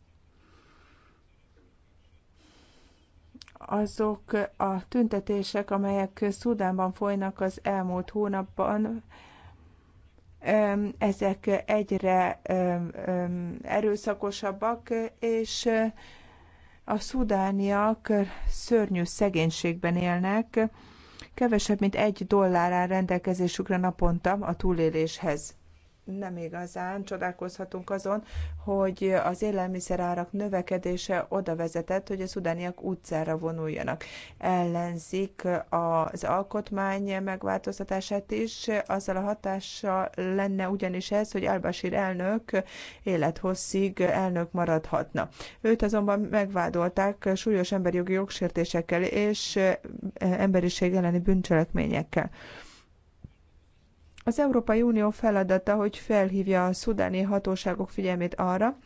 Azok a tüntetések, amelyek Szudánban folynak az elmúlt hónapban, ezek egyre erőszakosabbak, és a szudániak szörnyű szegénységben élnek, kevesebb mint egy dollár áll rendelkezésükre naponta a túléléshez nem igazán csodálkozhatunk azon, hogy az élelmiszerárak növekedése oda vezetett, hogy a szudániak utcára vonuljanak. Ellenzik az alkotmány megváltoztatását is, azzal a hatása lenne ugyanis ez, hogy Al-Bashir elnök élethosszig elnök maradhatna. Őt azonban megvádolták súlyos emberi jogi jogsértésekkel és emberiség elleni bűncselekményekkel. Az Európai Unió feladata, hogy felhívja a szudáni hatóságok figyelmét arra,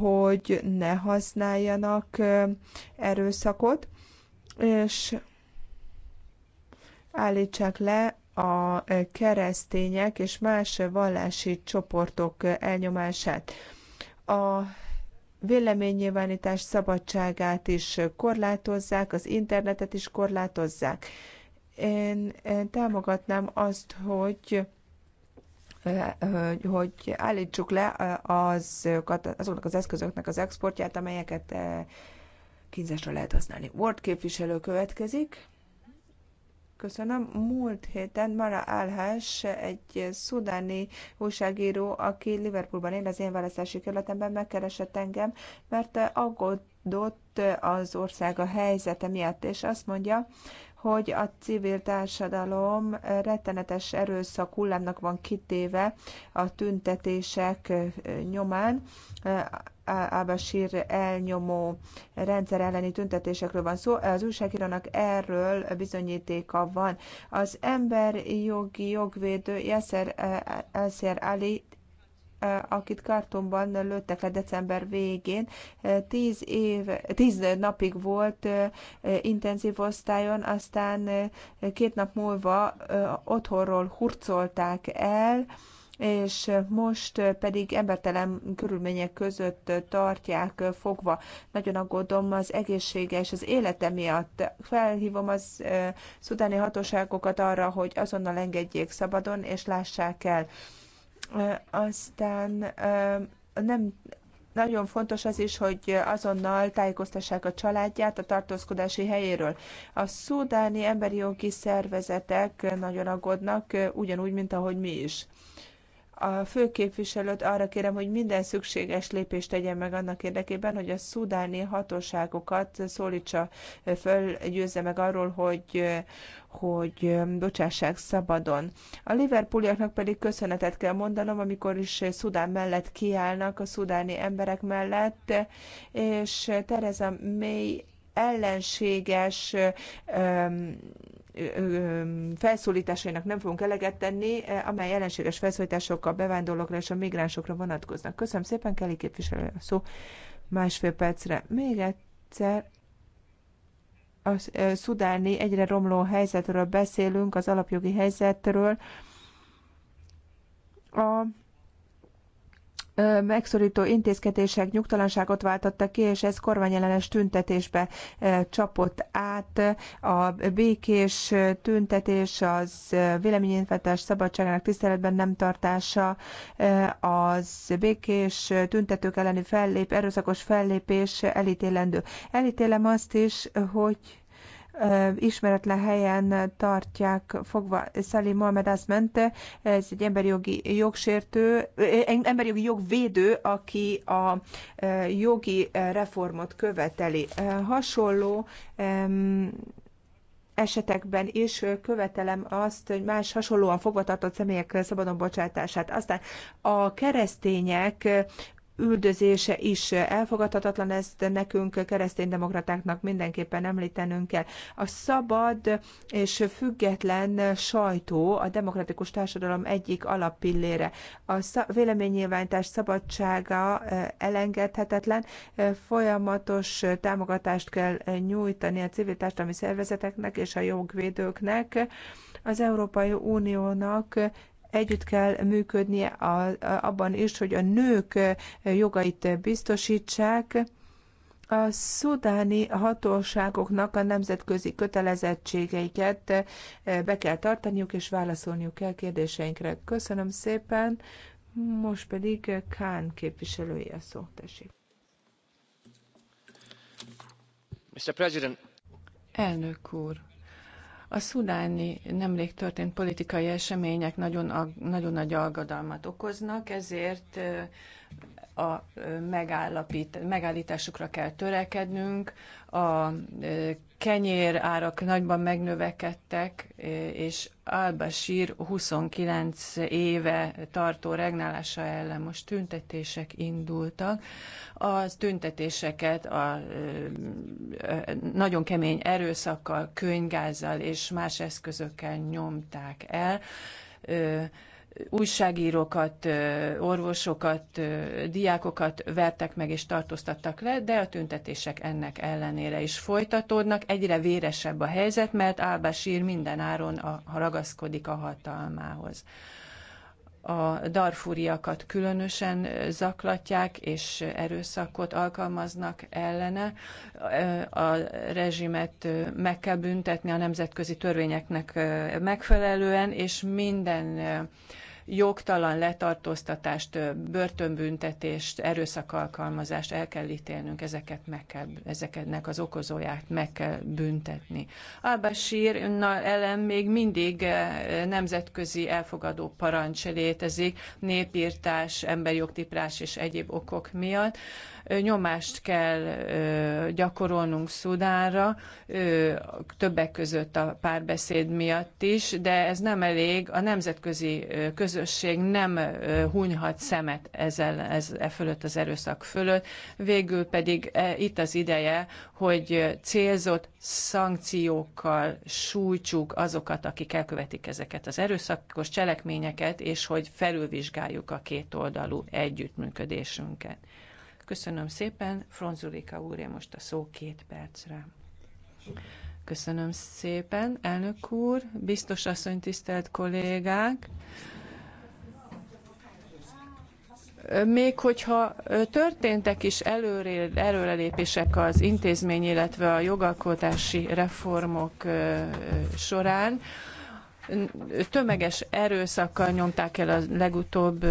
hogy ne használjanak erőszakot, és állítsák le a keresztények és más vallási csoportok elnyomását. A véleménynyilvánítás szabadságát is korlátozzák, az internetet is korlátozzák én támogatnám azt, hogy hogy állítsuk le az azoknak az eszközöknek az exportját, amelyeket kínzásra lehet használni. Word képviselő következik. Köszönöm. Múlt héten Mara Alhás, egy szudáni újságíró, aki Liverpoolban él az én választási kerületemben, megkeresett engem, mert aggódott az országa helyzete miatt, és azt mondja, hogy a civil társadalom rettenetes erőszak hullámnak van kitéve a tüntetések nyomán. al elnyomó rendszer elleni tüntetésekről van szó. Az újságírónak erről bizonyítéka van. Az emberi jogi jogvédő Yasser Elszer Ali Eh, akit Kartonban lőttek le december végén. Eh, tíz, év, tíz napig volt eh, intenzív osztályon, aztán két nap múlva otthonról hurcolták el, és most pedig embertelen körülmények között tartják fogva. Nagyon aggódom az egészsége és az élete miatt. Felhívom az szudáni hatóságokat arra, hogy azonnal engedjék szabadon, és lássák el aztán nem nagyon fontos az is, hogy azonnal tájékoztassák a családját a tartózkodási helyéről. A szudáni emberi jogi szervezetek nagyon aggódnak, ugyanúgy, mint ahogy mi is a főképviselőt arra kérem, hogy minden szükséges lépést tegyen meg annak érdekében, hogy a szudáni hatóságokat szólítsa föl, győzze meg arról, hogy, hogy um, bocsássák szabadon. A Liverpooliaknak pedig köszönetet kell mondanom, amikor is Szudán mellett kiállnak, a szudáni emberek mellett, és Tereza May ellenséges öm, um, felszólításainak nem fogunk eleget tenni, amely jelenséges felszólításokkal bevándorlókra és a migránsokra vonatkoznak. Köszönöm szépen, Kelly képviselő a szó másfél percre. Még egyszer a szudáni egyre romló helyzetről beszélünk, az alapjogi helyzetről. A megszorító intézkedések nyugtalanságot váltattak ki, és ez kormányellenes tüntetésbe csapott át. A békés tüntetés, az véleményinfetás szabadságának tiszteletben nem tartása, az békés tüntetők elleni fellép, erőszakos fellépés elítélendő. Elítélem azt is, hogy ismeretlen helyen tartják fogva Szali Mohamed mente, ez egy emberi jogi jogsértő, emberi jogi jogvédő, aki a jogi reformot követeli. Hasonló esetekben is követelem azt, hogy más hasonlóan fogvatartott személyek szabadon bocsátását. Aztán a keresztények üldözése is elfogadhatatlan, ezt nekünk keresztény demokratáknak mindenképpen említenünk kell. A szabad és független sajtó a demokratikus társadalom egyik alappillére. A véleménynyilvánítás szabadsága eh, elengedhetetlen, eh, folyamatos támogatást kell eh, nyújtani a civil társadalmi szervezeteknek és a jogvédőknek. Az Európai Uniónak együtt kell működnie a, abban is, hogy a nők jogait biztosítsák. A szudáni hatóságoknak a nemzetközi kötelezettségeiket eh, be kell tartaniuk, és válaszolniuk kell kérdéseinkre. Köszönöm szépen, most pedig Kán képviselője a szó, tessék. Mr. President. Elnök úr, a szudáni nemrég történt politikai események nagyon, nagyon nagy aggodalmat okoznak, ezért a megállapít, megállításukra kell törekednünk. A kenyér árak nagyban megnövekedtek, és Al-Bashir 29 éve tartó regnálása ellen most tüntetések indultak. A tüntetéseket a, nagyon kemény erőszakkal, könygázzal és más eszközökkel nyomták el újságírókat, orvosokat, diákokat vertek meg és tartóztattak le, de a tüntetések ennek ellenére is folytatódnak. Egyre véresebb a helyzet, mert Álbásír minden áron a, ragaszkodik a hatalmához. A darfúriakat különösen zaklatják és erőszakot alkalmaznak ellene. A rezsimet meg kell büntetni a nemzetközi törvényeknek megfelelően, és minden jogtalan letartóztatást, börtönbüntetést, erőszakalkalmazást el kell ítélnünk, ezeket meg kell, ezeknek az okozóját meg kell büntetni. Al-Bashir ellen még mindig nemzetközi elfogadó parancs létezik, népírtás, emberjogtiprás és egyéb okok miatt nyomást kell gyakorolnunk Szudánra, többek között a párbeszéd miatt is, de ez nem elég, a nemzetközi közösség nem hunyhat szemet ezzel, ez, e fölött az erőszak fölött, végül pedig e, itt az ideje, hogy célzott szankciókkal sújtsuk azokat, akik elkövetik ezeket az erőszakos cselekményeket, és hogy felülvizsgáljuk a kétoldalú együttműködésünket. Köszönöm szépen, Fronzulika én most a szó két percre. Köszönöm szépen, elnök úr, biztos asszony, tisztelt kollégák! még hogyha történtek is előre, előrelépések az intézmény, illetve a jogalkotási reformok során, tömeges erőszakkal nyomták el a legutóbb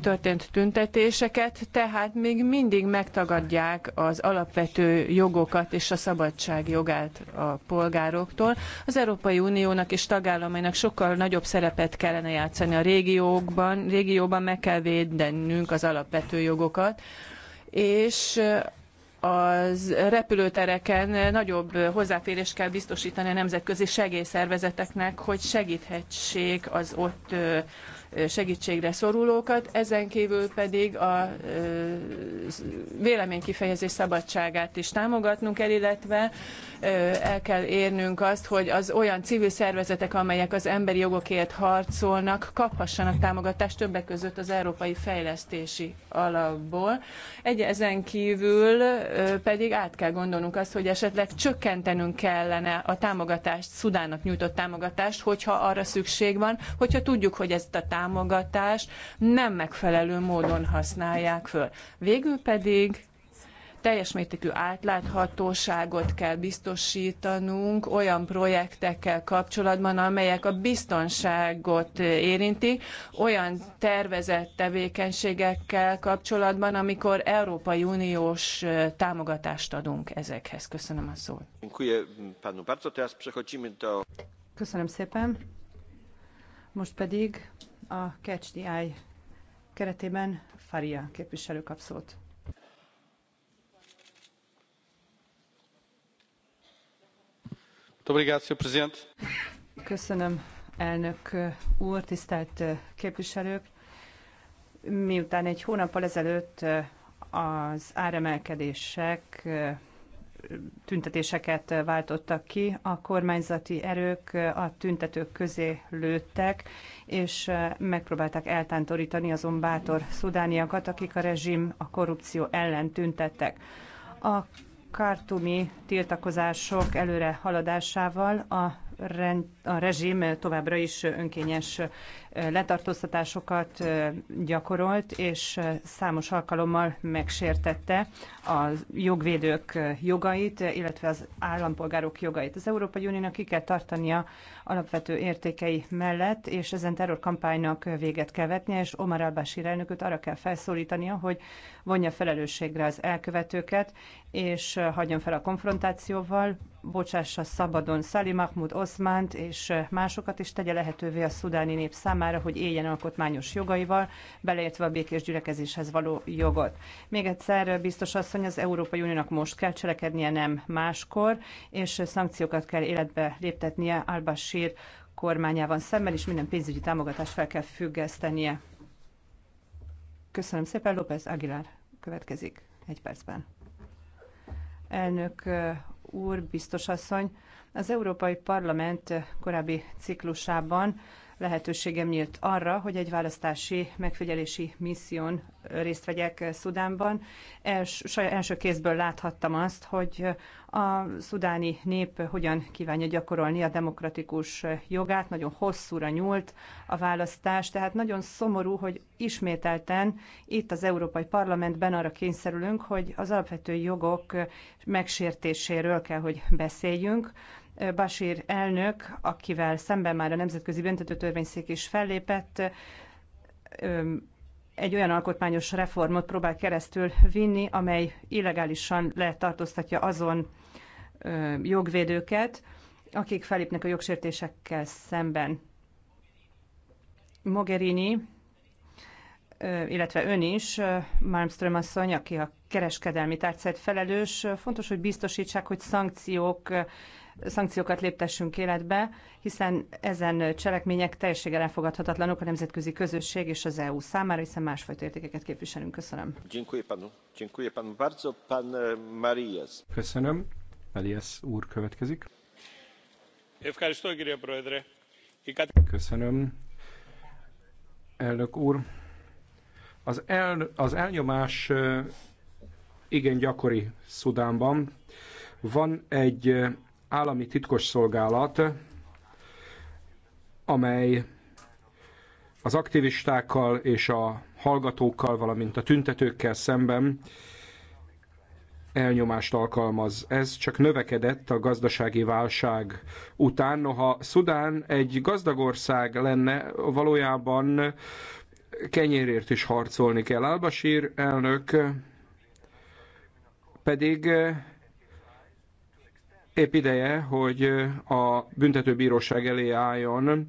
történt tüntetéseket, tehát még mindig megtagadják az alapvető jogokat és a szabadság jogát a polgároktól. Az Európai Uniónak és tagállamainak sokkal nagyobb szerepet kellene játszani a régiókban, régióban meg kell védenünk az alapvető jogokat, és az repülőtereken nagyobb hozzáférést kell biztosítani a nemzetközi segélyszervezeteknek, hogy segíthessék az ott segítségre szorulókat, ezen kívül pedig a véleménykifejezés szabadságát is támogatnunk el, illetve el kell érnünk azt, hogy az olyan civil szervezetek, amelyek az emberi jogokért harcolnak, kaphassanak támogatást többek között az Európai Fejlesztési Alapból. Egy ezen kívül pedig át kell gondolnunk azt, hogy esetleg csökkentenünk kellene a támogatást, Szudánnak nyújtott támogatást, hogyha arra szükség van, hogyha tudjuk, hogy ezt a támogatást nem megfelelő módon használják föl. Végül pedig teljes mértékű átláthatóságot kell biztosítanunk olyan projektekkel kapcsolatban, amelyek a biztonságot érintik, olyan tervezett tevékenységekkel kapcsolatban, amikor Európai Uniós támogatást adunk ezekhez. Köszönöm a szót. Köszönöm szépen. Most pedig a Catch the Eye keretében Faria képviselő kap szót. Köszönöm, elnök úr, tisztelt képviselők! Miután egy hónappal ezelőtt az áremelkedések tüntetéseket váltottak ki, a kormányzati erők a tüntetők közé lőttek, és megpróbálták eltántorítani azon bátor szudániakat, akik a rezsim a korrupció ellen tüntettek. A kartumi tiltakozások előre haladásával a, rend, a rezsim továbbra is önkényes letartóztatásokat gyakorolt, és számos alkalommal megsértette a jogvédők jogait, illetve az állampolgárok jogait. Az Európai Uniónak ki kell tartania alapvető értékei mellett, és ezen terrorkampánynak véget kell vetnie, és Omar al elnököt arra kell felszólítania, hogy vonja felelősségre az elkövetőket, és hagyjon fel a konfrontációval, bocsássa szabadon Szali Mahmud Oszmánt és másokat, és tegye lehetővé a szudáni nép számára, számára, hogy éljen alkotmányos jogaival, beleértve a békés gyülekezéshez való jogot. Még egyszer, biztos asszony, az Európai Uniónak most kell cselekednie, nem máskor, és szankciókat kell életbe léptetnie Al-Bashir kormányában szemben, és minden pénzügyi támogatást fel kell függesztenie. Köszönöm szépen, López Aguilar következik egy percben. Elnök úr, biztos asszony, az Európai Parlament korábbi ciklusában lehetőségem nyílt arra, hogy egy választási megfigyelési misszión részt vegyek Szudánban. Els, első kézből láthattam azt, hogy a szudáni nép hogyan kívánja gyakorolni a demokratikus jogát. Nagyon hosszúra nyúlt a választás, tehát nagyon szomorú, hogy ismételten itt az Európai Parlamentben arra kényszerülünk, hogy az alapvető jogok megsértéséről kell, hogy beszéljünk Bashir elnök, akivel szemben már a Nemzetközi Büntetőtörvényszék is fellépett, egy olyan alkotmányos reformot próbál keresztül vinni, amely illegálisan letartóztatja azon jogvédőket, akik felépnek a jogsértésekkel szemben. Mogherini, illetve ön is, Malmström asszony, aki a kereskedelmi tárcát felelős, fontos, hogy biztosítsák, hogy szankciók szankciókat léptessünk életbe, hiszen ezen cselekmények teljességgel elfogadhatatlanok a nemzetközi közösség és az EU számára, hiszen másfajta értékeket képviselünk. Köszönöm. E, Köszönöm. Elias úr következik. Köszönöm. Elnök úr, az, el, az elnyomás e, igen gyakori Szudánban. Van egy e, állami titkos szolgálat, amely az aktivistákkal és a hallgatókkal, valamint a tüntetőkkel szemben elnyomást alkalmaz. Ez csak növekedett a gazdasági válság után. Noha Szudán egy gazdag ország lenne, valójában kenyérért is harcolni kell. Albasír elnök pedig épp ideje, hogy a büntetőbíróság elé álljon.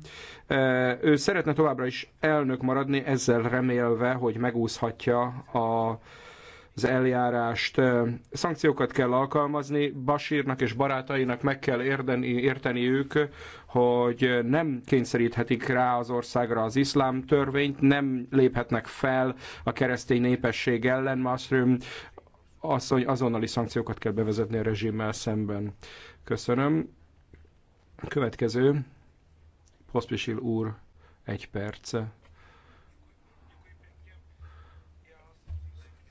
Ő szeretne továbbra is elnök maradni, ezzel remélve, hogy megúszhatja a az eljárást. Szankciókat kell alkalmazni, Basírnak és barátainak meg kell érteni, érteni ők, hogy nem kényszeríthetik rá az országra az iszlám törvényt, nem léphetnek fel a keresztény népesség ellen. Masrum az, hogy azonnali szankciókat kell bevezetni a rezsimmel szemben. Köszönöm. Következő, Pospisil úr, egy perc.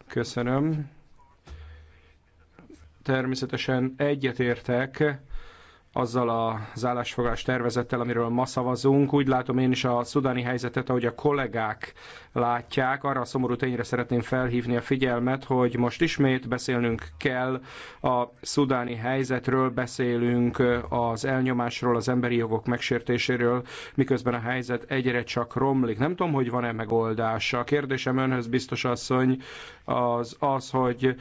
Köszönöm. Természetesen egyetértek azzal az állásfogás tervezettel, amiről ma szavazunk. Úgy látom én is a szudáni helyzetet, ahogy a kollégák látják. Arra a szomorú tényre szeretném felhívni a figyelmet, hogy most ismét beszélnünk kell a szudáni helyzetről, beszélünk az elnyomásról, az emberi jogok megsértéséről, miközben a helyzet egyre csak romlik. Nem tudom, hogy van-e megoldása A kérdésem önhöz, biztos asszony, az az, hogy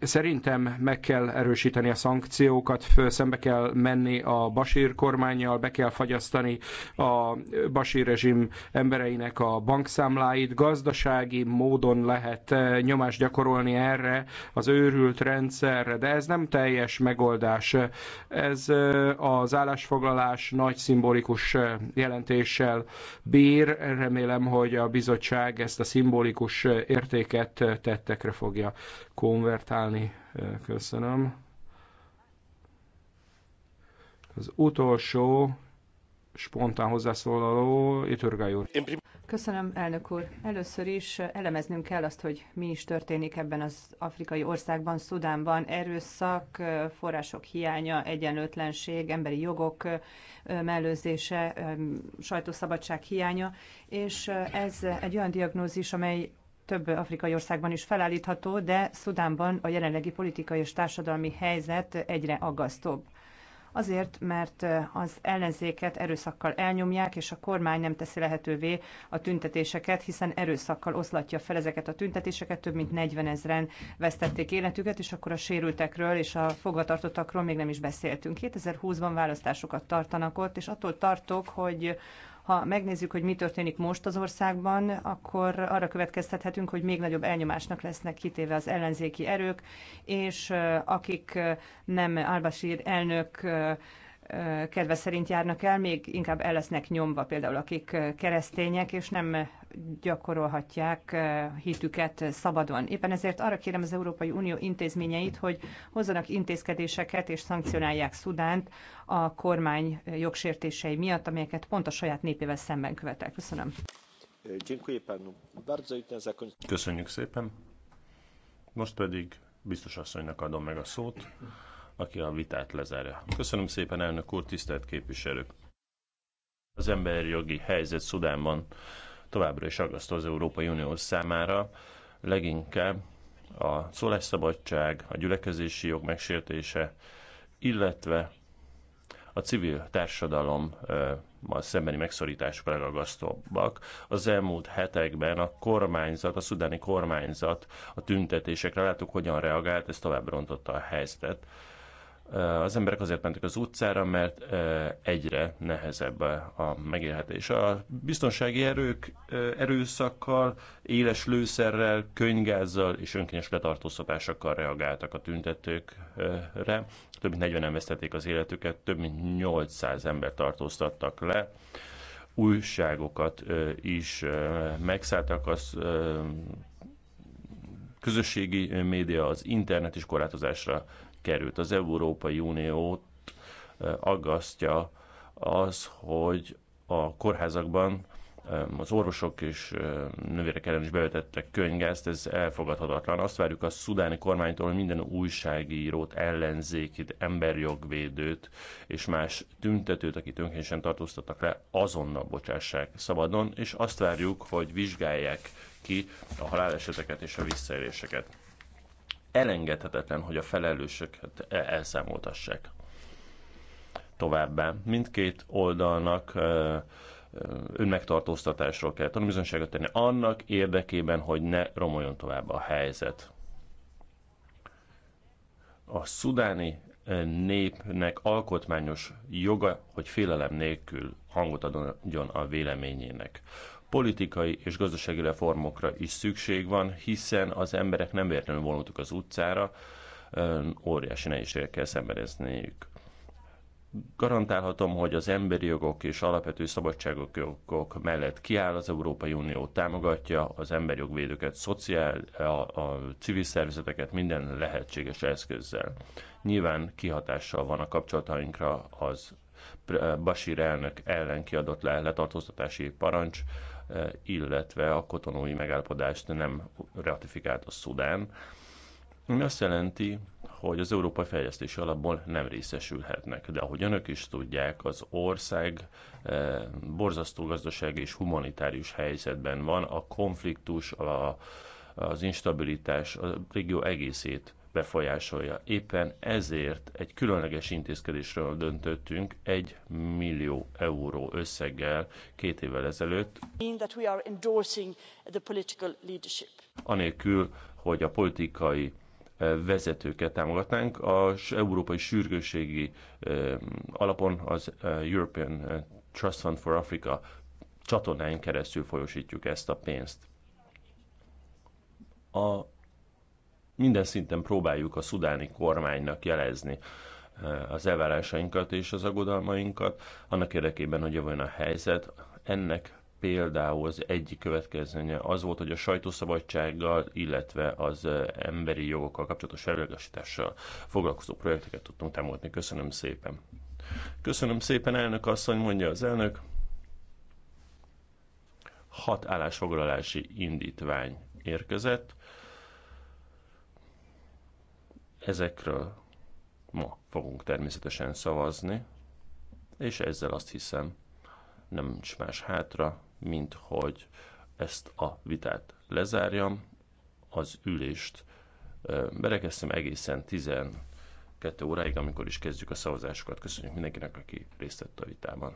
szerintem meg kell erősíteni a szankciókat, szembe kell menni a Basír kormányjal, be kell fagyasztani a Basír rezsim embereinek a bankszámláit. Gazdasági módon lehet eh, nyomást gyakorolni erre az őrült rendszerre, de ez nem teljes megoldás. Ez eh, az állásfoglalás nagy szimbolikus eh, jelentéssel bír. Remélem, hogy a bizottság ezt a szimbolikus értéket tettekre fogja konvertálni. Köszönöm. Az utolsó spontán hozzászólaló, Itörgály úr. Köszönöm, elnök úr. Először is elemeznünk kell azt, hogy mi is történik ebben az afrikai országban, Szudánban. Erőszak, források hiánya, egyenlőtlenség, emberi jogok mellőzése, sajtószabadság hiánya, és ez egy olyan diagnózis, amely több afrikai országban is felállítható, de Szudánban a jelenlegi politikai és társadalmi helyzet egyre aggasztóbb azért, mert az ellenzéket erőszakkal elnyomják, és a kormány nem teszi lehetővé a tüntetéseket, hiszen erőszakkal oszlatja fel ezeket a tüntetéseket, több mint 40 ezeren vesztették életüket, és akkor a sérültekről és a fogvatartottakról még nem is beszéltünk. 2020-ban választásokat tartanak ott, és attól tartok, hogy ha megnézzük, hogy mi történik most az országban, akkor arra következtethetünk, hogy még nagyobb elnyomásnak lesznek kitéve az ellenzéki erők, és akik nem al elnök kedve szerint járnak el, még inkább el lesznek nyomva például, akik keresztények, és nem gyakorolhatják hitüket szabadon. Éppen ezért arra kérem az Európai Unió intézményeit, hogy hozzanak intézkedéseket és szankcionálják Szudánt a kormány jogsértései miatt, amelyeket pont a saját népével szemben követel. Köszönöm. Köszönjük szépen. Most pedig biztos asszonynak adom meg a szót, aki a vitát lezárja. Köszönöm szépen, elnök úr, tisztelt képviselők! Az emberi jogi helyzet Szudánban továbbra is aggasztó az Európai Unió számára, leginkább a szólásszabadság, a gyülekezési jog megsértése, illetve a civil társadalom a szembeni megszorítások legagasztóbbak. Az elmúlt hetekben a kormányzat, a szudáni kormányzat a tüntetésekre láttuk, hogyan reagált, ez tovább rontotta a helyzetet az emberek azért mentek az utcára, mert egyre nehezebb a megélhetés. A biztonsági erők erőszakkal, éles lőszerrel, könygázzal és önkényes letartóztatásokkal reagáltak a tüntetőkre. Több mint 40-en vesztették az életüket, több mint 800 ember tartóztattak le újságokat is megszálltak, az közösségi média, az internet is korlátozásra került. Az Európai Uniót eh, aggasztja az, hogy a kórházakban eh, az orvosok és eh, nővérek ellen is bevetettek könygázt, ez elfogadhatatlan. Azt várjuk a szudáni kormánytól, hogy minden újságírót, ellenzékit, emberjogvédőt és más tüntetőt, akit önkéntesen tartóztattak le, azonnal bocsássák szabadon, és azt várjuk, hogy vizsgálják ki a haláleseteket és a visszaéléseket elengedhetetlen, hogy a felelősöket e- elszámoltassák. Továbbá mindkét oldalnak önmegtartóztatásról kell tanulbizonyságot tenni annak érdekében, hogy ne romoljon tovább a helyzet. A szudáni népnek alkotmányos joga, hogy félelem nélkül hangot adjon a véleményének. Politikai és gazdasági reformokra is szükség van, hiszen az emberek nem véletlenül vonultak az utcára, óriási nehézségekkel szembenézniük. Garantálhatom, hogy az emberi jogok és alapvető szabadságok mellett kiáll az Európai Unió, támogatja az emberi jogvédőket, szociál, a, a civil szervezeteket minden lehetséges eszközzel. Nyilván kihatással van a kapcsolatainkra az Basir elnök ellen kiadott le, letartóztatási parancs, Eh, illetve a kotonói megállapodást nem a Szudán. Ami azt jelenti, hogy az Európai Fejlesztési Alapból nem részesülhetnek. De ahogy önök is tudják, az ország eh, borzasztó gazdasági és humanitárius helyzetben van. A konfliktus, a, az instabilitás a régió egészét befolyásolja. Éppen ezért egy különleges intézkedésről döntöttünk egy millió euró összeggel két évvel ezelőtt, anélkül, hogy a politikai eh, vezetőket támogatnánk. Az európai sürgőségi eh, alapon az eh, European Trust Fund for Africa csatornáin keresztül folyosítjuk ezt a pénzt. A minden szinten próbáljuk a szudáni kormánynak jelezni eh, az elvárásainkat és az aggodalmainkat, annak érdekében, hogy javuljon a helyzet. Ennek például az egyik következménye az volt, hogy a sajtószabadsággal, illetve az eh, emberi jogokkal kapcsolatos előgazítással foglalkozó projekteket tudtunk támogatni. Köszönöm szépen. Köszönöm szépen, elnök asszony, mondja az elnök. Hat állásfoglalási indítvány érkezett. Ezekről ma fogunk természetesen szavazni, és ezzel azt hiszem nem nincs más hátra, mint hogy ezt a vitát lezárjam, az ülést berekeztem egészen 12 óráig, amikor is kezdjük a szavazásokat. Köszönjük mindenkinek, aki részt vett a vitában.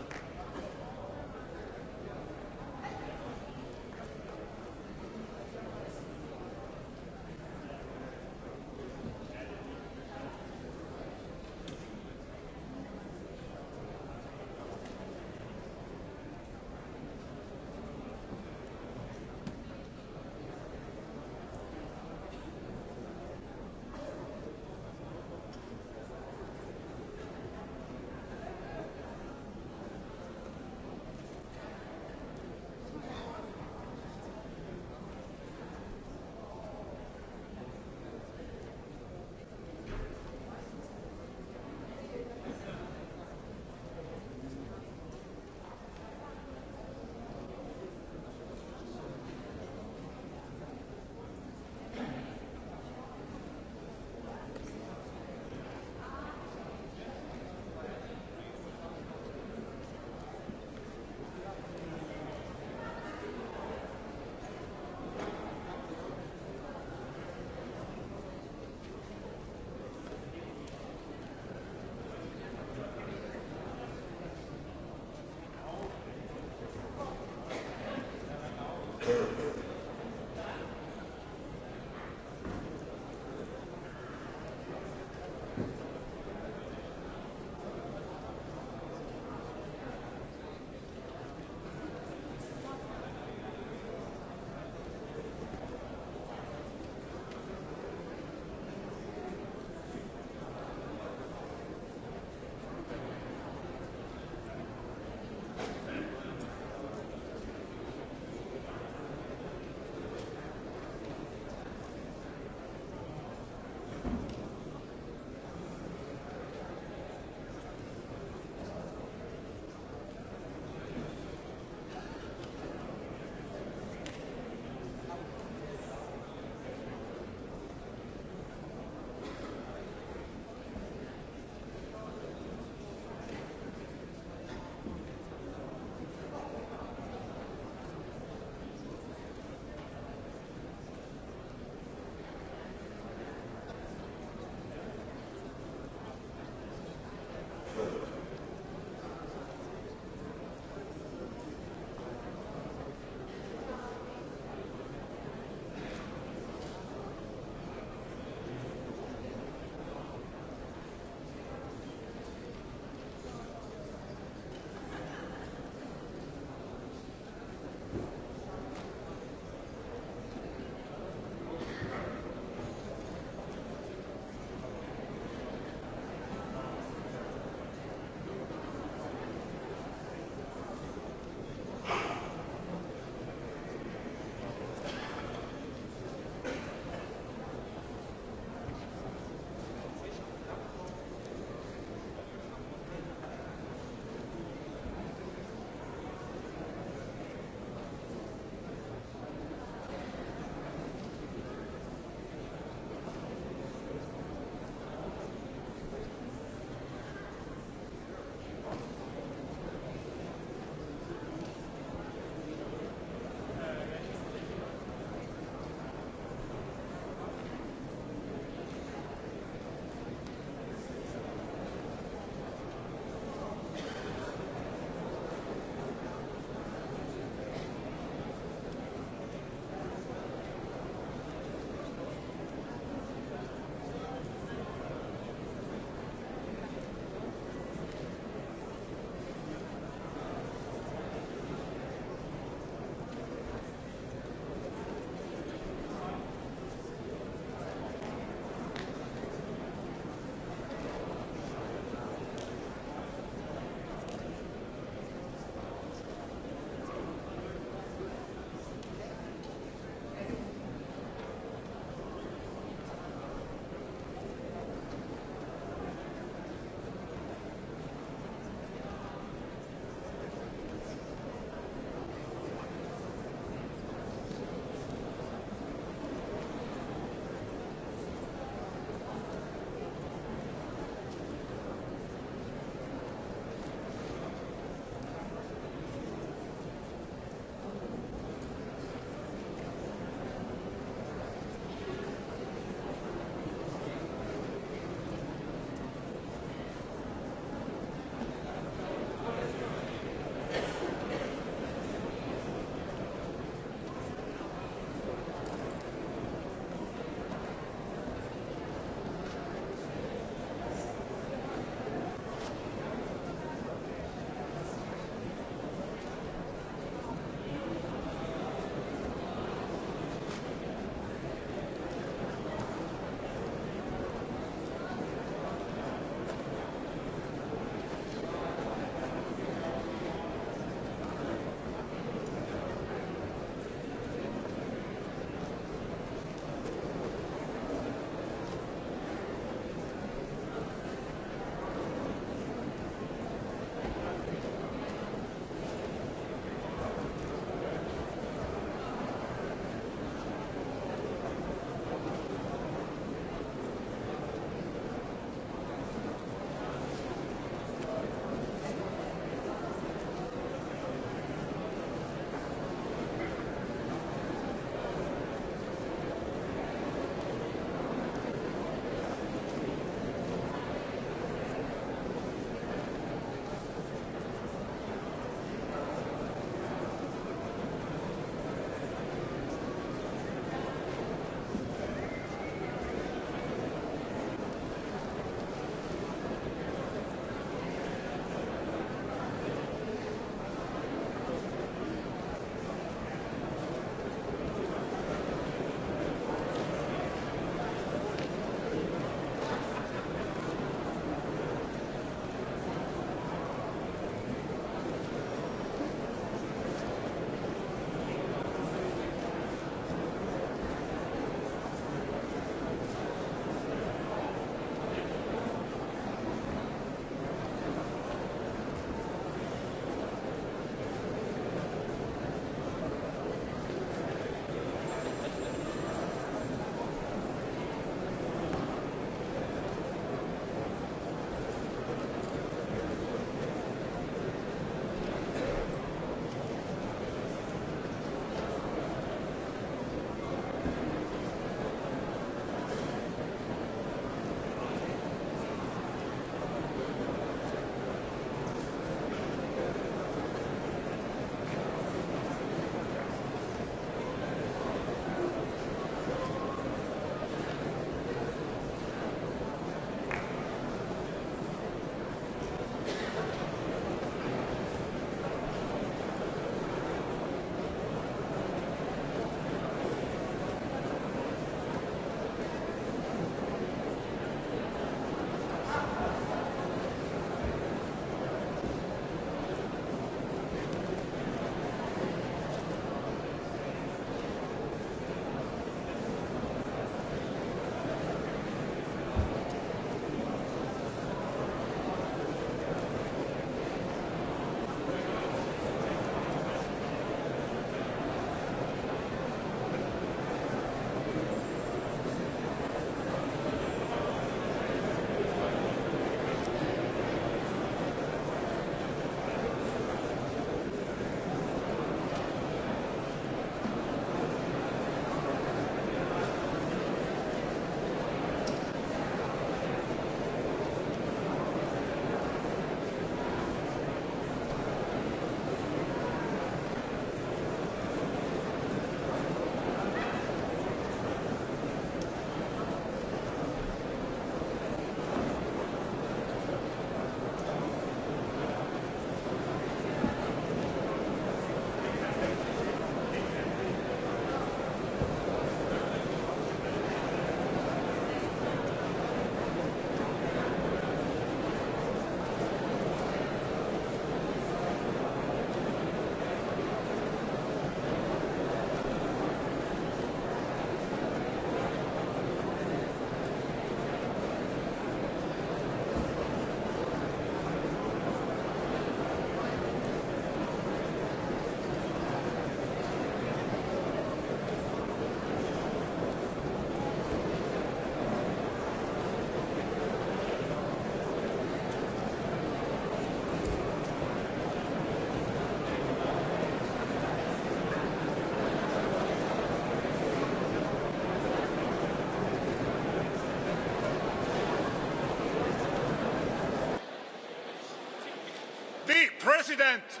president!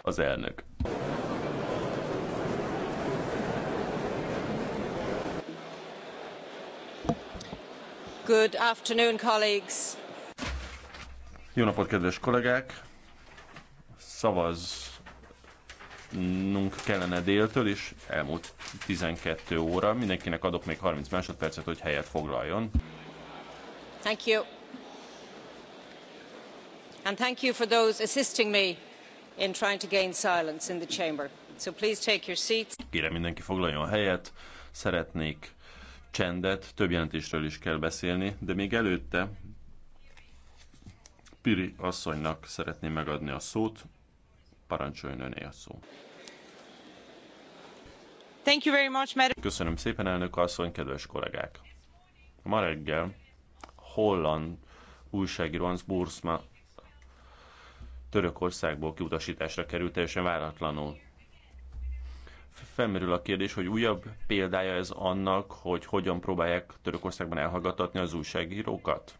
Az elnök. Good afternoon, colleagues. Jó napot, kedves kollégák! Szavaznunk kellene déltől, és elmúlt 12 óra. Mindenkinek adok még 30 másodpercet, hogy helyet foglaljon. Thank you and thank you for those assisting me in trying to gain silence in the chamber. So please take your seats. Kérem mindenki foglaljon helyet. Szeretnék csendet, több jelentésről is kell beszélni, de még előtte Piri asszonynak szeretném megadni a szót. Parancsoljon öné a szó. Thank you very much, madam. Köszönöm szépen, elnök asszony, kedves kollégák! Ma reggel holland újságíró Hans Boersma Törökországból kiutasításra került teljesen váratlanul. Felmerül a kérdés, hogy újabb példája ez annak, hogy hogyan próbálják Törökországban elhallgatni az újságírókat?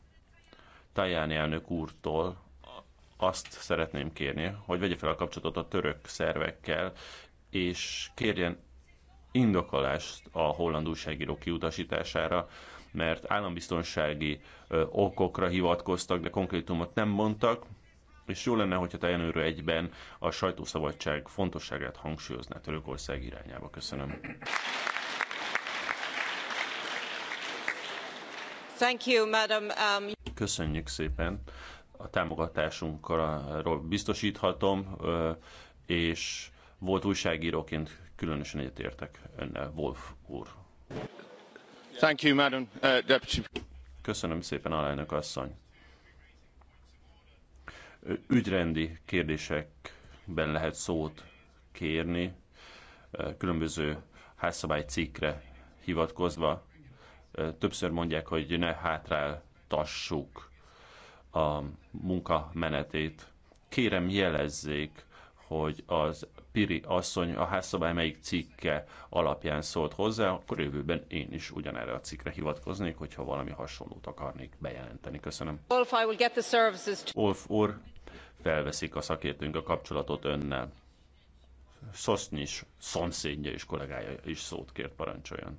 Tajani elnök úrtól azt szeretném kérni, hogy vegye fel a kapcsolatot a török szervekkel, és kérjen indokolást a holland újságíró kiutasítására, mert állambiztonsági okokra hivatkoztak, de konkrétumot nem mondtak, és jó lenne, hogyha Őrő egyben a sajtószabadság fontosságát hangsúlyozná Törökország irányába. Köszönöm. Thank you, madam. Um... Köszönjük szépen. A támogatásunkról biztosíthatom, és volt újságíróként különösen egyetértek önnel, Wolf úr. Thank you, madam, uh, Köszönöm szépen, alelnök asszony ügyrendi kérdésekben lehet szót kérni, különböző cikkre hivatkozva. Többször mondják, hogy ne hátráltassuk a munka menetét. Kérem jelezzék, hogy az Piri asszony a házszabály melyik cikke alapján szólt hozzá, akkor jövőben én is ugyanerre a cikkre hivatkoznék, hogyha valami hasonlót akarnék bejelenteni. Köszönöm. Wolf, I will get the services. Wolf úr, felveszik a szakértőnk a kapcsolatot önnel. Szosznyis szomszédja és kollégája is szót kért parancsoljon.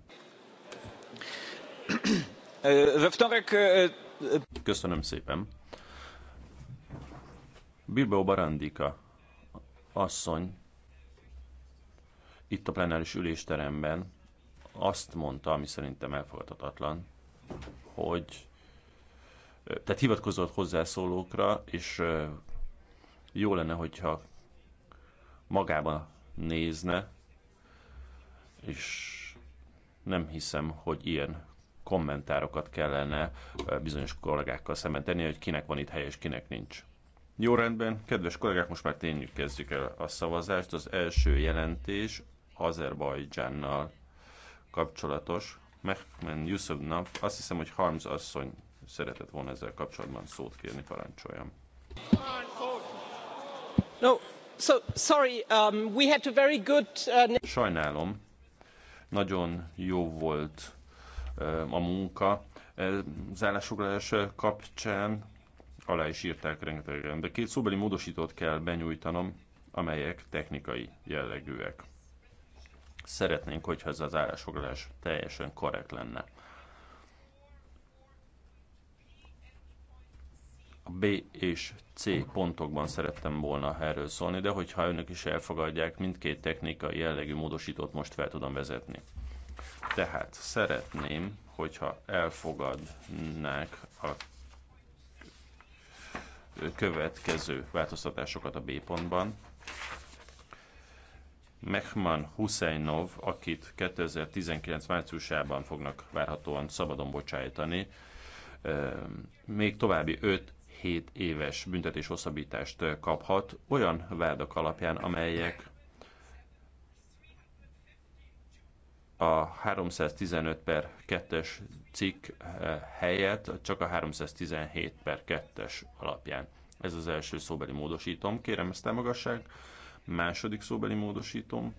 Köszönöm szépen. Bilbao Barandika asszony itt a plenáris ülésteremben azt mondta, ami szerintem elfogadhatatlan, hogy tehát hivatkozott hozzászólókra, és jó lenne, hogyha magába nézne, és nem hiszem, hogy ilyen kommentárokat kellene bizonyos kollégákkal szemben tenni, hogy kinek van itt hely és kinek nincs. Jó rendben, kedves kollégák, most már tényleg kezdjük el a szavazást. Az első jelentés Azerbajdzsánnal kapcsolatos. Mehmen Yusufnak azt hiszem, hogy Harms asszony szeretett volna ezzel kapcsolatban szót kérni, parancsoljam. Sajnálom, nagyon jó volt uh, a munka. Az uh, állásfoglalás kapcsán alá is írták rengetegen, de két szóbeli módosítót kell benyújtanom, amelyek technikai jellegűek. Szeretnénk, hogyha ez az állásfoglalás teljesen korrekt lenne. a B és C pontokban szerettem volna erről szólni, de hogyha önök is elfogadják, mindkét technikai jellegű módosítót most fel tudom vezetni. Tehát szeretném, hogyha elfogadnák a következő változtatásokat a B pontban. Mehman Husseinov, akit 2019 márciusában fognak várhatóan szabadon bocsájtani, még további 5 7 éves büntetés hosszabbítást kaphat olyan vádak alapján, amelyek a 315 per 2-es cikk eh, helyett csak a 317 per 2-es alapján. Ez az első szóbeli módosítom. Kérem ezt támogassák. Második szóbeli módosítom.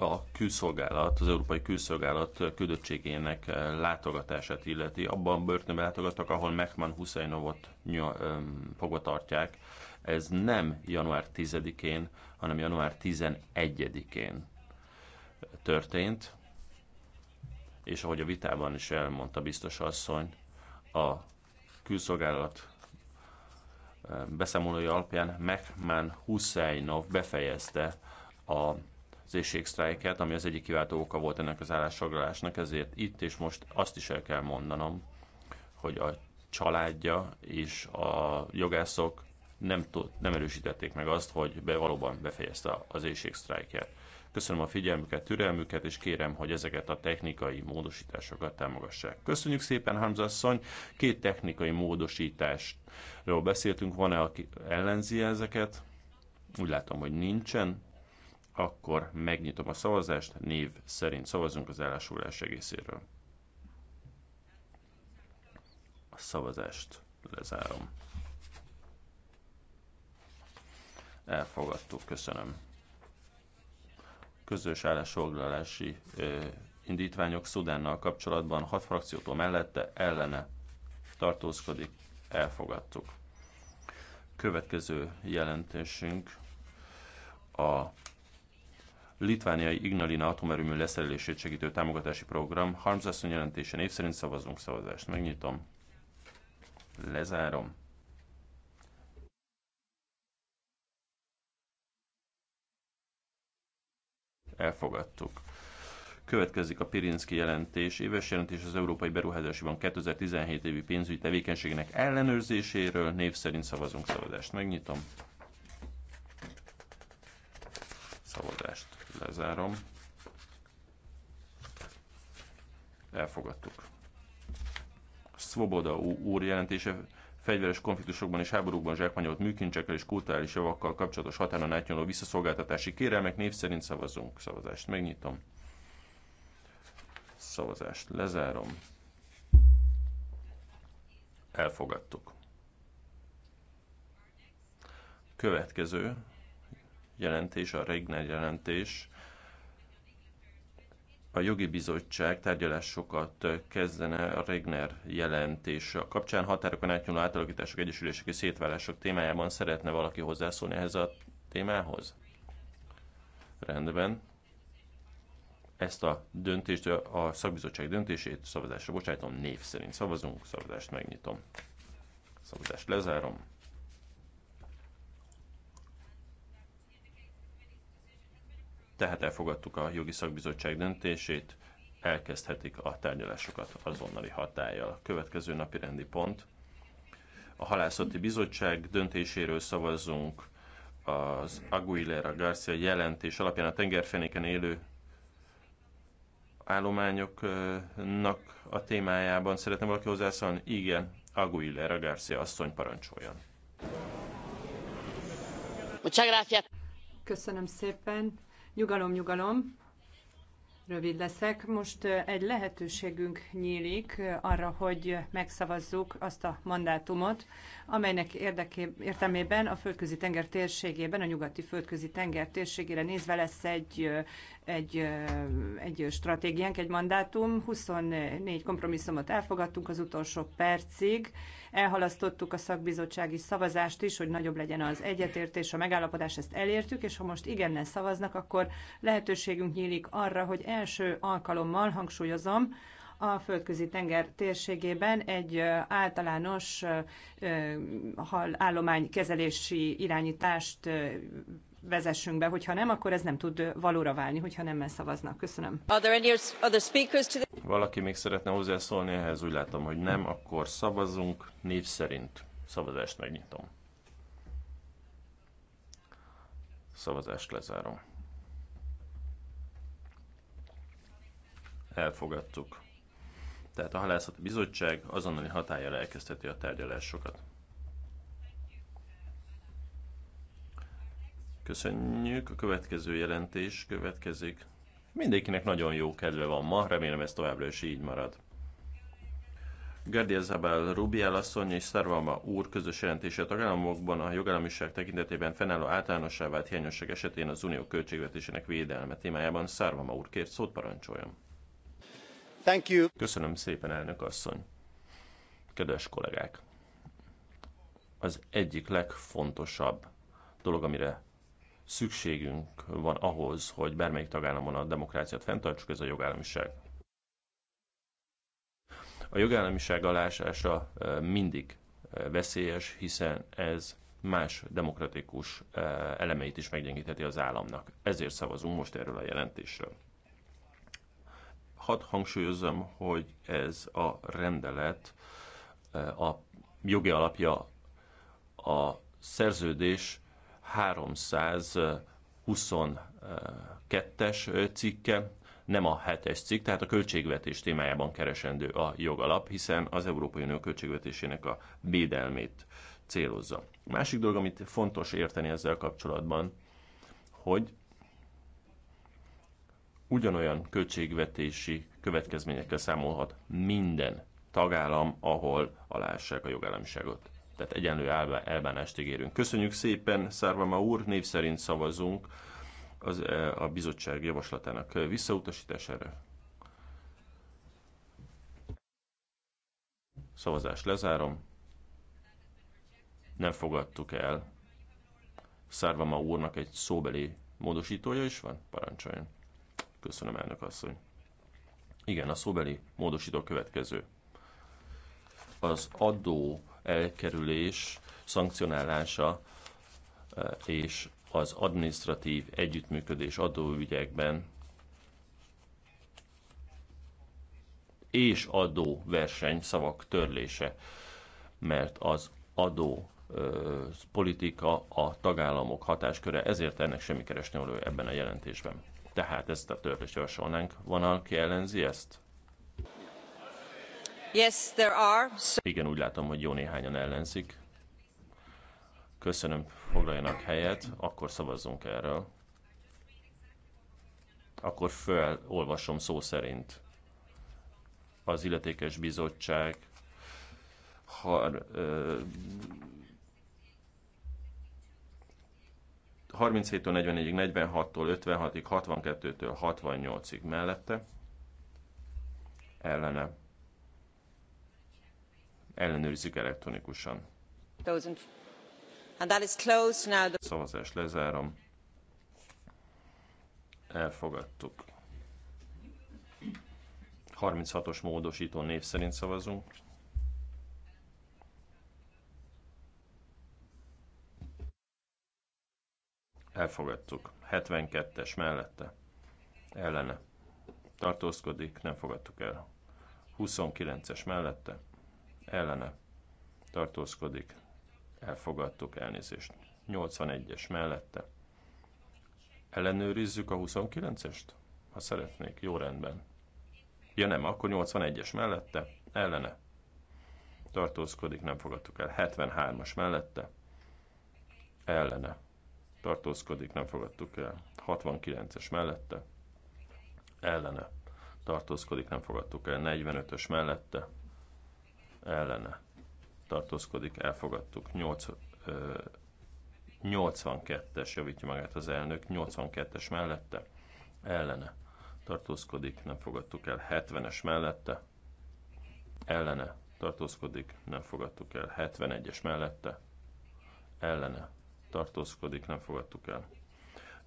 a külszolgálat, az Európai Külszolgálat küldöttségének eh, látogatását illeti. Abban börtönbe látogattak, ahol Mehman Huszainovot fogva tartják. Ez nem január 10-én, hanem január 11-én történt. És ahogy a vitában is elmondta biztos asszony, a külszolgálat eh, beszámolója alapján Mehman Husseinov befejezte a az éjségsztrájkát, ami az egyik kiváltó oka volt ennek az állásfoglalásnak, ezért itt és most azt is el kell mondanom, hogy a családja és a jogászok nem, nem erősítették meg azt, hogy be valóban befejezte az éjségsztrájkját. Köszönöm a figyelmüket, türelmüket, és kérem, hogy ezeket a technikai módosításokat támogassák. Köszönjük szépen, Hamzasszony! Két technikai módosításról beszéltünk, van-e, aki ellenzi ezeket? Úgy látom, hogy nincsen akkor megnyitom a szavazást, név szerint szavazunk az állásulás egészéről. A szavazást lezárom. Elfogadtuk, köszönöm. Közös állásfoglalási indítványok Szudánnal kapcsolatban hat frakciótól mellette ellene tartózkodik, elfogadtuk. Következő jelentésünk a litvániai Ignalina atomerőmű leszerelését segítő támogatási program. Harms asszony jelentése név szerint szavazunk szavazást. Megnyitom. Lezárom. Elfogadtuk. Következik a Pirinski jelentés, éves jelentés az Európai Beruházási Bank 2017 évi pénzügyi tevékenységének ellenőrzéséről. Név szerint szavazunk szavazást. Megnyitom. Szavazást Lezárom. Elfogadtuk. Svoboda úr jelentése fegyveres konfliktusokban és háborúkban zsákmányolt műkincsekkel és kulturális javakkal kapcsolatos határon átnyúló visszaszolgáltatási kérelmek név szerint szavazunk. Szavazást megnyitom. Szavazást lezárom. Elfogadtuk. Következő jelentés, a Regner jelentés, a jogi bizottság tárgyalásokat kezdene a Regner jelentés a kapcsán. Határokon átnyúló átalakítások, egyesülések és szétválások témájában szeretne valaki hozzászólni ehhez a témához? Rendben. Ezt a döntést, a szakbizottság döntését szavazásra bocsájtom, név szerint szavazunk, szavazást megnyitom. Szavazást lezárom. tehát elfogadtuk a jogi szakbizottság döntését, elkezdhetik a tárgyalásokat azonnali hatállyal. Következő napi rendi pont. A halászati bizottság döntéséről szavazzunk az Aguilera Garcia jelentés alapján a tengerfenéken élő állományoknak a témájában. Szeretne valaki hozzászólni? Igen, Aguilera Garcia asszony parancsoljon. Köszönöm szépen. Nyugalom, nyugalom. Rövid leszek. Most egy lehetőségünk nyílik arra, hogy megszavazzuk azt a mandátumot, amelynek érdeké, értelmében a földközi tenger térségében, a nyugati földközi tenger térségére nézve lesz egy, egy, egy stratégiánk, egy mandátum. 24 kompromisszumot elfogadtunk az utolsó percig. Elhalasztottuk a szakbizottsági szavazást is, hogy nagyobb legyen az egyetértés, a megállapodás, ezt elértük, és ha most igennel szavaznak, akkor lehetőségünk nyílik arra, hogy el első alkalommal, hangsúlyozom, a földközi tenger térségében egy általános állománykezelési irányítást vezessünk be, hogyha nem, akkor ez nem tud valóra válni, hogyha nem szavaznak. Köszönöm. Valaki még szeretne hozzászólni ehhez, úgy látom, hogy nem, akkor szavazunk név szerint. Szavazást megnyitom. Szavazást lezárom. elfogadtuk. Tehát a halászati bizottság azonnali hatája elkezdheti a tárgyalásokat. Köszönjük, a következő jelentés következik. Mindenkinek nagyon jó kedve van ma, remélem ez továbbra is így marad. Gerdia Zabel Rubiel asszony és Szarvama úr közös jelentése a tagállamokban a jogállamiság tekintetében fennálló általánossá vált hiányosság esetén az unió költségvetésének védelme témájában Szarvama úr kért szót parancsoljon. Thank you. Köszönöm szépen, elnök asszony. Kedves kollégák, az egyik legfontosabb dolog, amire szükségünk van ahhoz, hogy bármelyik tagállamon a demokráciát fenntartsuk, ez a jogállamiság. A jogállamiság alásása mindig veszélyes, hiszen ez más demokratikus elemeit is meggyengítheti az államnak. Ezért szavazunk most erről a jelentésről. Hadd hangsúlyozom, hogy ez a rendelet e, a jogi alapja a szerződés 322-es e, cikke, nem a 7-es cikk, tehát a költségvetés témájában keresendő a jogalap, hiszen az Európai Unió költségvetésének a védelmét célozza. Másik dolog, amit fontos érteni ezzel kapcsolatban, hogy ugyanolyan költségvetési következményekkel számolhat minden tagállam, ahol alássák a jogállamiságot. Tehát egyenlő elbánást ígérünk. Köszönjük szépen, Szárvama úr, név szerint szavazunk az, e, a bizottság javaslatának visszautasítására. Szavazást lezárom. Nem fogadtuk el. Szárvama úrnak egy szóbeli módosítója is van? Parancsoljon. Köszönöm, elnök asszony. Igen, a szóbeli módosító következő. Az adó elkerülés, szankcionálása e, és az administratív együttműködés adóügyekben és adóverseny szavak törlése, mert az adó ö, e, politika a tagállamok hatásköre, ezért ennek semmi keresni ebben a jelentésben. Tehát ezt a törvényt javasolnánk. Van, aki ellenzi ezt? Yes, there are. Igen, úgy látom, hogy jó néhányan ellenzik. Köszönöm, foglaljanak helyet, akkor szavazzunk erről. Akkor felolvasom szó szerint. Az illetékes bizottság har, ö, 37-től 44-ig, 46-tól 56-ig, 62-től 68-ig mellette, ellene. ellenőrizik elektronikusan. And that is closed now. The... Szavazás lezárom. Elfogadtuk. 36-os módosító név szerint szavazunk. elfogadtuk. 72-es mellette, ellene, tartózkodik, nem fogadtuk el. 29-es mellette, ellene, tartózkodik, elfogadtuk, elnézést. 81-es mellette. Ellenőrizzük a 29-est? Ha szeretnék, jó rendben. Ja nem, akkor 81-es mellette, ellene. Tartózkodik, nem fogadtuk el. 73-as mellette, ellene tartózkodik, nem fogadtuk el. 69-es mellette, ellene, tartózkodik, nem fogadtuk el. 45-ös mellette, ellene, tartózkodik, elfogadtuk. 8, ö, 82-es, javítja magát az elnök, 82-es mellette, ellene, tartózkodik, nem fogadtuk el. 70-es mellette, ellene, tartózkodik, nem fogadtuk el. 71-es mellette, ellene, tartózkodik, nem fogadtuk el.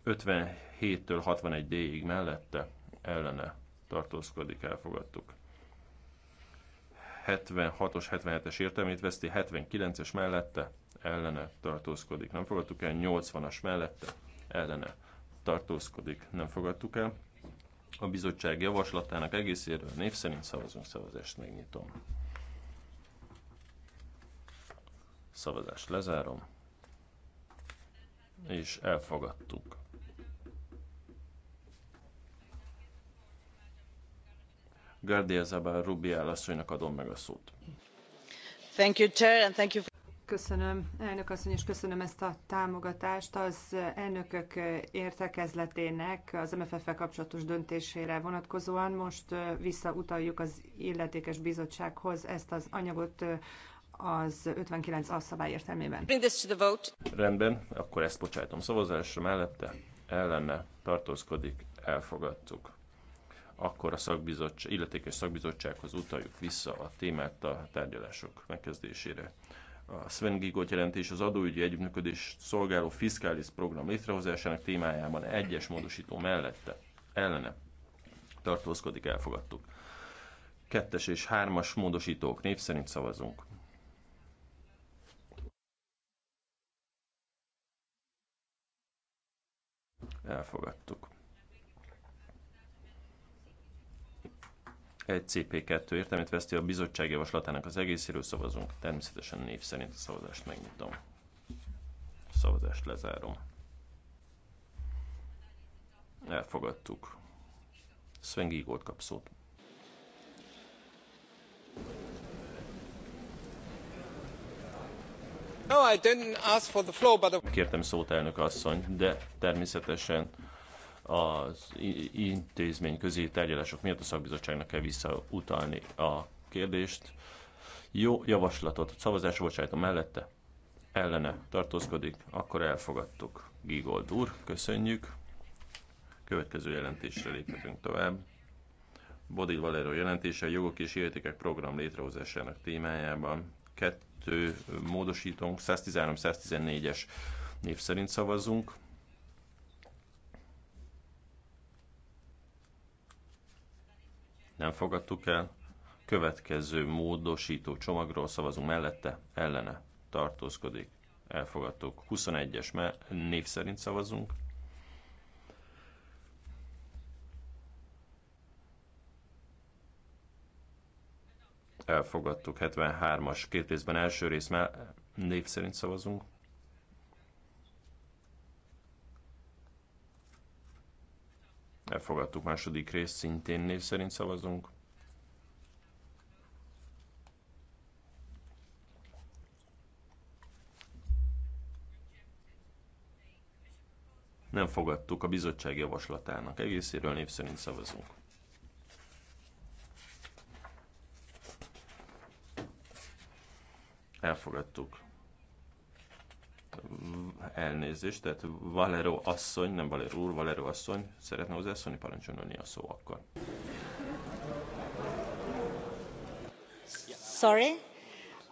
57-től 61D-ig mellette, ellene tartózkodik, elfogadtuk. 76-os, 77-es értelmét veszti, 79-es mellette, ellene tartózkodik, nem fogadtuk el, 80-as mellette, ellene tartózkodik, nem fogadtuk el. A bizottság javaslatának egészéről név szerint szavazunk, szavazást megnyitom. Szavazást lezárom és elfogadtuk. Gardia Zabal Rubiel asszonynak adom meg a szót. Thank you, Chair, and thank you for köszönöm, elnök asszony, és köszönöm ezt a támogatást az elnökök értekezletének az MFF-fel kapcsolatos döntésére vonatkozóan. Most visszautaljuk az illetékes bizottsághoz ezt az anyagot az 59 A szabály értelmében. Rendben, akkor ezt bocsájtom szavazásra mellette, ellene tartózkodik, elfogadtuk. Akkor a szakbizottság, illetékes szakbizottsághoz utaljuk vissza a témát a tárgyalások megkezdésére. A Sven Gigot jelentés az adóügyi együttműködés szolgáló fiskális program létrehozásának témájában egyes módosító mellette, ellene tartózkodik, elfogadtuk. Kettes és hármas módosítók név szerint szavazunk. elfogadtuk. Egy CP2 értelmét veszti a bizottság javaslatának az egészéről szavazunk. Természetesen név szerint a szavazást megnyitom. A szavazást lezárom. Elfogadtuk. Sven Gígolt kap szót. Kértem szót, elnök asszony, de természetesen az intézmény közé tárgyalások miatt a szakbizottságnak kell visszautalni a kérdést. Jó javaslatot, szavazás bocsájtom mellette, ellene tartózkodik, akkor elfogadtuk. Gigold úr, köszönjük. Következő jelentésre léphetünk tovább. Bodil Valero jelentése a jogok és értékek program létrehozásának témájában. Kettő kettő módosítónk, 113-114-es név szerint szavazzunk. Nem fogadtuk el. Következő módosító csomagról szavazunk mellette, ellene tartózkodik. Elfogadtuk. 21-es név szerint szavazunk. elfogadtuk. 73-as két részben első rész mert név szerint szavazunk. Elfogadtuk második rész, szintén név szerint szavazunk. Nem fogadtuk a bizottság javaslatának egészéről, név szerint szavazunk. Elfogadtuk. Elnézést, tehát Valero asszony, nem Valero úr, Valero asszony, szeretne hozzászólni, parancsolni a szó akkor. Sorry,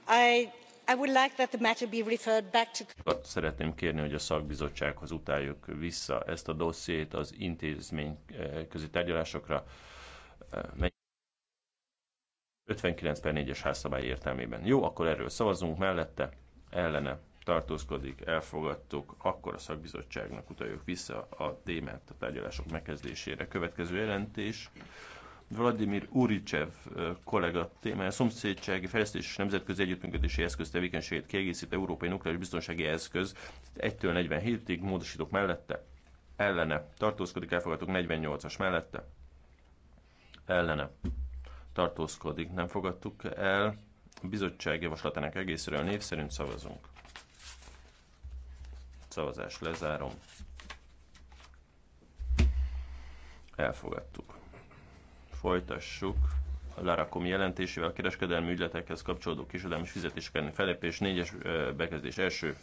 I I would like that the matter be referred back to... Szeretném kérni, hogy a szakbizottsághoz utáljuk vissza ezt a dossziét az intézmény eh, közi tárgyalásokra. Eh, 59 per 4-es házszabály értelmében. Jó, akkor erről szavazunk mellette, ellene tartózkodik, elfogadtuk, akkor a szakbizottságnak utaljuk vissza a témát a tárgyalások megkezdésére. Következő jelentés. Vladimir Uricev kollega témája szomszédsági fejlesztés és nemzetközi együttműködési eszköz tevékenységét kiegészít Európai Nukleáris Biztonsági Eszköz 1-től 47-ig módosítok mellette, ellene, tartózkodik, elfogadtuk 48-as mellette, ellene, tartózkodik. Nem fogadtuk el. A bizottság javaslatának egészről név szerint szavazunk. Szavazás lezárom. Elfogadtuk. Folytassuk. A Larakom jelentésével a kereskedelmi ügyletekhez kapcsolódó kisadalmi fizetés elleni felépés, négyes bekezdés első,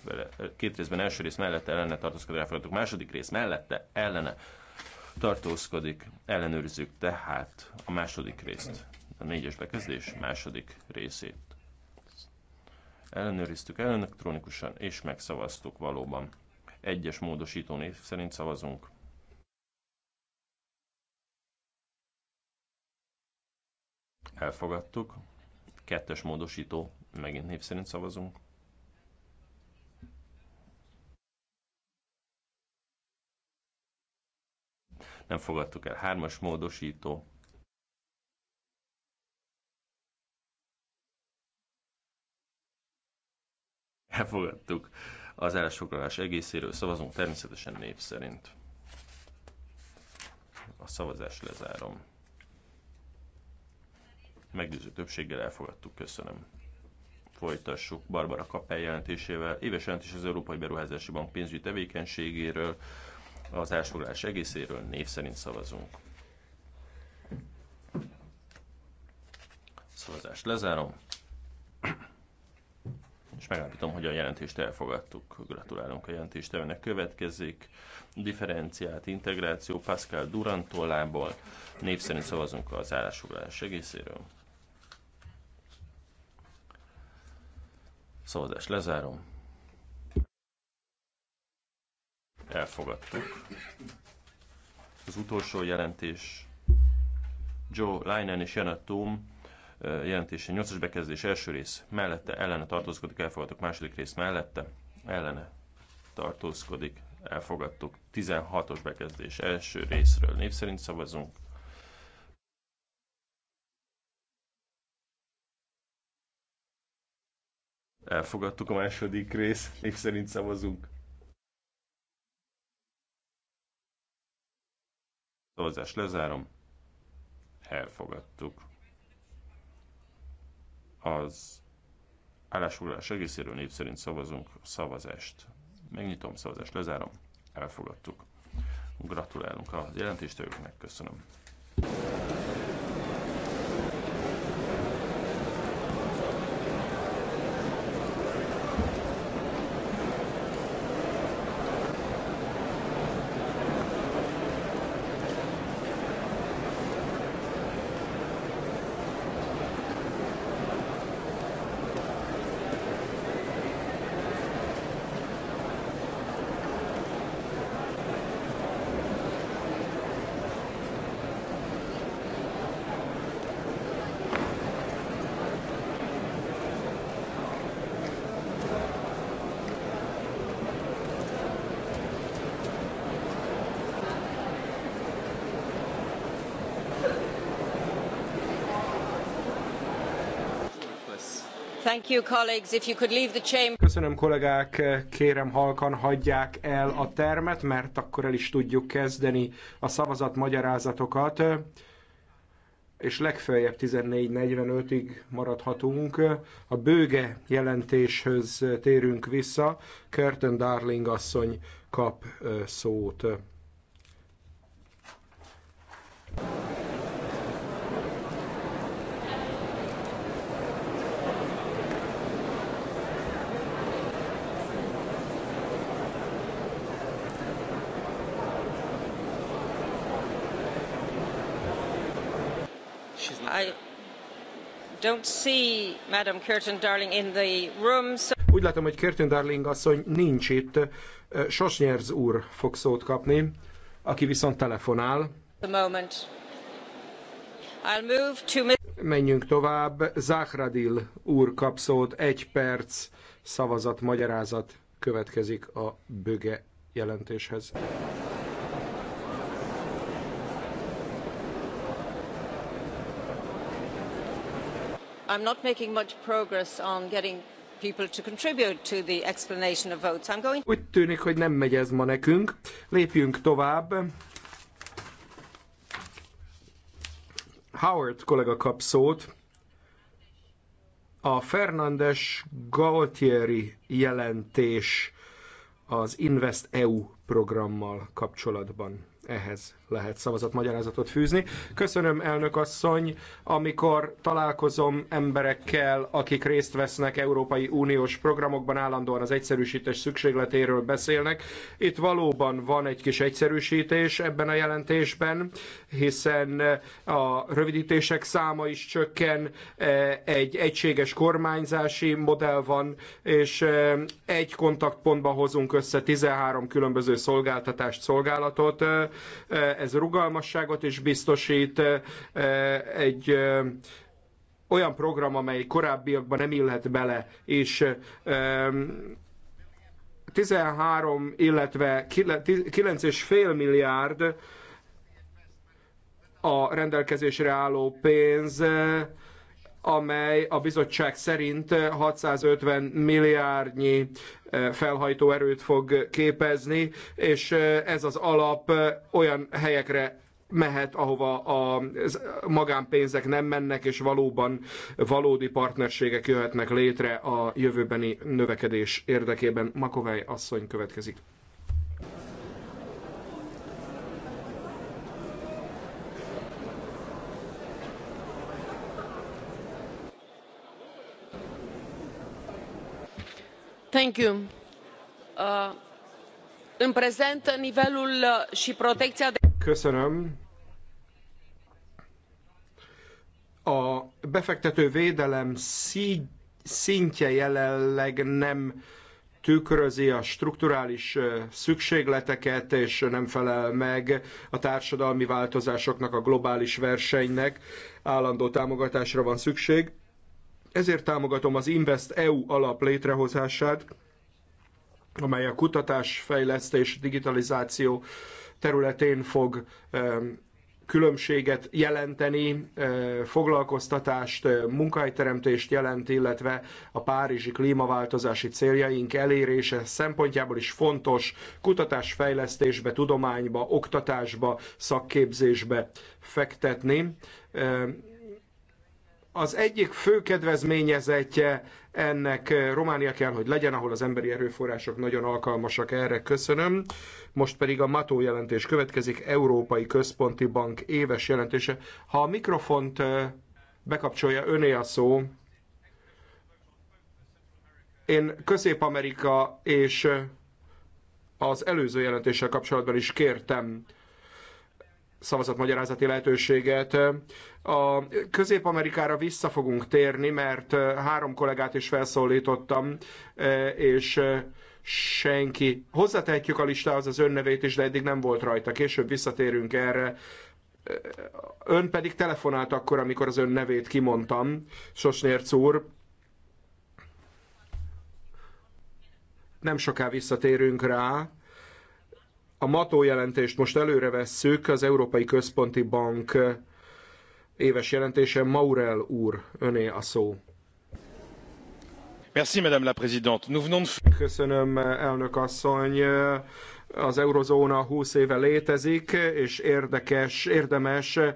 két részben első rész mellette ellene tartózkodik elfogadtuk, második rész mellette ellene tartózkodik, ellenőrizzük tehát a második részt, a négyes bekezdés második részét. Ellenőriztük elektronikusan, és megszavaztuk valóban. Egyes módosító név szerint szavazunk. Elfogadtuk. Kettes módosító, megint név szerint szavazunk. nem fogadtuk el. Hármas módosító. Elfogadtuk. Az elsoglalás egészéről szavazunk természetesen név szerint. A szavazást lezárom. Meggyőző többséggel elfogadtuk. Köszönöm folytassuk Barbara Kappel jelentésével. Éves jelentés az Európai Beruházási Bank pénzügyi tevékenységéről az elsorolás egészéről név szerint szavazunk. Szavazást lezárom, és megállapítom, hogy a jelentést elfogadtuk. Gratulálunk a jelentéstevőnek. Következik differenciált integráció Pascal Durant Név szerint szavazunk az állásfoglalás egészéről. Szavazást lezárom elfogadtuk. Az utolsó jelentés Joe Linen és Janet Tum jelentése 8 bekezdés első rész mellette ellene tartózkodik, elfogadtuk második rész mellette ellene tartózkodik, elfogadtuk 16-os bekezdés első részről név szerint szavazunk. Elfogadtuk a második rész, név szerint szavazunk. Szavazás lezárom. Elfogadtuk. Az állásfoglalás egészéről név szerint szavazunk. Szavazást. Megnyitom, szavazást lezárom. Elfogadtuk. Gratulálunk a jelentéstevőknek, köszönöm. Köszönöm kollégák, kérem halkan hagyják el a termet, mert akkor el is tudjuk kezdeni a szavazatmagyarázatokat, és legfeljebb 14.45-ig maradhatunk. A bőge jelentéshöz térünk vissza, Curtin Darling asszony kap szót. Úgy látom, hogy Kirtin Darling asszony nincs itt. Sosnyerz úr fog szót kapni, aki viszont telefonál. Menjünk tovább. Záhradil úr kap szót. Egy perc szavazat, magyarázat következik a böge jelentéshez. i'm not making much progress on getting people to contribute to the explanation of votes. I'm going... Úgy tűnik, hogy nem megy ez ma nekünk. Lépjünk tovább. Howard kollega kap szót. A Fernandes Galtieri jelentés az Invest EU programmal kapcsolatban ehhez lehet szavazatmagyarázatot fűzni. Köszönöm, elnök asszony, amikor találkozom emberekkel, akik részt vesznek Európai Uniós programokban, állandóan az egyszerűsítés szükségletéről beszélnek. Itt valóban van egy kis egyszerűsítés ebben a jelentésben, hiszen a rövidítések száma is csökken, egy egységes kormányzási modell van, és egy kontaktpontba hozunk össze 13 különböző szolgáltatást, szolgálatot, ez rugalmasságot is biztosít, eh, egy eh, olyan program, amely korábbiakban nem illhet bele, és 13, eh, illetve 9,5 milliárd a rendelkezésre álló pénz amely a bizottság szerint 650 milliárdnyi eh, felhajtó erőt fog képezni, és eh, ez az alap eh, olyan helyekre mehet, ahova a magánpénzek nem mennek, és valóban valódi partnerségek jöhetnek létre a jövőbeni növekedés érdekében. Makovej asszony következik. Uh, în prezent nivelul uh, și protecția de. Köszönöm. A befektető védelem szintje jelenleg nem tükrözi a strukturális uh, szükségleteket, és nem felel meg a társadalmi változásoknak, a globális versenynek. Állandó támogatásra van szükség ezért támogatom az Invest EU alap létrehozását, amely a kutatás, fejlesztés, digitalizáció területén fog különbséget jelenteni, foglalkoztatást, munkahelyteremtést jelent, illetve a párizsi klímaváltozási céljaink elérése szempontjából is fontos kutatásfejlesztésbe, tudományba, oktatásba, szakképzésbe fektetni az egyik fő kedvezményezetje ennek eh, Románia kell, hogy legyen, ahol az emberi erőforrások nagyon alkalmasak erre. Köszönöm. Most pedig a Mató jelentés következik, Európai Központi Bank éves jelentése. Ha a mikrofont eh, bekapcsolja, öné a szó. Én Közép-Amerika és eh, az előző jelentéssel kapcsolatban is kértem szavazatmagyarázati lehetőséget. A Közép-Amerikára vissza fogunk térni, mert három kollégát is felszólítottam, és senki. Hozzátehetjük a listához az önnevét is, de eddig nem volt rajta. Később visszatérünk erre. Ön pedig telefonált akkor, amikor az ön nevét kimondtam, Sosnérc úr. Nem soká visszatérünk rá a mató jelentést most előre vesszük, az Európai Központi Bank éves jelentése. Maurel úr, öné a szó. Merci, Madame la Présidente. Nous venons de... Köszönöm, elnök asszony az eurozóna 20 éve létezik, és érdekes, érdemes eh,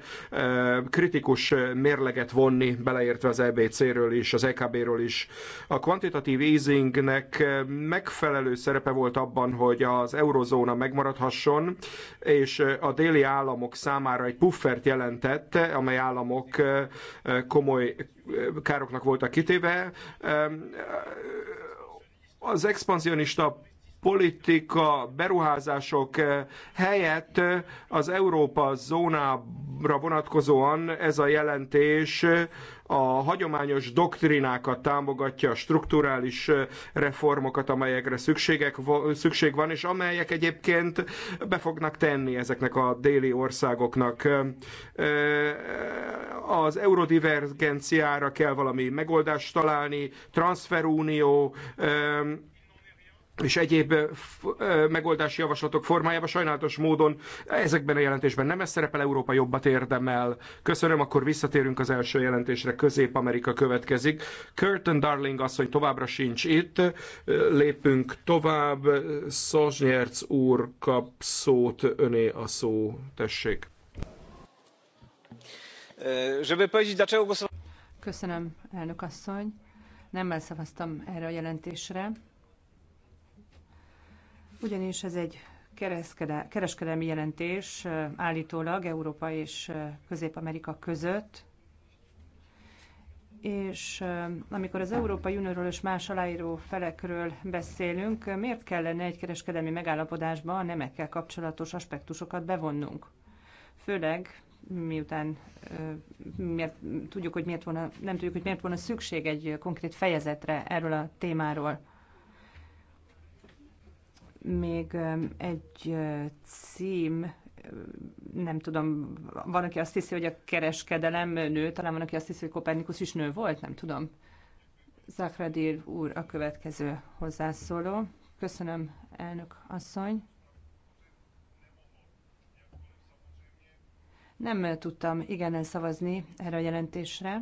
kritikus mérleget vonni, beleértve az EBC-ről is, az EKB-ről is. A kvantitatív easingnek eh, megfelelő szerepe volt abban, hogy az eurozóna megmaradhasson, és eh, a déli államok számára egy puffert jelentett, amely államok komoly károknak voltak kitéve. Az expanzionista politika, beruházások eh, helyett eh, az Európa zónára vonatkozóan ez a jelentés eh, a hagyományos doktrinákat támogatja, a strukturális reformokat, amelyekre szükségek, szükség van, és amelyek egyébként be fognak tenni ezeknek a déli országoknak. Az eurodivergenciára kell valami megoldást találni, transferunió, és egyéb megoldási javaslatok formájában sajnálatos módon ezekben a jelentésben nem ez szerepel, Európa jobbat érdemel. Köszönöm, akkor visszatérünk az első jelentésre, Közép-Amerika következik. Curtin Darling asszony továbbra sincs itt, lépünk tovább, Szosnyerc úr kap szót, öné a szó, tessék. Köszönöm, elnök asszony. Nemmel szavaztam erre a jelentésre ugyanis ez egy kereskedelmi jelentés állítólag Európa és Közép-Amerika között, és amikor az Európai Unióról és más aláíró felekről beszélünk, miért kellene egy kereskedelmi megállapodásba a nemekkel kapcsolatos aspektusokat bevonnunk? Főleg miután miért, tudjuk, hogy miért volna, nem tudjuk, hogy miért volna szükség egy konkrét fejezetre erről a témáról még egy cím, nem tudom, van, aki azt hiszi, hogy a kereskedelem nő, talán van, aki azt hiszi, hogy Kopernikus is nő volt, nem tudom. Zakradír úr a következő hozzászóló. Köszönöm, elnök asszony. Nem tudtam igen szavazni erre a jelentésre.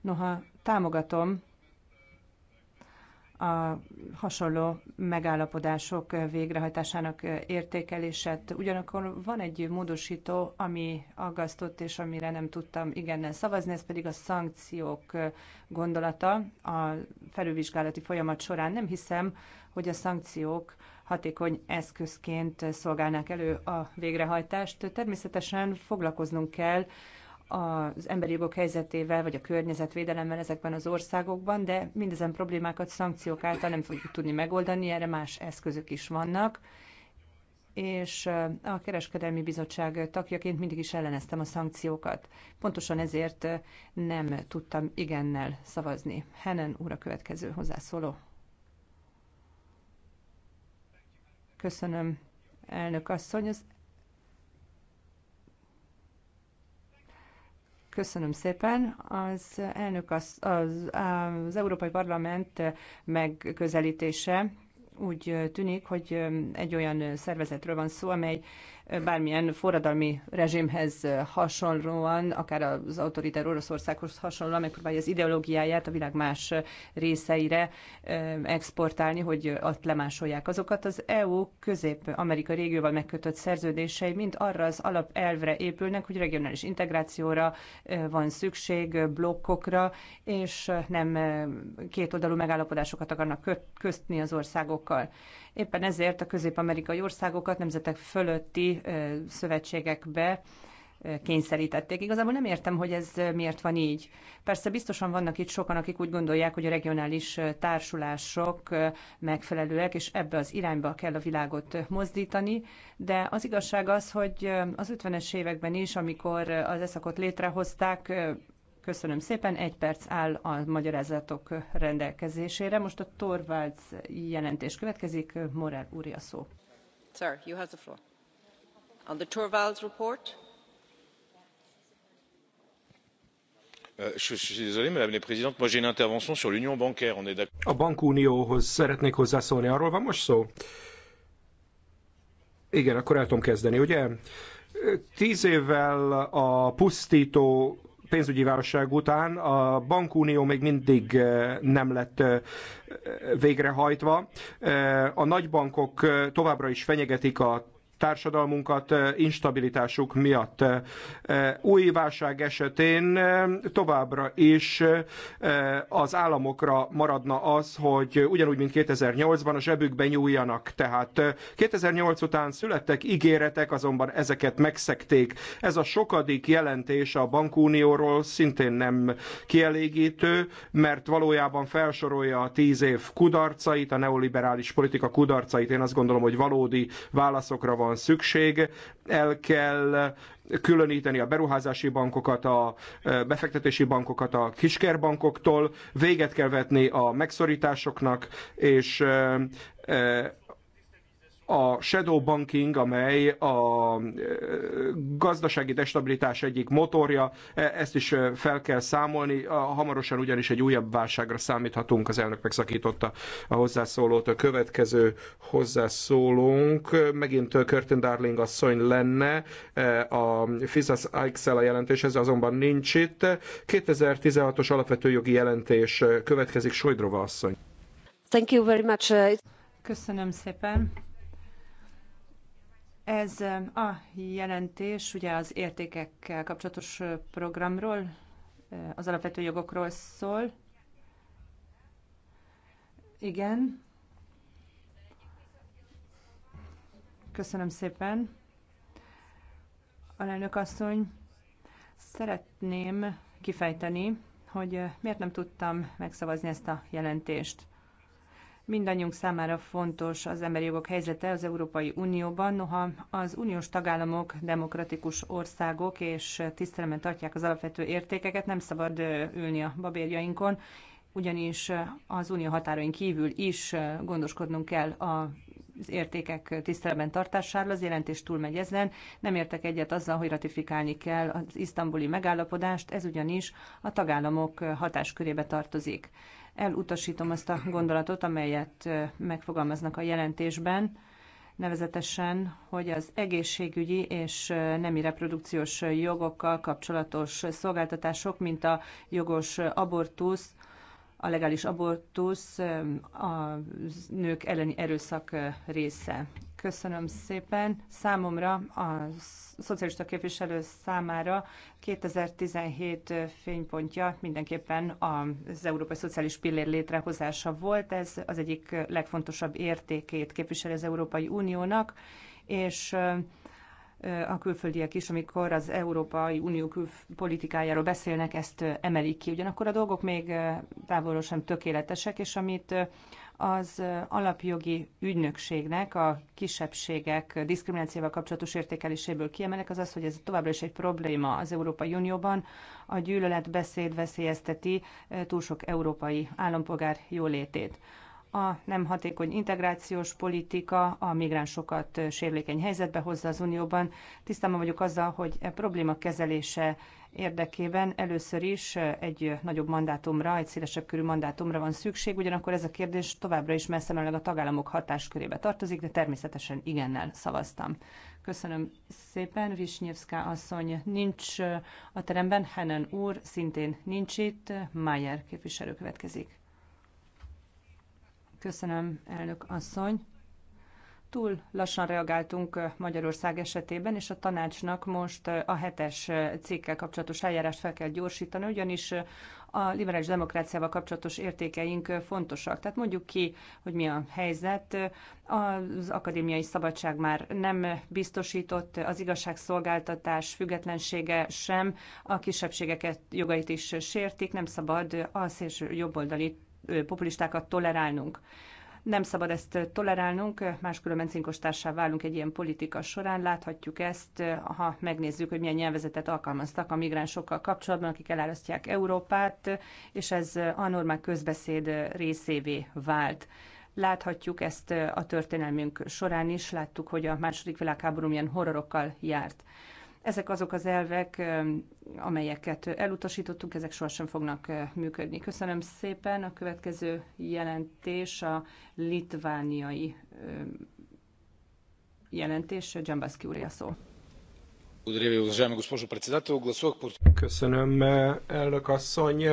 Noha támogatom a hasonló megállapodások végrehajtásának értékelését. Ugyanakkor van egy módosító, ami aggasztott, és amire nem tudtam igennel szavazni, ez pedig a szankciók gondolata a felülvizsgálati folyamat során. Nem hiszem, hogy a szankciók hatékony eszközként szolgálnák elő a végrehajtást. Természetesen foglalkoznunk kell az emberi jogok helyzetével, vagy a környezetvédelemmel ezekben az országokban, de mindezen problémákat szankciók által nem fogjuk tudni megoldani, erre más eszközök is vannak. És a Kereskedelmi Bizottság tagjaként mindig is elleneztem a szankciókat. Pontosan ezért nem tudtam igennel szavazni. Henen úr a következő hozzászóló. Köszönöm, elnök asszony. Az Köszönöm szépen. Az elnök az, az, az Európai Parlament megközelítése úgy tűnik, hogy egy olyan szervezetről van szó, amely bármilyen forradalmi rezsimhez hasonlóan, akár az autoritár Oroszországhoz hasonlóan megpróbálja az ideológiáját a világ más részeire exportálni, hogy ott lemásolják azokat. Az EU közép-amerika régióval megkötött szerződései mind arra az alapelvre épülnek, hogy regionális integrációra van szükség, blokkokra, és nem kétoldalú megállapodásokat akarnak kötni az országokkal. Éppen ezért a közép-amerikai országokat nemzetek fölötti szövetségekbe kényszerítették. Igazából nem értem, hogy ez miért van így. Persze biztosan vannak itt sokan, akik úgy gondolják, hogy a regionális társulások megfelelőek, és ebbe az irányba kell a világot mozdítani, de az igazság az, hogy az 50-es években is, amikor az eszakot létrehozták, Köszönöm szépen, egy perc áll a magyarázatok rendelkezésére. Most a Torvalds jelentés következik, Morel úri a szó. Sir, you have the floor. On the Torvalds report. Euh, a bankunióhoz szeretnék hozzászólni, arról van most szó? Igen, akkor el tudom kezdeni, ugye? Tíz évvel a pusztító pénzügyi válság után a bankunió még mindig eh, nem lett eh, végrehajtva. Eh, a nagybankok továbbra is fenyegetik a társadalmunkat eh, instabilitásuk miatt. Eh, új válság esetén eh, továbbra is az államokra maradna az, hogy ugyanúgy, mint 2008-ban a zsebükbe nyúljanak. Tehát 2008 után születtek ígéretek, azonban ezeket megszekték. Ez a sokadik jelentés a bankunióról szintén nem kielégítő, mert valójában felsorolja a tíz év kudarcait, a neoliberális politika kudarcait. Én azt gondolom, hogy valódi válaszokra van van szükség, el kell különíteni a beruházási bankokat, a befektetési bankokat a kiskerbankoktól, véget kell vetni a megszorításoknak, és a shadow banking, amely a e, gazdasági destabilitás egyik motorja, e, ezt is e, fel kell számolni, hamarosan ugyanis egy újabb válságra számíthatunk, az elnök megszakította a hozzászólót, a következő hozzászólónk, megint Curtin Darling asszony lenne, a Fizas Excel a jelentés, ez azonban nincs itt. 2016-os alapvető jogi jelentés következik, Sojdrova asszony. Thank you very much. Uh, Köszönöm szépen. Ez a jelentés ugye az értékekkel kapcsolatos programról, az alapvető jogokról szól. Igen. Köszönöm szépen. Alelnök asszony, szeretném kifejteni, hogy miért nem tudtam megszavazni ezt a jelentést. Mindannyiunk számára fontos az emberi jogok helyzete az Európai Unióban, noha az uniós tagállamok demokratikus országok és tisztelemben tartják az alapvető értékeket, nem szabad ülni a babérjainkon, ugyanis az unió határain kívül is gondoskodnunk kell a az értékek tiszteletben tartásáról, az jelentés túlmegy ezen. Nem értek egyet azzal, hogy ratifikálni kell az isztambuli megállapodást, ez ugyanis a tagállamok hatáskörébe tartozik elutasítom azt a gondolatot, amelyet megfogalmaznak a jelentésben, nevezetesen, hogy az egészségügyi és nemi reprodukciós jogokkal kapcsolatos szolgáltatások, mint a jogos abortusz, a legális abortusz a nők elleni erőszak része. Köszönöm szépen. Számomra, a szocialista képviselő számára 2017 fénypontja mindenképpen az Európai Szociális Pillér létrehozása volt. Ez az egyik legfontosabb értékét képviseli az Európai Uniónak, és a külföldiek is, amikor az Európai Unió külpolitikájáról beszélnek, ezt emelik ki. Ugyanakkor a dolgok még távolról sem tökéletesek, és amit az alapjogi ügynökségnek a kisebbségek diszkriminációval kapcsolatos értékeléséből kiemelek, az az, hogy ez továbbra is egy probléma az Európai Unióban. A gyűlöletbeszéd veszélyezteti eh, túl sok európai állampolgár jólétét a nem hatékony integrációs politika a migránsokat sérülékeny helyzetbe hozza az Unióban. Tisztában vagyok azzal, hogy a e probléma kezelése érdekében először is egy nagyobb mandátumra, egy szélesebb körű mandátumra van szükség, ugyanakkor ez a kérdés továbbra is messze messzemenőleg a tagállamok hatáskörébe tartozik, de természetesen igennel szavaztam. Köszönöm szépen, Visnyevská asszony nincs a teremben, Henen úr szintén nincs itt, Mayer képviselő következik. Köszönöm, elnök asszony. Túl lassan reagáltunk Magyarország esetében, és a tanácsnak most a hetes cikkel kapcsolatos eljárást fel kell gyorsítani, ugyanis a liberális demokráciával kapcsolatos értékeink fontosak. Tehát mondjuk ki, hogy mi a helyzet. Az akadémiai szabadság már nem biztosított, az igazságszolgáltatás függetlensége sem, a kisebbségeket jogait is sértik, nem szabad a szélső jobboldali populistákat tolerálnunk. Nem szabad ezt tolerálnunk, máskülönben cinkostársá válunk egy ilyen politika során. Láthatjuk ezt, ha megnézzük, hogy milyen nyelvezetet alkalmaztak a migránsokkal kapcsolatban, akik elárasztják Európát, és ez a normák közbeszéd részévé vált. Láthatjuk ezt a történelmünk során is, láttuk, hogy a második világháború milyen horrorokkal járt. Ezek azok az elvek, amelyeket elutasítottunk, ezek sohasem fognak működni. Köszönöm szépen. A következő jelentés a litvániai jelentés. Dzsambaszki úr, a szó. Köszönöm, elnök asszony.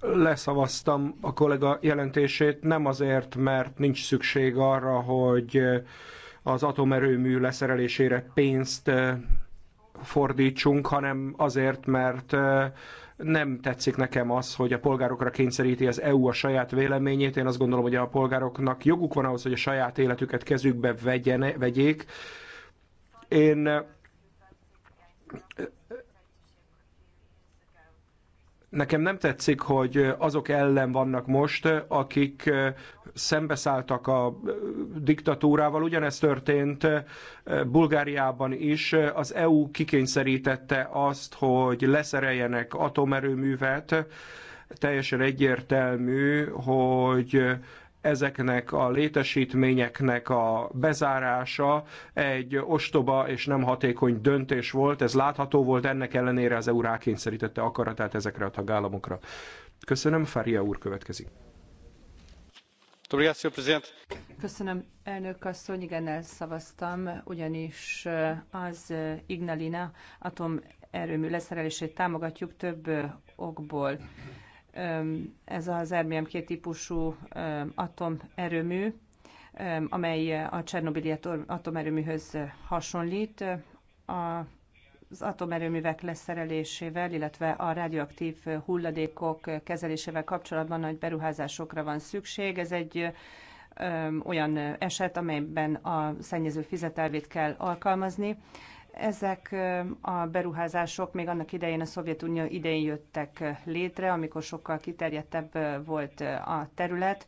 Leszavaztam a kollega jelentését nem azért, mert nincs szükség arra, hogy az atomerőmű leszerelésére pénzt fordítsunk, hanem azért, mert nem tetszik nekem az, hogy a polgárokra kényszeríti az EU a saját véleményét. Én azt gondolom, hogy a polgároknak joguk van ahhoz, hogy a saját életüket kezükbe vegyene, vegyék. Én Nekem nem tetszik, hogy azok ellen vannak most, akik szembeszálltak a diktatúrával. Ugyanezt történt Bulgáriában is. Az EU kikényszerítette azt, hogy leszereljenek atomerőművet. Teljesen egyértelmű, hogy ezeknek a létesítményeknek a bezárása egy ostoba és nem hatékony döntés volt. Ez látható volt, ennek ellenére az EU rákényszerítette akaratát ezekre a tagállamokra. Köszönöm, Faria úr következik. Köszönöm, elnök asszony, igen, elszavaztam, ugyanis eh, az eh, Ignalina atomerőmű leszerelését támogatjuk több eh, okból ez az RBM2 típusú atomerőmű, amely a Csernobili atomerőműhöz hasonlít. Az atomerőművek leszerelésével, illetve a radioaktív hulladékok kezelésével kapcsolatban nagy beruházásokra van szükség. Ez egy olyan eset, amelyben a szennyező fizetelvét kell alkalmazni. Ezek a beruházások még annak idején, a Szovjetunió idején jöttek létre, amikor sokkal kiterjedtebb volt a terület,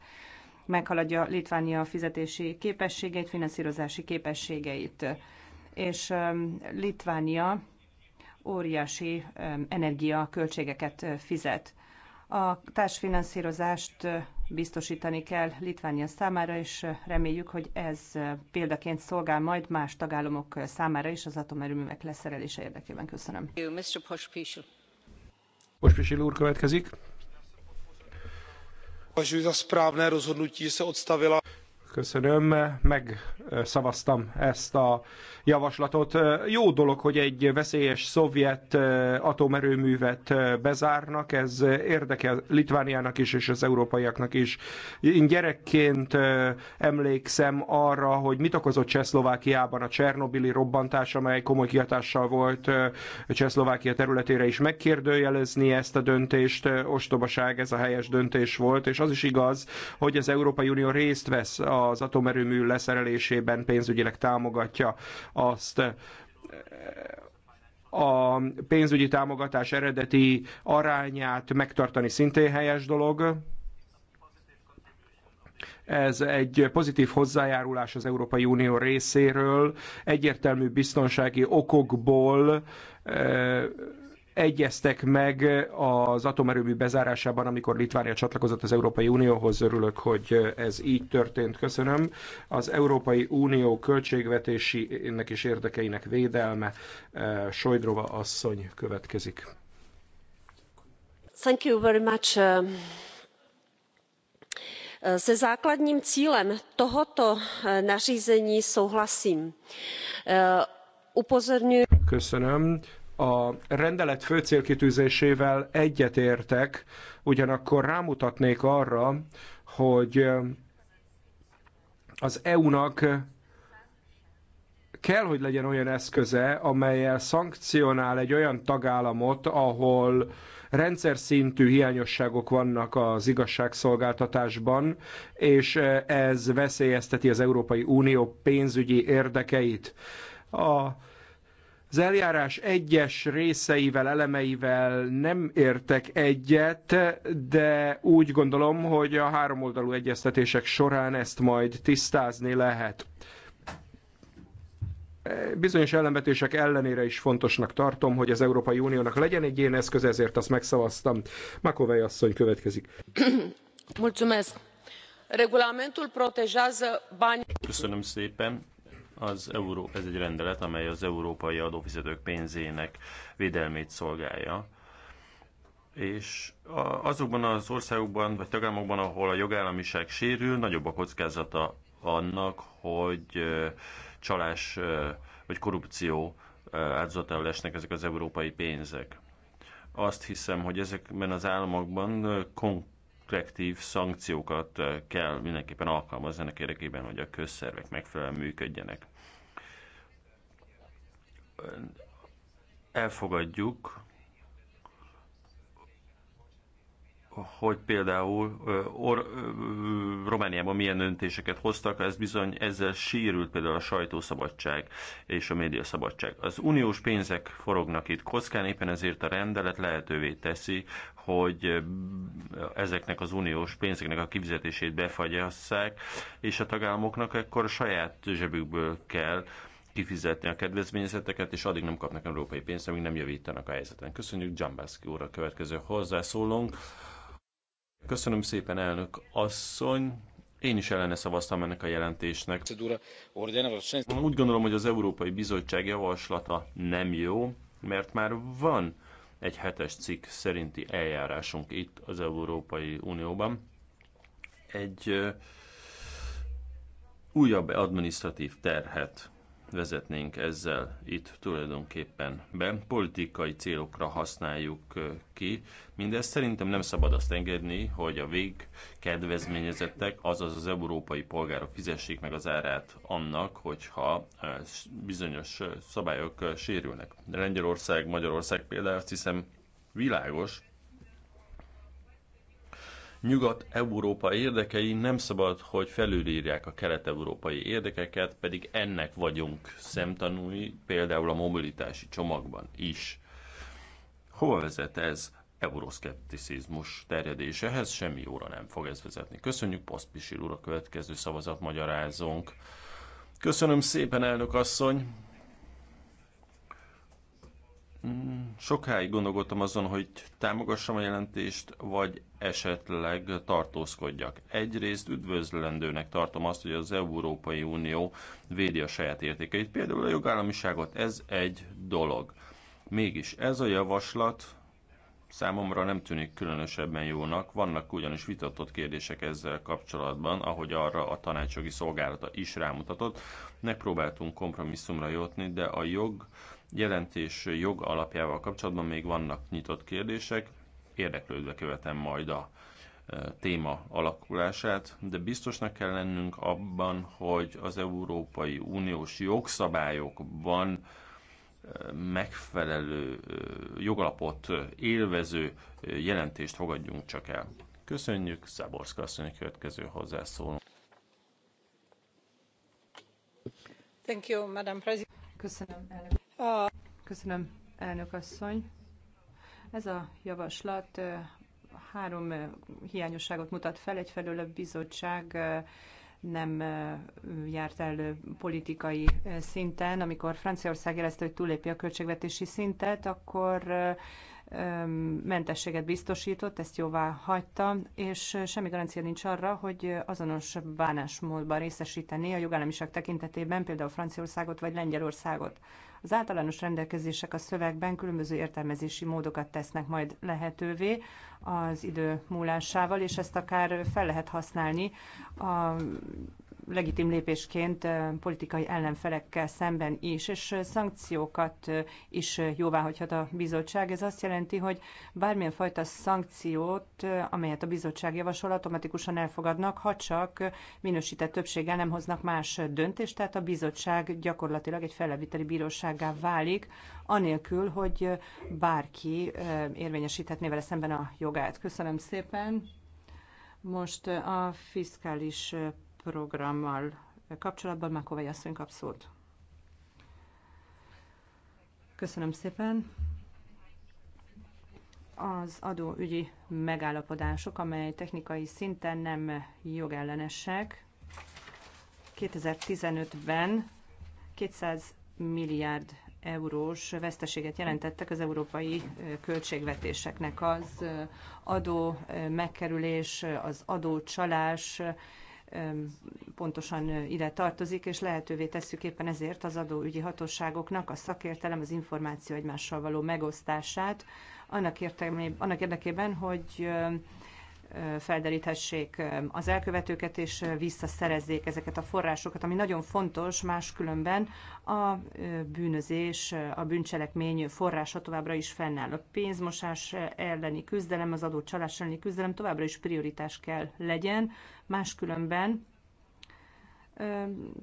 meghaladja Litvánia fizetési képességeit, finanszírozási képességeit. És Litvánia óriási energiaköltségeket fizet. A társfinanszírozást biztosítani kell Litvánia számára, és reméljük, hogy ez példaként szolgál majd más tagállamok számára is az atomerőművek leszerelése érdekében. Köszönöm. Pospisil úr következik. Považuji za správné rozhodnutí, se odstavila. Köszönöm, megszavaztam ezt a javaslatot. Jó dolog, hogy egy veszélyes szovjet atomerőművet bezárnak, ez érdekel Litvániának is és az európaiaknak is. Én gyerekként emlékszem arra, hogy mit okozott Csehszlovákiában a Csernobili robbantás, amely komoly kihatással volt Csehszlovákia területére is megkérdőjelezni ezt a döntést. Ostobaság, ez a helyes döntés volt, és az is igaz, hogy az Európai Unió részt vesz az atomerőmű leszerelésében, pénzügyileg támogatja azt eh, a pénzügyi támogatás eredeti arányát megtartani szintén helyes dolog. Ez egy pozitív hozzájárulás az Európai Unió részéről, egyértelmű biztonsági okokból eh, egyeztek meg eh, az atomerőmű bezárásában, amikor Litvánia csatlakozott az Európai Unióhoz. Örülök, hogy eh, ez így történt. Köszönöm. Az Európai Unió költségvetési ennek és érdekeinek védelme. Eh, Sojdrova asszony következik. Thank you very much. Se základním cílem tohoto nařízení souhlasím. Upozorňuji... Köszönöm a rendelet főcélkitűzésével egyetértek, ugyanakkor rámutatnék arra, hogy az EU-nak kell, hogy legyen olyan eszköze, amelyel szankcionál egy olyan tagállamot, ahol rendszer szintű hiányosságok vannak az igazságszolgáltatásban, és ez veszélyezteti az Európai Unió pénzügyi érdekeit. A az eljárás egyes részeivel, elemeivel nem értek egyet, de úgy gondolom, hogy a háromoldalú egyeztetések során ezt majd tisztázni lehet. Bizonyos ellenvetések ellenére is fontosnak tartom, hogy az Európai Uniónak legyen egy ilyen eszköz, ezért azt megszavaztam. Makovei asszony következik. Mulțumesc. Regulamentul protejează banii... Köszönöm szépen az Euró, ez egy rendelet, amely az európai adófizetők pénzének védelmét szolgálja. És azokban az országokban, vagy tagállamokban, ahol a jogállamiság sérül, nagyobb a kockázata annak, hogy csalás vagy korrupció áldozatául lesznek ezek az európai pénzek. Azt hiszem, hogy ezekben az államokban konkrét korrektív szankciókat eh, kell mindenképpen alkalmazni ennek érdekében, hogy a közszervek megfelelően működjenek. Elfogadjuk hogy például or, Romániában milyen öntéseket hoztak, ez bizony ezzel sérült például a sajtószabadság és a médiaszabadság. Az uniós pénzek forognak itt kockán, éppen ezért a rendelet lehetővé teszi, hogy ezeknek az uniós pénzeknek a kifizetését befagyasszák, és a tagállamoknak ekkor a saját zsebükből kell kifizetni a kedvezményezeteket, és addig nem kapnak európai pénzt, amíg nem javítanak a helyzeten. Köszönjük Jambászki úr a következő hozzászólónk. Köszönöm szépen, elnök asszony. Én is ellene szavaztam ennek a jelentésnek. Úgy gondolom, hogy az Európai Bizottság javaslata nem jó, mert már van egy hetes cikk szerinti eljárásunk itt az Európai Unióban. Egy újabb administratív terhet vezetnénk ezzel itt tulajdonképpen be. Politikai célokra használjuk ki. Mindezt szerintem nem szabad azt engedni, hogy a kedvezményezettek, azaz az európai polgárok fizessék meg az árát annak, hogyha bizonyos szabályok sérülnek. Lengyelország, Magyarország például azt hiszem világos, Nyugat-Európa érdekei nem szabad, hogy felülírják a kelet-európai érdekeket, pedig ennek vagyunk szemtanúi, például a mobilitási csomagban is. Hova vezet ez? euroszkepticizmus terjedésehez semmi óra nem fog ez vezetni. Köszönjük Poszpisil úr a következő szavazat magyarázunk. Köszönöm szépen, elnök asszony! Hmm, sokáig gondolkodtam azon, hogy támogassam a jelentést, vagy esetleg tartózkodjak. Egyrészt üdvözlendőnek tartom azt, hogy az Európai Unió védi a saját értékeit, például a jogállamiságot, ez egy dolog. Mégis ez a javaslat számomra nem tűnik különösebben jónak, vannak ugyanis vitatott kérdések ezzel kapcsolatban, ahogy arra a tanácsjogi szolgálata is rámutatott. Megpróbáltunk kompromisszumra jutni, de a jog jelentés jog alapjával kapcsolatban még vannak nyitott kérdések, érdeklődve követem majd a e, téma alakulását, de biztosnak kell lennünk abban, hogy az Európai Uniós jogszabályokban e, megfelelő e, jogalapot élvező jelentést fogadjunk csak el. Köszönjük, Száborszka asszony következő hozzászóló. Thank you, Madam President. Köszönöm, elnök. Uh, Köszönöm, elnök asszony. Ez a javaslat három hiányosságot mutat fel. Egyfelől a bizottság nem járt el politikai szinten. Amikor Franciaország jelezte, hogy túlépi a költségvetési szintet, akkor mentességet biztosított, ezt jóvá hagyta, és semmi garancia nincs arra, hogy azonos bánásmódban részesítené a jogállamiság tekintetében például Franciaországot vagy Lengyelországot. Az általános rendelkezések a szövegben különböző értelmezési módokat tesznek majd lehetővé az idő múlásával, és ezt akár fel lehet használni a legitim lépésként politikai ellenfelekkel szemben is, és szankciókat is jóvá hagyhat a bizottság. Ez azt jelenti, hogy bármilyen fajta szankciót, amelyet a bizottság javasol, automatikusan elfogadnak, ha csak minősített többséggel nem hoznak más döntést, tehát a bizottság gyakorlatilag egy felleviteli bírósággá válik, anélkül, hogy bárki érvényesíthetné vele szemben a jogát. Köszönöm szépen! Most a fiskális programmal kapcsolatban Makovai asszony kap szót. Köszönöm szépen. Az adóügyi megállapodások, amely technikai szinten nem jogellenesek, 2015-ben 200 milliárd eurós veszteséget jelentettek az európai költségvetéseknek. Az adó megkerülés, az adócsalás, pontosan ide tartozik, és lehetővé tesszük éppen ezért az adóügyi hatóságoknak a szakértelem, az információ egymással való megosztását, annak, értelmében, annak érdekében, hogy felderíthessék az elkövetőket, és visszaszerezzék ezeket a forrásokat, ami nagyon fontos, máskülönben a bűnözés, a bűncselekmény forrása továbbra is fennáll. A pénzmosás elleni küzdelem, az adócsalás elleni küzdelem továbbra is prioritás kell legyen, máskülönben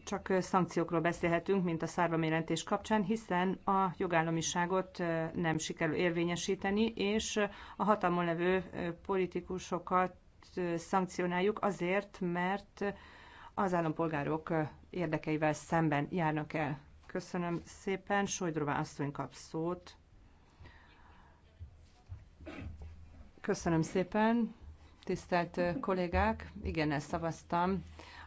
csak szankciókról beszélhetünk, mint a szárvamérentés kapcsán, hiszen a jogállamiságot nem sikerül érvényesíteni, és a hatalmon levő politikusokat szankcionáljuk azért, mert az állampolgárok érdekeivel szemben járnak el. Köszönöm szépen, Sojdrová asszony kap szót. Köszönöm szépen, tisztelt kollégák, igennel szavaztam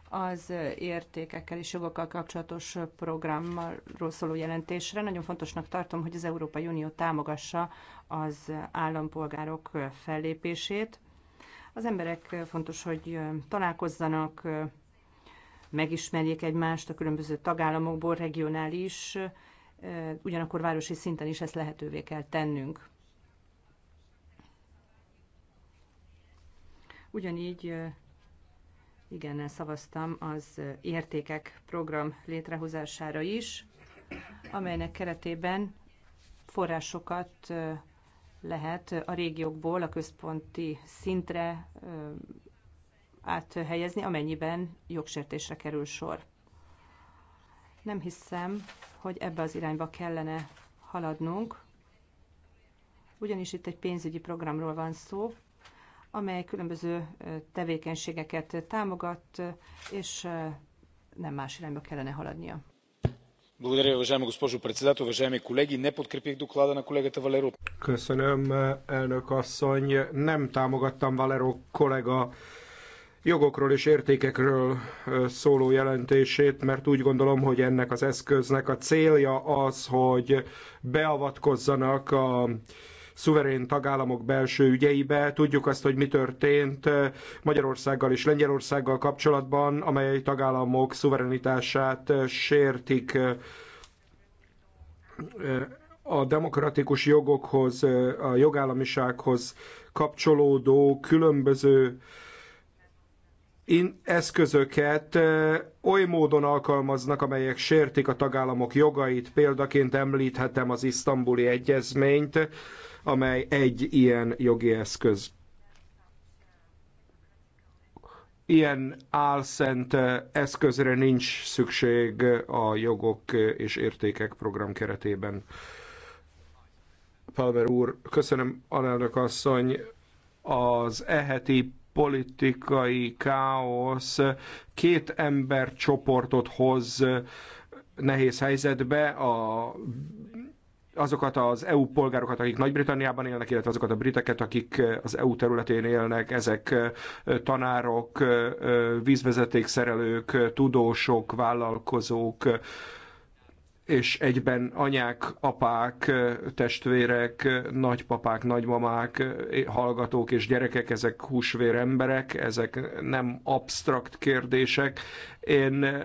az értékekkel és jogokkal kapcsolatos programról szóló jelentésre. Nagyon fontosnak tartom, hogy az Európai Unió támogassa az állampolgárok fellépését. Az emberek fontos, hogy találkozzanak, megismerjék egymást a különböző tagállamokból, regionális, ugyanakkor városi szinten is ezt lehetővé kell tennünk. Ugyanígy igennel szavaztam az értékek program létrehozására is, amelynek keretében forrásokat lehet a régiókból a központi szintre áthelyezni, amennyiben jogsértésre kerül sor. Nem hiszem, hogy ebbe az irányba kellene haladnunk, ugyanis itt egy pénzügyi programról van szó, amely különböző tevékenységeket támogat, és nem más irányba kellene haladnia. Благодаря, уважаема госпожо председател. Уважаеми колеги, не подкрепих доклада на колегата Валеро. Köszönöm, elnök asszony. Nem támogattam Valero kollega jogokról és értékekről szóló jelentését, mert úgy gondolom, hogy ennek az eszköznek a célja az, hogy beavatkozzanak a szuverén tagállamok belső ügyeibe. Tudjuk azt, hogy mi történt eh, Magyarországgal és Lengyelországgal kapcsolatban, amely tagállamok szuverenitását eh, sértik eh, a demokratikus jogokhoz, a jogállamisághoz kapcsolódó különböző eszközöket oly módon alkalmaznak, amelyek sértik a tagállamok jogait. Példaként említhetem az isztambuli egyezményt, amely egy ilyen jogi eszköz. Ilyen álszent eszközre nincs szükség a jogok és értékek program keretében. Palmer úr, köszönöm, alelnök asszony, az eheti politikai káosz két ember csoportot hoz nehéz helyzetbe, a azokat az EU polgárokat, akik Nagy-Britanniában élnek, illetve azokat a briteket, akik az EU területén élnek, ezek tanárok, vízvezetékszerelők, tudósok, vállalkozók, és egyben anyák, apák, testvérek, nagypapák, nagymamák, hallgatók és gyerekek, ezek húsvér emberek, ezek nem absztrakt kérdések. Én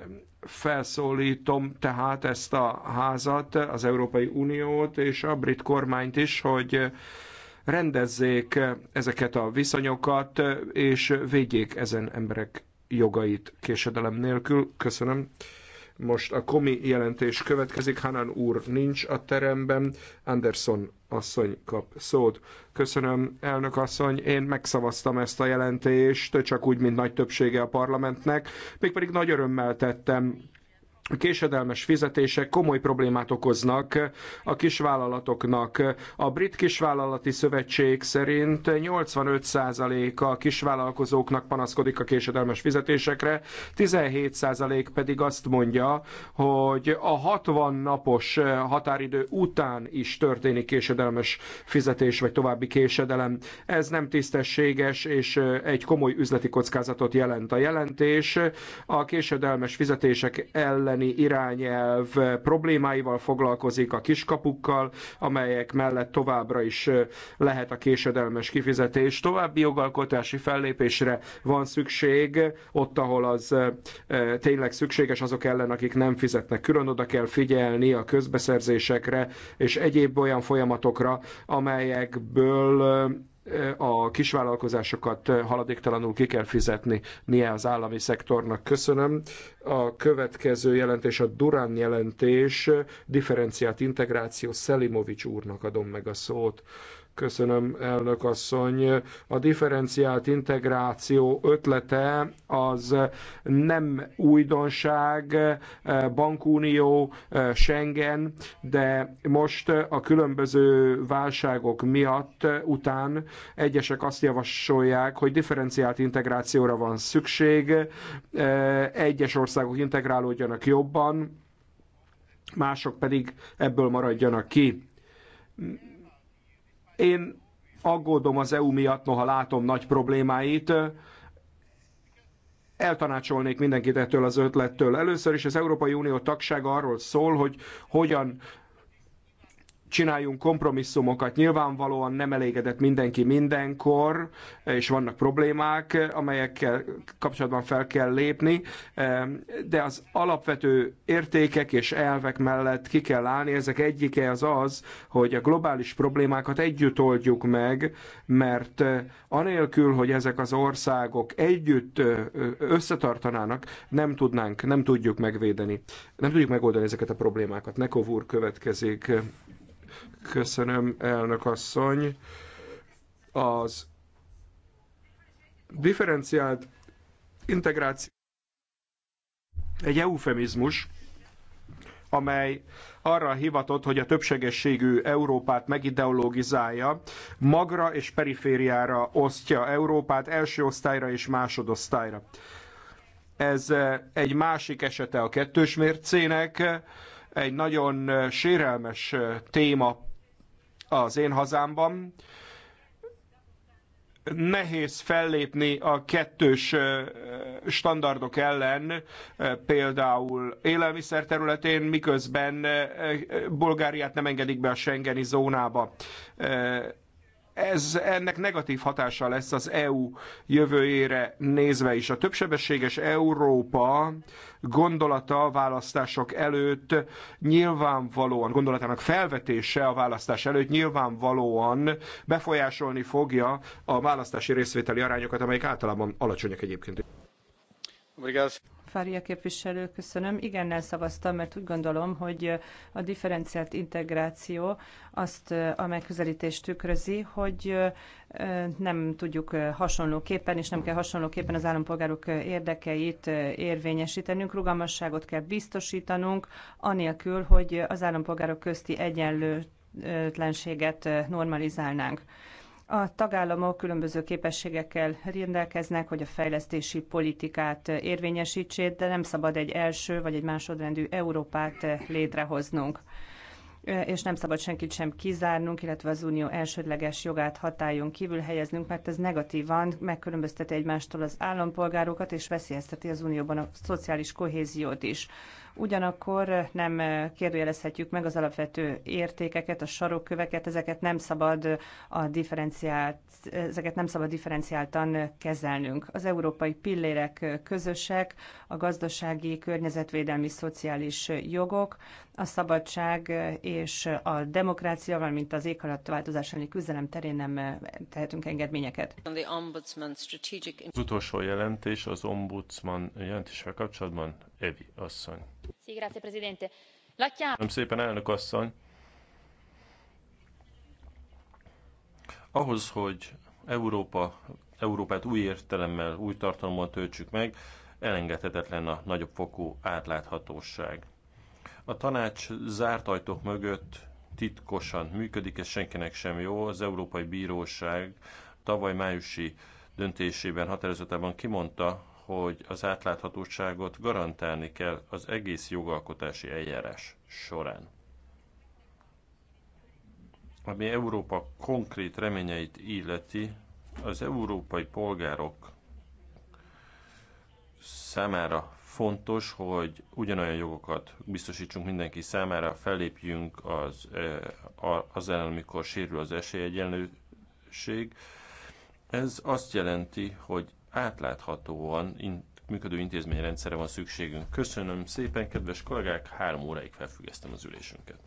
Felszólítom tehát ezt a házat, az Európai Uniót és a brit kormányt is, hogy rendezzék ezeket a viszonyokat, és védjék ezen emberek jogait késedelem nélkül. Köszönöm. Most a komi jelentés következik. Hanan úr nincs a teremben. Anderson asszony kap szót. Köszönöm, elnök asszony, én megszavaztam ezt a jelentést, csak úgy, mint nagy többsége a parlamentnek, mégpedig nagy örömmel tettem a késedelmes fizetések komoly problémát okoznak a kisvállalatoknak. A Brit Kisvállalati Szövetség szerint 85% a kisvállalkozóknak panaszkodik a késedelmes fizetésekre, 17% pedig azt mondja, hogy a 60 napos határidő után is történik késedelmes fizetés vagy további késedelem. Ez nem tisztességes és egy komoly üzleti kockázatot jelent. A jelentés a késedelmes fizetések ellen elleni irányelv problémáival foglalkozik, a kiskapukkal, amelyek mellett továbbra is lehet a késedelmes kifizetés. További jogalkotási fellépésre van szükség, ott, ahol az tényleg szükséges azok ellen, akik nem fizetnek. Külön oda kell figyelni a közbeszerzésekre és egyéb olyan folyamatokra, amelyekből a kisvállalkozásokat haladéktalanul ki kell fizetni nie az állami szektornak. Köszönöm. A következő jelentés, a Durán jelentés, differenciált integráció, Szelimovics úrnak adom meg a szót. Köszönöm, elnök asszony. A differenciált integráció ötlete az nem újdonság, bankunió, Schengen, de most a különböző válságok miatt után egyesek azt javasolják, hogy differenciált integrációra van szükség, egyes országok integrálódjanak jobban, mások pedig ebből maradjanak ki én aggódom az EU miatt, noha látom nagy problémáit, eltanácsolnék mindenkit ettől az ötlettől. Először is az Európai Unió tagsága arról szól, hogy hogyan csináljunk kompromisszumokat. Nyilvánvalóan nem elégedett mindenki mindenkor, és vannak problémák, amelyekkel kapcsolatban fel kell lépni, de az alapvető értékek és elvek mellett ki kell állni. Ezek egyike az az, hogy a globális problémákat együtt oldjuk meg, mert anélkül, hogy ezek az országok együtt összetartanának, nem tudnánk, nem tudjuk megvédeni, nem tudjuk megoldani ezeket a problémákat. Nekov úr következik. Köszönöm, elnök asszony. Az differenciált integráció egy eufemizmus, amely arra hivatott, hogy a többségességű Európát megideologizálja, magra és perifériára osztja Európát, első osztályra és másodosztályra. Ez egy másik esete a kettős mércének, egy nagyon sérelmes téma az én hazámban. Nehéz fellépni a kettős standardok ellen, például élelmiszer területén, miközben Bulgáriát nem engedik be a Schengeni zónába ez, ennek negatív hatása lesz az EU jövőjére nézve is. A többsebességes Európa gondolata a választások előtt nyilvánvalóan, gondolatának felvetése a választás előtt nyilvánvalóan befolyásolni fogja a választási részvételi arányokat, amelyek általában alacsonyak egyébként. Obrigado. Fária képviselő, köszönöm. Igennel szavaztam, mert úgy gondolom, hogy a differenciált integráció azt a megközelítést tükrözi, hogy nem tudjuk hasonlóképpen, és nem kell hasonlóképpen az állampolgárok érdekeit érvényesítenünk, rugalmasságot kell biztosítanunk, anélkül, hogy az állampolgárok közti egyenlő egyenlőtlenséget normalizálnánk. A tagállamok különböző képességekkel rendelkeznek, hogy a fejlesztési politikát érvényesítsék, de nem szabad egy első vagy egy másodrendű Európát létrehoznunk és nem szabad senkit sem kizárnunk, illetve az unió elsődleges jogát hatályon kívül helyeznünk, mert ez negatívan megkülönbözteti egymástól az állampolgárokat, és veszélyezteti az unióban a szociális kohéziót is ugyanakkor nem kérdőjelezhetjük meg az alapvető értékeket, a sarokköveket, ezeket nem szabad a differenciált, ezeket nem szabad differenciáltan kezelnünk. Az európai pillérek közösek, a gazdasági, környezetvédelmi, szociális jogok, a szabadság és a demokrácia, valamint az éghajlatváltozás elleni küzdelem terén nem eh, tehetünk engedményeket. Az utolsó jelentés az ombudsman jelentéssel kapcsolatban, Evi asszony. Köszönöm szépen, elnök asszony. Ahhoz, hogy Európa, Európát új értelemmel, új tartalommal töltsük meg, elengedhetetlen a nagyobb fokú átláthatóság a tanács zárt ajtók mögött titkosan működik, ez senkinek sem jó. Az Európai Bíróság tavaly májusi döntésében határozatában kimondta, hogy az átláthatóságot garantálni kell az egész jogalkotási eljárás során. Ami Európa konkrét reményeit illeti, az európai polgárok számára Fontos, hogy ugyanolyan jogokat biztosítsunk mindenki számára, fellépjünk az, eh, az ellen, amikor sérül az esélyegyenlőség. Ez azt jelenti, hogy átláthatóan működő intézményrendszerre van szükségünk. Köszönöm szépen, kedves kollégák, három óráig felfüggesztem az ülésünket.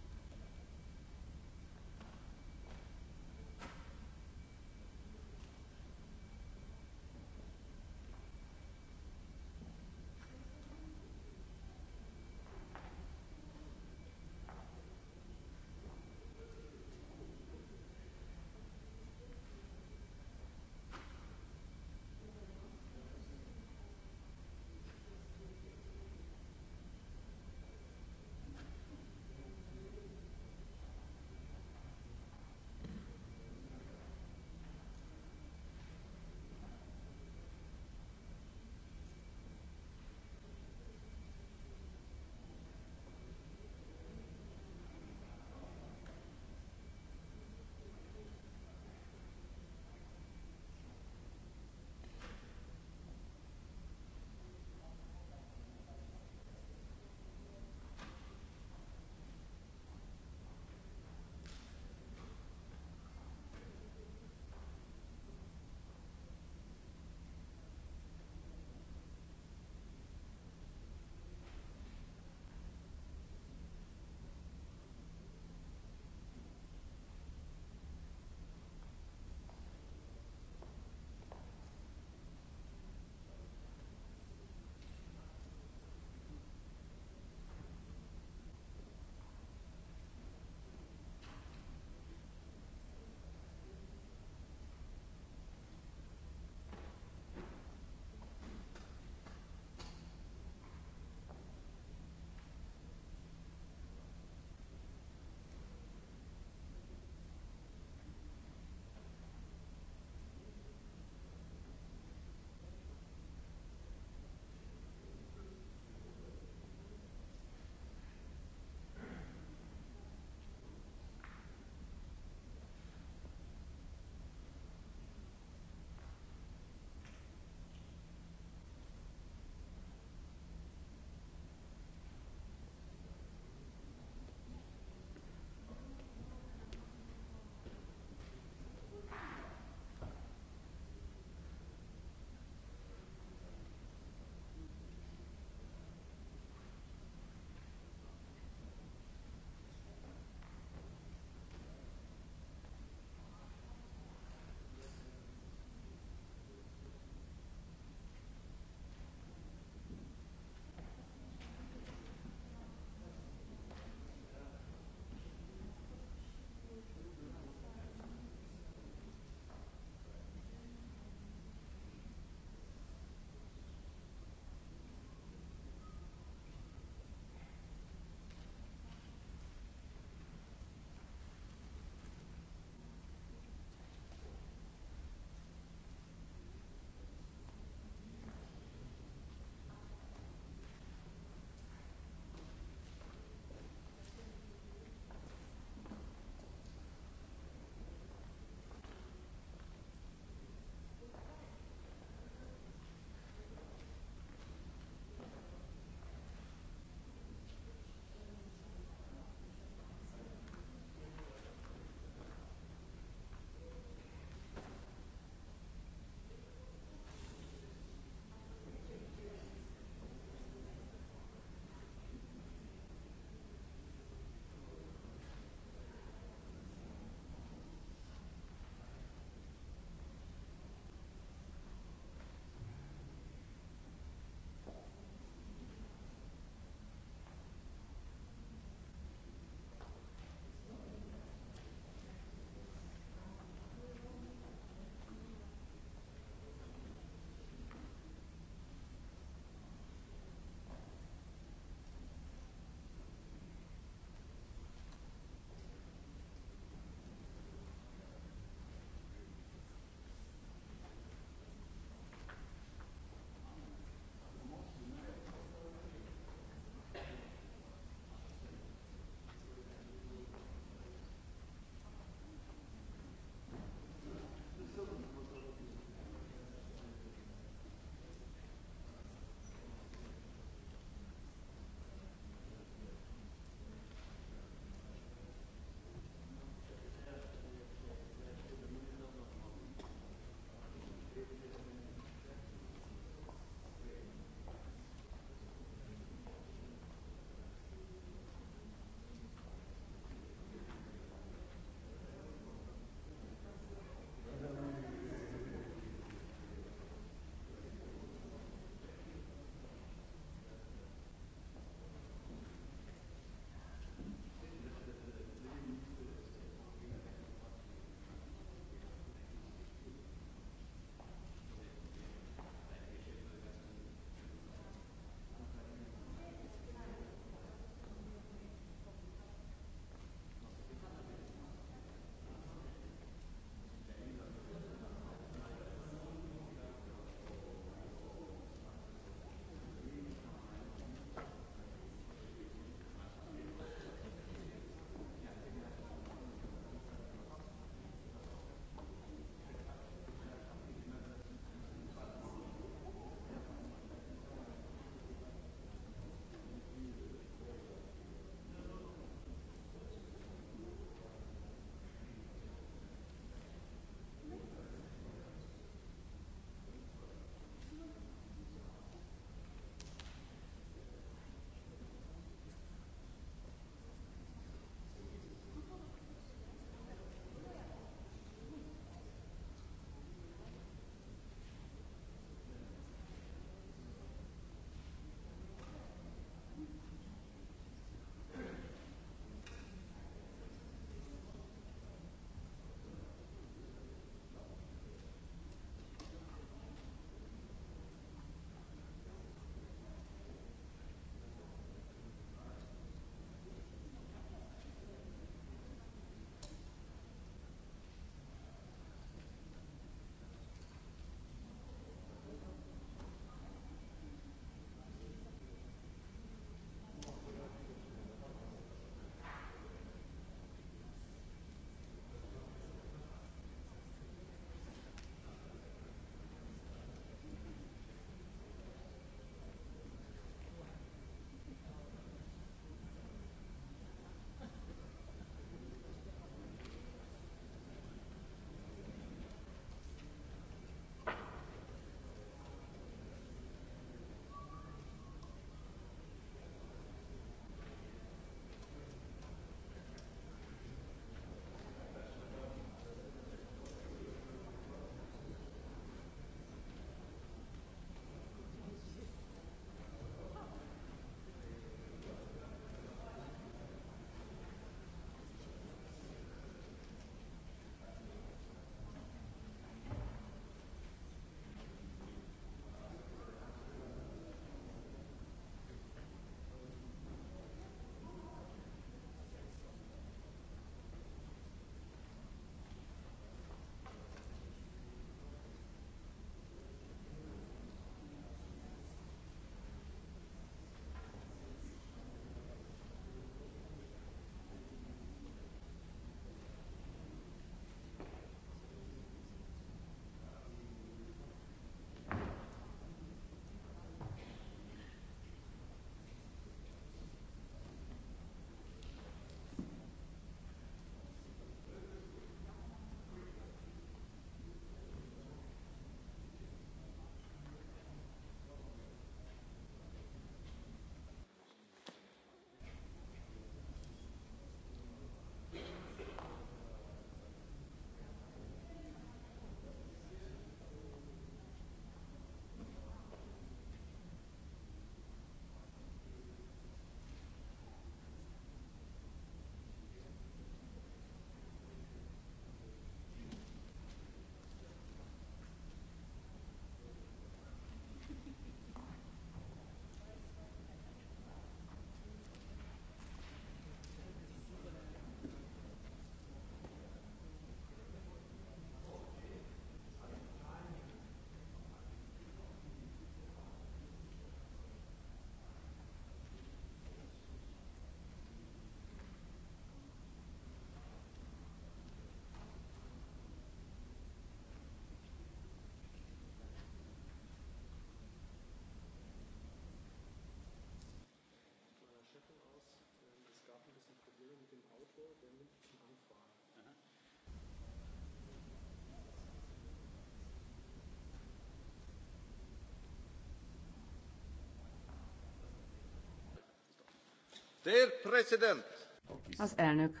Az elnök.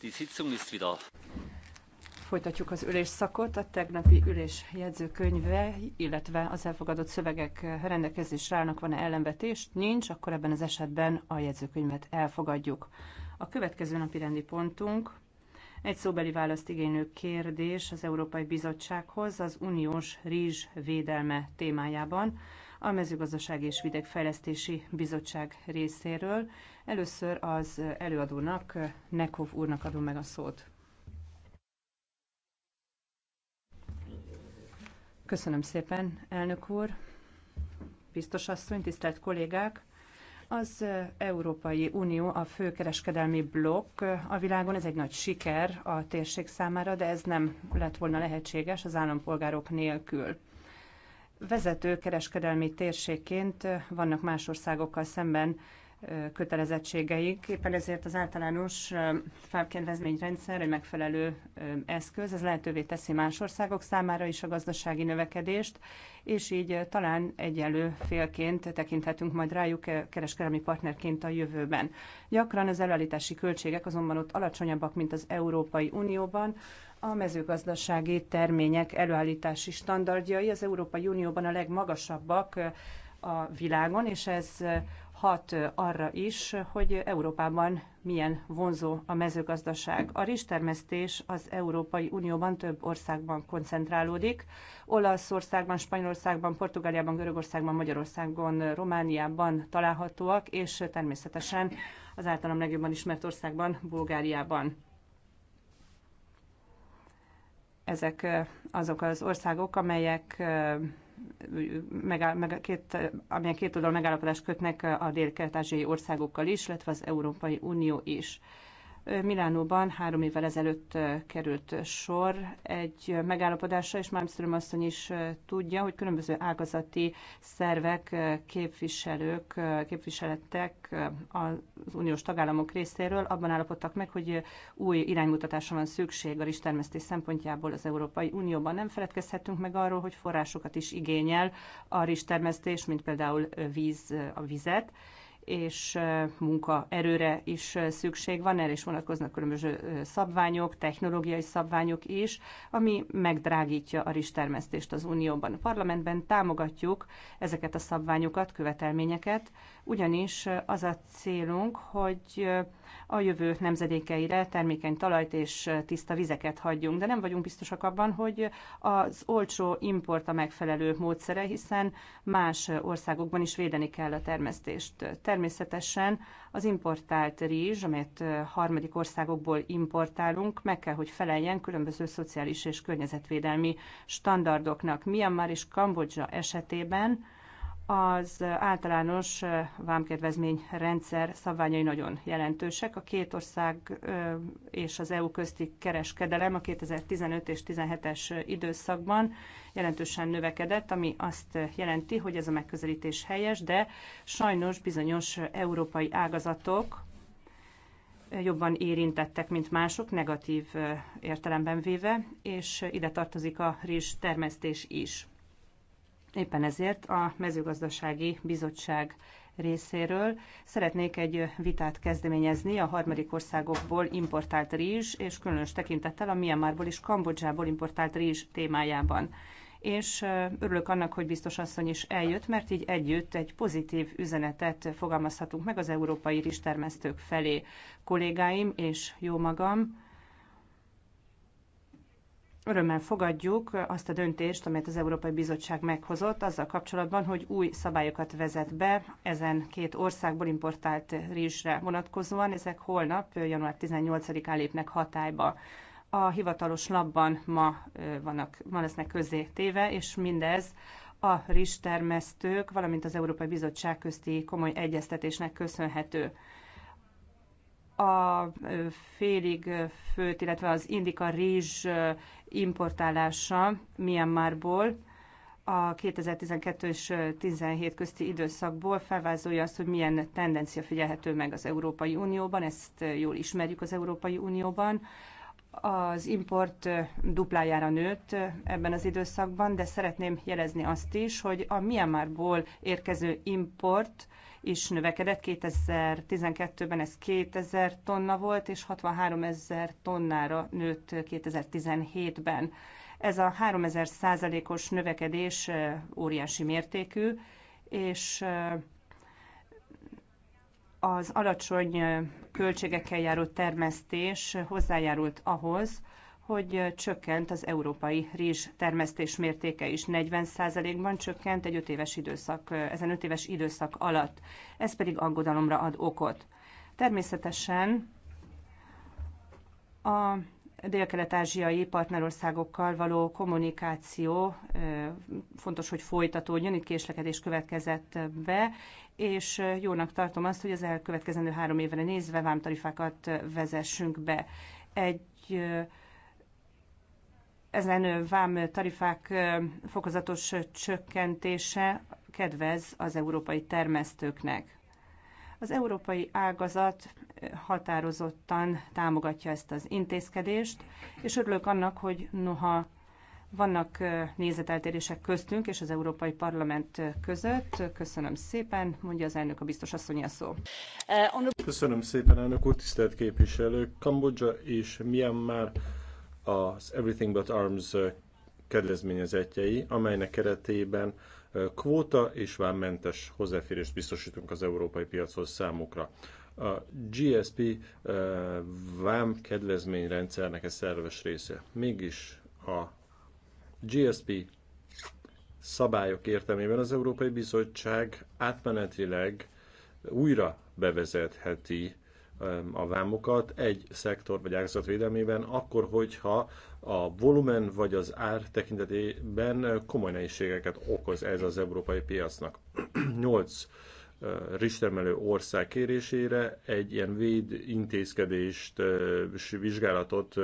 Die Sitzung ist wieder. Folytatjuk az ülésszakot. A tegnapi ülés jegyzőkönyve, illetve az elfogadott szövegek rendelkezésre állnak, van-e ellenvetés? Nincs, akkor ebben az esetben a jegyzőkönyvet elfogadjuk. A következő napi rendi pontunk egy szóbeli választ igénylő kérdés az Európai Bizottsághoz az uniós rizs védelme témájában a Mezőgazdasági és Vidékfejlesztési Bizottság részéről. Először az előadónak, Nekov úrnak adom meg a szót. Köszönöm szépen, elnök úr, biztos asszony, tisztelt kollégák! Az Európai Unió a főkereskedelmi blokk a világon, ez egy nagy siker a térség számára, de ez nem lett volna lehetséges az állampolgárok nélkül vezető kereskedelmi térségként vannak más országokkal szemben kötelezettségeik. Éppen ezért az általános fábkedvezményrendszer egy megfelelő eszköz, ez lehetővé teszi más országok számára is a gazdasági növekedést, és így talán egyelő félként tekinthetünk majd rájuk kereskedelmi partnerként a jövőben. Gyakran az előállítási költségek azonban ott alacsonyabbak, mint az Európai Unióban, a mezőgazdasági termények előállítási standardjai az Európai Unióban a legmagasabbak a világon, és ez hat arra is, hogy Európában milyen vonzó a mezőgazdaság. A rizstermesztés az Európai Unióban több országban koncentrálódik. Olaszországban, Spanyolországban, Portugáliában, Görögországban, Magyarországon, Romániában találhatóak, és természetesen az általam legjobban ismert országban, Bulgáriában ezek azok az országok, amelyek megáll, meg, két, amelyek két oldalon megállapodást kötnek a dél-kelet-ázsiai országokkal is, illetve az Európai Unió is. Milánóban három évvel ezelőtt került sor egy megállapodásra, és Malmström asszony is tudja, hogy különböző ágazati szervek, képviselők, képviselettek az uniós tagállamok részéről abban állapodtak meg, hogy új iránymutatásra van szükség a rizstermesztés szempontjából az Európai Unióban. Nem feledkezhetünk meg arról, hogy forrásokat is igényel a rizstermesztés, mint például víz, a vizet, és munkaerőre is szükség van, erre is vonatkoznak különböző szabványok, technológiai szabványok is, ami megdrágítja a rizstermesztést az Unióban. A parlamentben támogatjuk ezeket a szabványokat, követelményeket, ugyanis az a célunk, hogy a jövő nemzedékeire termékeny talajt és tiszta vizeket hagyjunk, de nem vagyunk biztosak abban, hogy az olcsó import a megfelelő módszere, hiszen más országokban is védeni kell a termesztést. Természetesen az importált rizs, amelyet harmadik országokból importálunk, meg kell, hogy feleljen különböző szociális és környezetvédelmi standardoknak. Myanmar és Kambodzsa esetében az általános vámkedvezmény rendszer szabványai nagyon jelentősek. A két ország és az EU közti kereskedelem a 2015 és 17-es időszakban jelentősen növekedett, ami azt jelenti, hogy ez a megközelítés helyes, de sajnos bizonyos európai ágazatok jobban érintettek, mint mások, negatív értelemben véve, és ide tartozik a rizs termesztés is Éppen ezért a mezőgazdasági bizottság részéről szeretnék egy vitát kezdeményezni a harmadik országokból importált rizs, és különös tekintettel a Myanmarból és Kambodzsából importált rizs témájában. És örülök annak, hogy biztos asszony is eljött, mert így együtt egy pozitív üzenetet fogalmazhatunk meg az európai rizstermesztők felé. Kollégáim és jó magam, örömmel fogadjuk azt a döntést, amelyet az Európai Bizottság meghozott azzal kapcsolatban, hogy új szabályokat vezet be ezen két országból importált rizsre vonatkozóan. Ezek holnap, január 18-án lépnek hatályba. A hivatalos labban ma, vannak, ma lesznek közé téve, és mindez a rizstermesztők, valamint az Európai Bizottság közti komoly egyeztetésnek köszönhető a félig főt, illetve az indika rizs importálása Myanmarból a 2012 és 17 közti időszakból felvázolja azt, hogy milyen tendencia figyelhető meg az Európai Unióban, ezt jól ismerjük az Európai Unióban. Az import duplájára nőtt ebben az időszakban, de szeretném jelezni azt is, hogy a Myanmarból érkező import is növekedett. 2012-ben ez 2000 tonna volt, és 63 ezer tonnára nőtt 2017-ben. Ez a 3000 százalékos növekedés óriási mértékű, és az alacsony költségekkel járó termesztés hozzájárult ahhoz, hogy csökkent az európai rizs termesztés mértéke is 40%-ban csökkent egy 5 éves időszak, ezen 5 éves időszak alatt. Ez pedig aggodalomra ad okot. Természetesen a dél-kelet-ázsiai partnerországokkal való kommunikáció fontos, hogy folytatódjon, itt késlekedés következett be, és jónak tartom azt, hogy az elkövetkezendő három évre nézve vámtarifákat vezessünk be. Egy ezen vám tarifák fokozatos csökkentése kedvez az európai termesztőknek. Az európai ágazat határozottan támogatja ezt az intézkedést, és örülök annak, hogy noha vannak nézeteltérések köztünk és az Európai Parlament között. Köszönöm szépen, mondja az elnök a biztos asszony a szó. Köszönöm szépen, elnök úr, tisztelt képviselők. Kambodzsa és Myanmar az Everything But Arms kedvezményezetjei, amelynek keretében kvóta és vámmentes hozzáférést biztosítunk az európai piachoz számukra. A GSP vám kedvezményrendszernek ez szerves része. Mégis a GSP szabályok értelmében az Európai Bizottság átmenetileg újra bevezetheti a vámokat egy szektor vagy ágazat védelmében, akkor, hogyha a volumen vagy az ár tekintetében komoly nehézségeket okoz ez az európai piacnak. 8 *clears throat* ristermelő ország kérésére egy ilyen véd intézkedést és vizsgálatot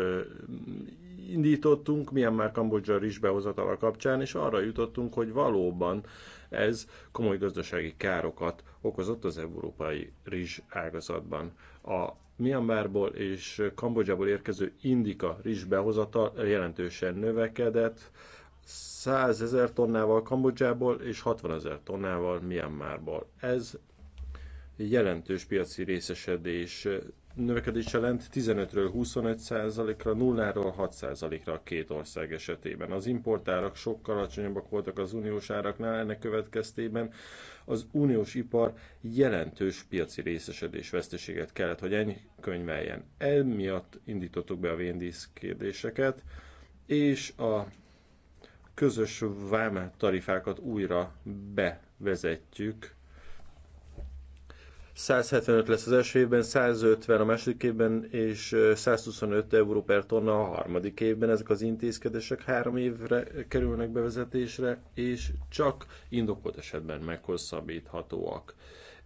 indítottunk, milyen már Kambodzsa rizs behozatala kapcsán, és arra jutottunk, hogy valóban ez komoly gazdasági károkat okozott az európai rizs ágazatban. A Myanmarból és Kambodzsából érkező indika rizs behozata jelentősen növekedett, 100 ezer tonnával Kambodzsából és 60 ezer tonnával Myanmarból. Ez jelentős piaci részesedés növekedés jelent 15-ről 25%-ra, 0-ról 6%-ra a két ország esetében. Az importárak sokkal alacsonyabbak voltak az uniós áraknál, ennek következtében az uniós ipar jelentős piaci részesedés veszteséget kellett, hogy ennyi könyveljen. Emiatt indítottuk be a véndísz kérdéseket, és a közös vám tarifákat újra bevezetjük 175 lesz az első évben, 150 a második évben, és 125 euró per tonna a harmadik évben. Ezek az intézkedések három évre kerülnek bevezetésre, és csak indokolt esetben meghosszabbíthatóak.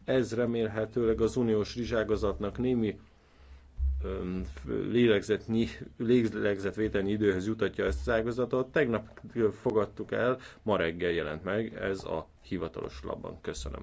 Ez remélhetőleg az uniós rizságazatnak némi lélegzetnyi, lélegzetvételnyi időhöz jutatja ezt az ágazatot. Tegnap fogadtuk el, ma reggel jelent meg ez a hivatalos labban. Köszönöm.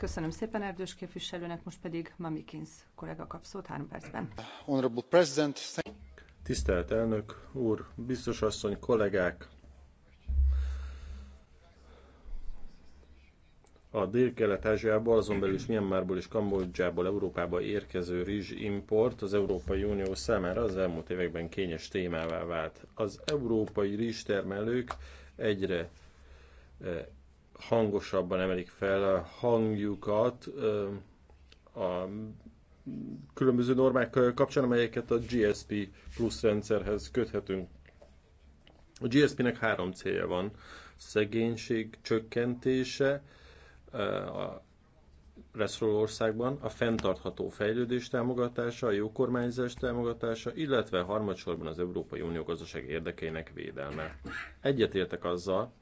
Köszönöm szépen Erdős képviselőnek, most pedig Mamikins kollega kap szót három percben. Honorable President, Tisztelt elnök úr, biztos asszony, kollégák! A Dél-Kelet-Ázsiából, azon belül is Myanmarból és Kambodzsából Európába érkező rizs import az Európai Unió számára az elmúlt években kényes témává vált. Az európai rizstermelők egyre eh, hangosabban emelik fel a hangjukat a különböző normák kapcsán, amelyeket a GSP plusz rendszerhez köthetünk. A GSP-nek három célja van. Szegénység csökkentése a reszoroló országban, a fenntartható fejlődés támogatása, a jó kormányzás támogatása, illetve harmadsorban az Európai Unió gazdaság érdekeinek védelme. Egyetértek azzal,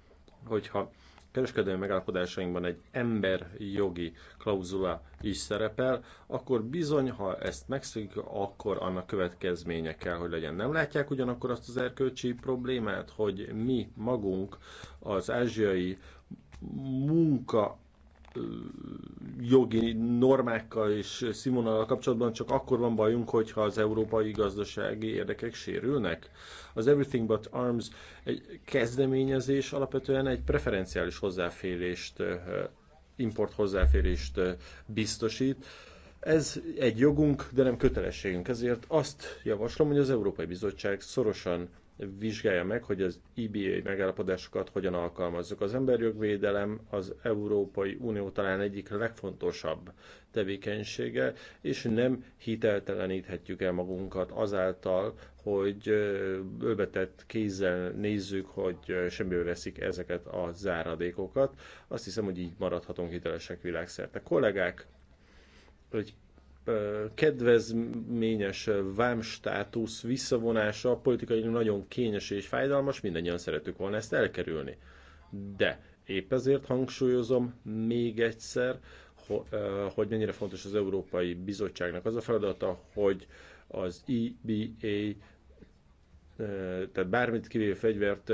hogyha kereskedelmi megállapodásainkban egy emberjogi klauzula is szerepel, akkor bizony, ha ezt megszűnik, akkor annak következménye kell, hogy legyen. Nem látják ugyanakkor azt az erkölcsi problémát, hogy mi magunk az ázsiai munka jogi normákkal és színvonalal kapcsolatban csak akkor van bajunk, hogyha az európai gazdasági érdekek sérülnek. Az Everything But Arms egy kezdeményezés alapvetően egy preferenciális hozzáférést, import hozzáférést biztosít. Ez egy jogunk, de nem kötelességünk, ezért azt javaslom, hogy az Európai Bizottság szorosan vizsgálja meg, hogy az IBA e megállapodásokat hogyan alkalmazzuk. Az emberjogvédelem az Európai Unió talán egyik legfontosabb tevékenysége, és nem hitelteleníthetjük el magunkat azáltal, hogy öbetett kézzel nézzük, hogy semmiből veszik ezeket a záradékokat. Azt hiszem, hogy így maradhatunk hitelesek világszerte. Kollégák, hogy kedvezményes vámstátusz visszavonása politikai nagyon kényes és fájdalmas, mindannyian szeretük volna ezt elkerülni. De épp ezért hangsúlyozom még egyszer, hogy mennyire fontos az Európai Bizottságnak az a feladata, hogy az EBA tehát bármit kivéve fegyvert,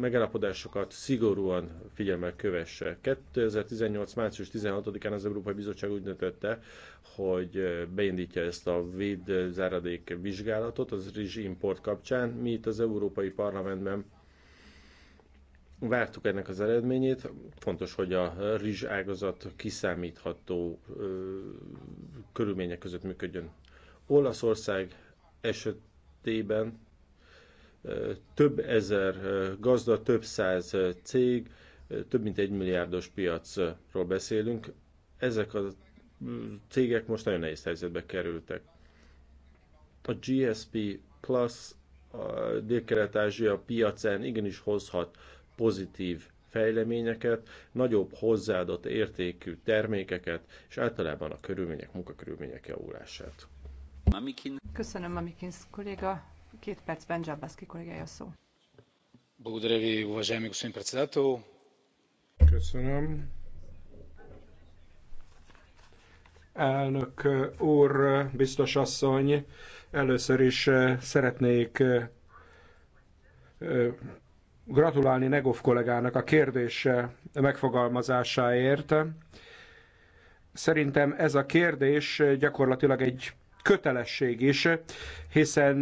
megállapodásokat szigorúan figyelmel kövesse. 2018. március 16-án az Európai Bizottság úgy döntötte, hogy beindítja ezt a védzáradék vizsgálatot az rizs import kapcsán. Mi itt az Európai Parlamentben vártuk ennek az eredményét. Fontos, hogy a rizs ágazat kiszámítható körülmények között működjön. Olaszország esetében több ezer gazda, több száz cég, több mint egy milliárdos piacról beszélünk. Ezek a cégek most nagyon nehéz helyzetbe kerültek. A GSP Plus a Dél-Kelet-Ázsia piacán igenis hozhat pozitív fejleményeket, nagyobb hozzáadott értékű termékeket, és általában a körülmények, munkakörülmények javulását. Köszönöm, Mamikins kolléga. Két percben Zsabbaszki kollégája szó. Köszönöm. Elnök úr, biztos asszony, először is eh, szeretnék eh, eh, gratulálni Negov kollégának a kérdés megfogalmazásáért. Szerintem ez a kérdés gyakorlatilag egy kötelesség is, hiszen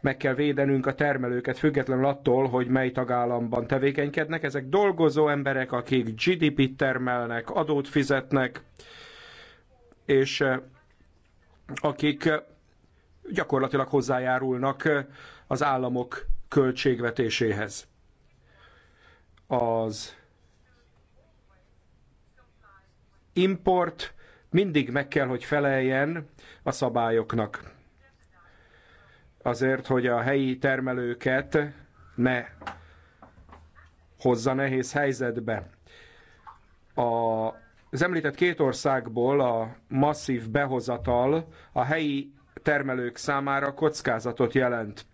meg kell védenünk a termelőket, függetlenül attól, hogy mely tagállamban tevékenykednek. Ezek dolgozó emberek, akik GDP-t termelnek, adót fizetnek, és eh, akik eh, gyakorlatilag hozzájárulnak eh, az államok költségvetéséhez. Az import mindig meg kell, hogy feleljen a szabályoknak azért, hogy a helyi termelőket ne hozza nehéz helyzetbe. A, az említett két országból a masszív behozatal a helyi termelők számára kockázatot jelent.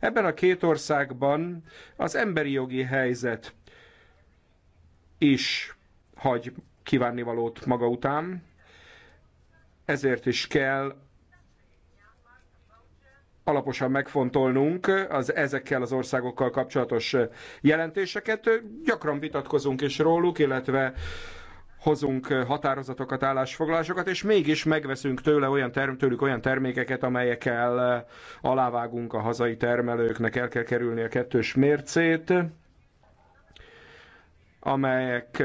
Ebben a két országban az emberi jogi helyzet is hagy kívánnivalót maga után, ezért is kell alaposan megfontolnunk az ezekkel az országokkal kapcsolatos jelentéseket. Gyakran vitatkozunk is róluk, illetve hozunk határozatokat, állásfoglalásokat, és mégis megveszünk tőle olyan term, tőlük olyan termékeket, amelyekkel alávágunk a hazai termelőknek, el kell kerülni a kettős mércét, amelyek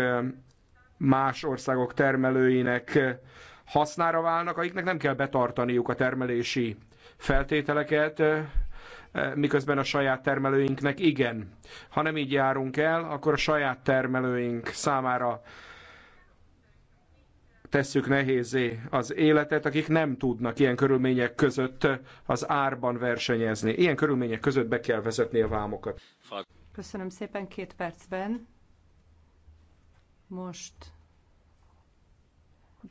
más országok termelőinek hasznára válnak, akiknek nem kell betartaniuk a termelési feltételeket, miközben a saját termelőinknek igen. Ha nem így járunk el, akkor a saját termelőink számára tesszük nehézé az életet, akik nem tudnak ilyen körülmények között az árban versenyezni. Ilyen körülmények között be kell vezetni a vámokat. Köszönöm szépen két percben. Most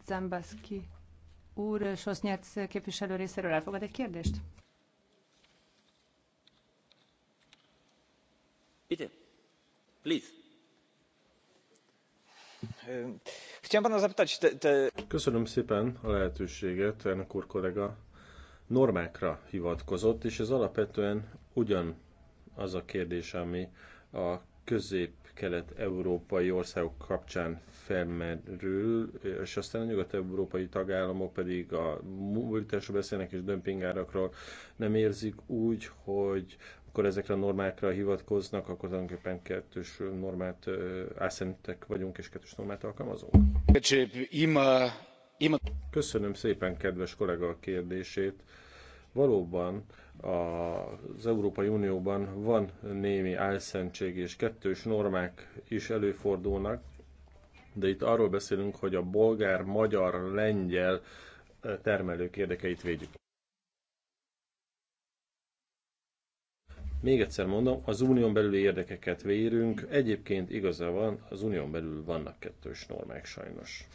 Zambaski úr Sosznyerc képviselő részéről elfogad egy kérdést? Bitte. Please. Köszönöm szépen a lehetőséget, elnök úr kollega. Normákra hivatkozott, és ez alapvetően ugyan az a kérdés, ami a közép kelet-európai országok kapcsán felmerül, és aztán a nyugat-európai tagállamok pedig a múlításról beszélnek és dömpingárakról nem érzik úgy, hogy akkor ezekre a normákra hivatkoznak, akkor tulajdonképpen kettős normát ászentek vagyunk, és kettős normát alkalmazunk. Köszönöm szépen, kedves kollega, a kérdését. Valóban az Európai Unióban van némi álszentség és kettős normák is előfordulnak, de itt arról beszélünk, hogy a bolgár, magyar, lengyel eh, termelők érdekeit védjük. Még egyszer mondom, az unión belüli érdekeket vérünk, egyébként igaza van, az unión belül vannak kettős normák sajnos.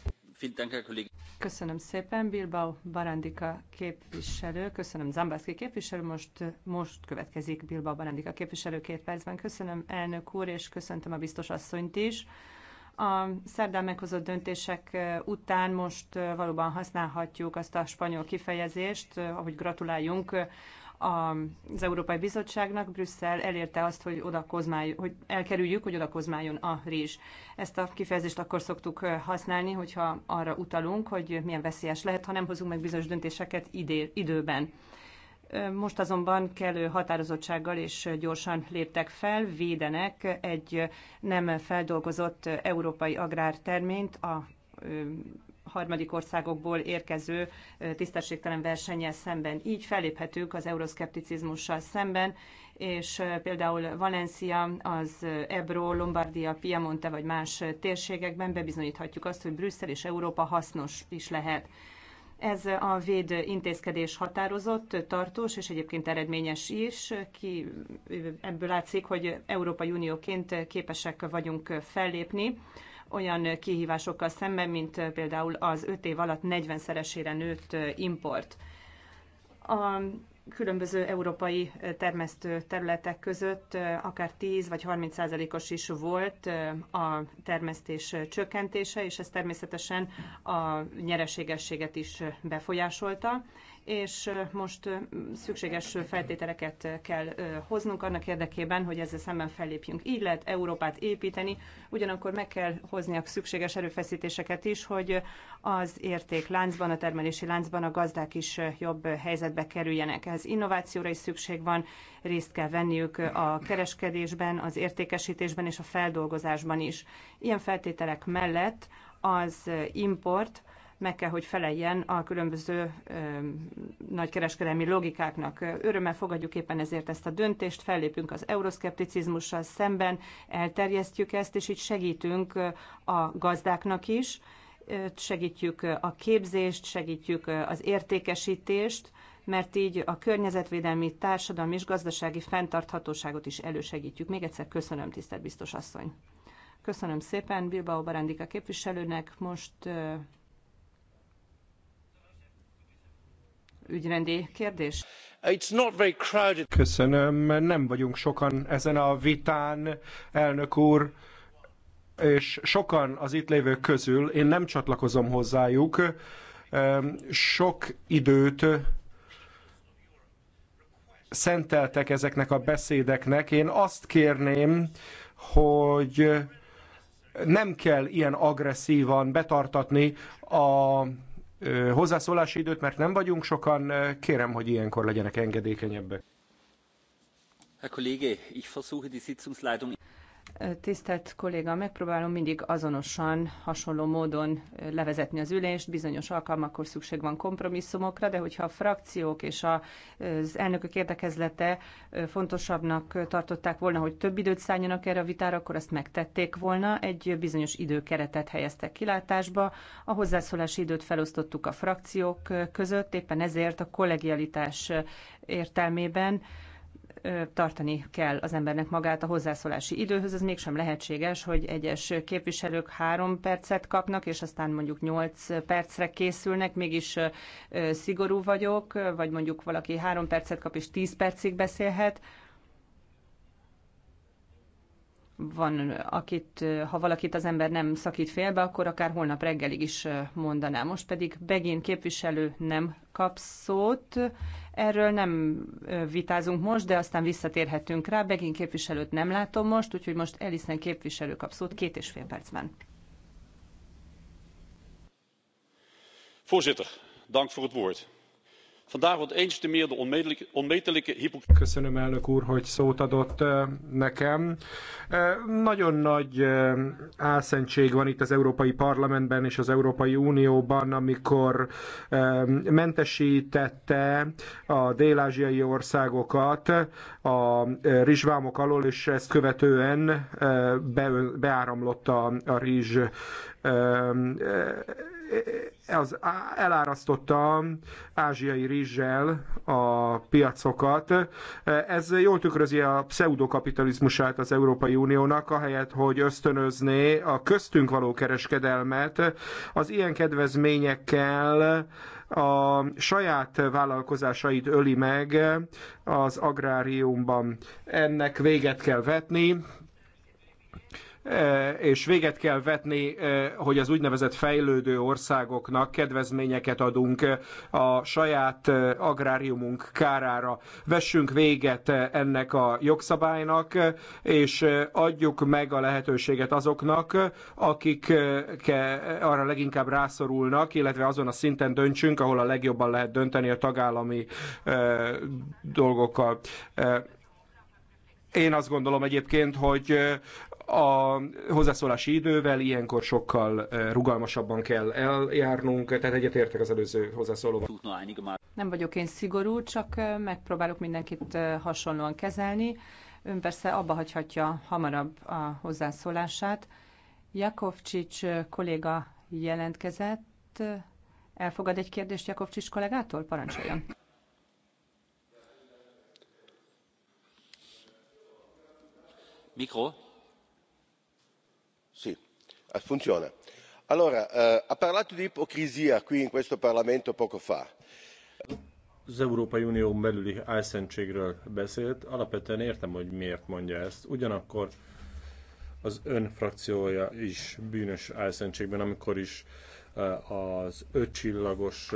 Köszönöm szépen, Bilbao Barandika képviselő. Köszönöm, Zambászki képviselő. Most, most következik Bilbao Barandika képviselő két percben. Köszönöm, elnök úr, és köszöntöm a biztos asszonyt is. A szerdán meghozott döntések után most valóban használhatjuk azt a spanyol kifejezést, ahogy gratuláljunk az Európai Bizottságnak. Brüsszel elérte azt, hogy, oda kozmálj, hogy elkerüljük, hogy oda kozmáljon a rizs. Ezt a kifejezést akkor szoktuk eh, használni, hogyha arra utalunk, hogy milyen veszélyes lehet, ha nem hozunk meg bizonyos döntéseket idő, időben. Eh, most azonban kellő határozottsággal és gyorsan léptek fel, védenek egy nem feldolgozott európai agrárterményt a eh, harmadik országokból érkező tisztességtelen versennyel szemben. Így feléphetünk az euroszkepticizmussal szemben, és például Valencia, az Ebro, Lombardia, Piemonte vagy más térségekben bebizonyíthatjuk azt, hogy Brüsszel és Európa hasznos is lehet. Ez a véd intézkedés határozott, tartós és egyébként eredményes is. Ki, ebből látszik, hogy Európai Unióként képesek vagyunk fellépni olyan kihívásokkal szemben, mint például az 5 év alatt 40-szeresére nőtt import. A különböző európai termesztő területek között akár 10 vagy 30 százalékos is volt a termesztés csökkentése, és ez természetesen a nyereségességet is befolyásolta és most szükséges feltételeket kell hoznunk annak érdekében, hogy ezzel szemben fellépjünk. Így lehet Európát építeni, ugyanakkor meg kell hozni a szükséges erőfeszítéseket is, hogy az érték láncban, a termelési láncban a gazdák is jobb helyzetbe kerüljenek. Ez innovációra is szükség van, részt kell venniük a kereskedésben, az értékesítésben és a feldolgozásban is. Ilyen feltételek mellett az import, meg kell, hogy feleljen a különböző ö, nagykereskedelmi logikáknak. Örömmel fogadjuk éppen ezért ezt a döntést, fellépünk az euroszkepticizmussal szemben, elterjesztjük ezt, és így segítünk a gazdáknak is, segítjük a képzést, segítjük az értékesítést, mert így a környezetvédelmi, társadalmi és gazdasági fenntarthatóságot is elősegítjük. Még egyszer köszönöm, tisztelt biztos asszony! Köszönöm szépen Bilbao Barándika képviselőnek, most ügyrendi kérdés. It's not very crowded. Köszönöm, nem vagyunk sokan ezen a vitán, elnök úr és sokan az itt lévők közül, én nem csatlakozom hozzájuk, sok időt szenteltek ezeknek a beszédeknek. Én azt kérném, hogy nem kell ilyen agresszívan betartatni a hozzászólási időt, mert nem vagyunk sokan. Kérem, hogy ilyenkor legyenek engedékenyebbek. Herr Kollege, ich versuche die Sitzungsleitung. Tisztelt kolléga, megpróbálom mindig azonosan, hasonló módon levezetni az ülést. Bizonyos alkalmakkor szükség van kompromisszumokra, de hogyha a frakciók és az elnökök érdekezlete fontosabbnak tartották volna, hogy több időt szálljanak erre a vitára, akkor azt megtették volna. Egy bizonyos időkeretet helyeztek kilátásba. A hozzászólási időt felosztottuk a frakciók között, éppen ezért a kollegialitás értelmében tartani kell az embernek magát a hozzászólási időhöz. Ez mégsem lehetséges, hogy egyes képviselők három percet kapnak, és aztán mondjuk nyolc percre készülnek, mégis szigorú vagyok, vagy mondjuk valaki három percet kap és tíz percig beszélhet van, akit, ha valakit az ember nem szakít félbe, akkor akár holnap reggelig is mondaná. Most pedig Begin képviselő nem kap szót. Erről nem vitázunk most, de aztán visszatérhetünk rá. Begin képviselőt nem látom most, úgyhogy most Elisztán képviselő kap szót két és fél percben. Voorzitter, dank voor het woord. Vandaag wordt eens te meer de onmetelijke hypocrisie. Köszönöm elnök úr, hogy szót adott eh, nekem. Eh, nagyon nagy eh, álszentség van itt az Európai Parlamentben és az Európai Unióban, amikor mentesítette a dél-ázsiai országokat a rizsvámok alól, és ezt követően beáramlott a, a rizs az elárasztotta ázsiai rizssel a piacokat. Ez jól tükrözi a pseudokapitalizmusát az Európai Uniónak, ahelyett, hogy ösztönözné a köztünk való kereskedelmet az ilyen kedvezményekkel, a saját vállalkozásait öli meg az agráriumban. Ennek véget kell vetni, E, és véget kell vetni, e, hogy az úgynevezett fejlődő országoknak kedvezményeket adunk e, a saját agráriumunk kárára. Vessünk véget ennek a jogszabálynak, és adjuk meg a lehetőséget azoknak, akik arra leginkább rászorulnak, illetve azon a szinten döntsünk, ahol a legjobban lehet dönteni a tagállami dolgokkal. Én azt gondolom egyébként, hogy a hozzászólási idővel ilyenkor sokkal rugalmasabban kell eljárnunk, tehát egyetértek az előző hozzászólóval. Nem vagyok én szigorú, csak megpróbálok mindenkit hasonlóan kezelni. Ön persze abba hagyhatja hamarabb a hozzászólását. Jakovcsics kolléga jelentkezett. Elfogad egy kérdést Jakovcsics kollégától? Parancsoljon! Mikro? Eh, funziona. allora eh, ha parlato di ipocrisia qui in questo parlamento poco fa. az európai unión belüli álszentségről beszélt. Alapvetően értem, hogy miért mondja ezt. Ugyanakkor az ön frakciója is bűnös álszentségben, amikor is eh, az ötcsillagos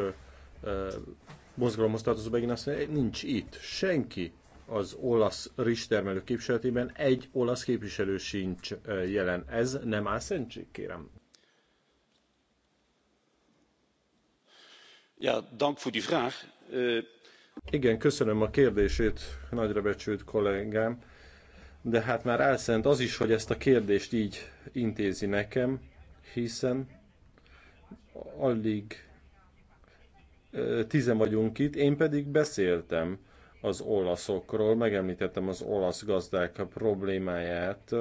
mozgalomhoz tartozó Begin azt mondja, nincs itt senki, az olasz rizstermelő képviseletében egy olasz képviselő sincs jelen. Ez nem áll szentség, kérem. Ja, dank voor die vraag. Uh... Igen, köszönöm a kérdését, nagyra becsült kollégám. De hát már álszent az is, hogy ezt a kérdést így intézi nekem, hiszen alig tizen vagyunk itt, én pedig beszéltem az olaszokról. Megemlítettem az olasz gazdák problémáját.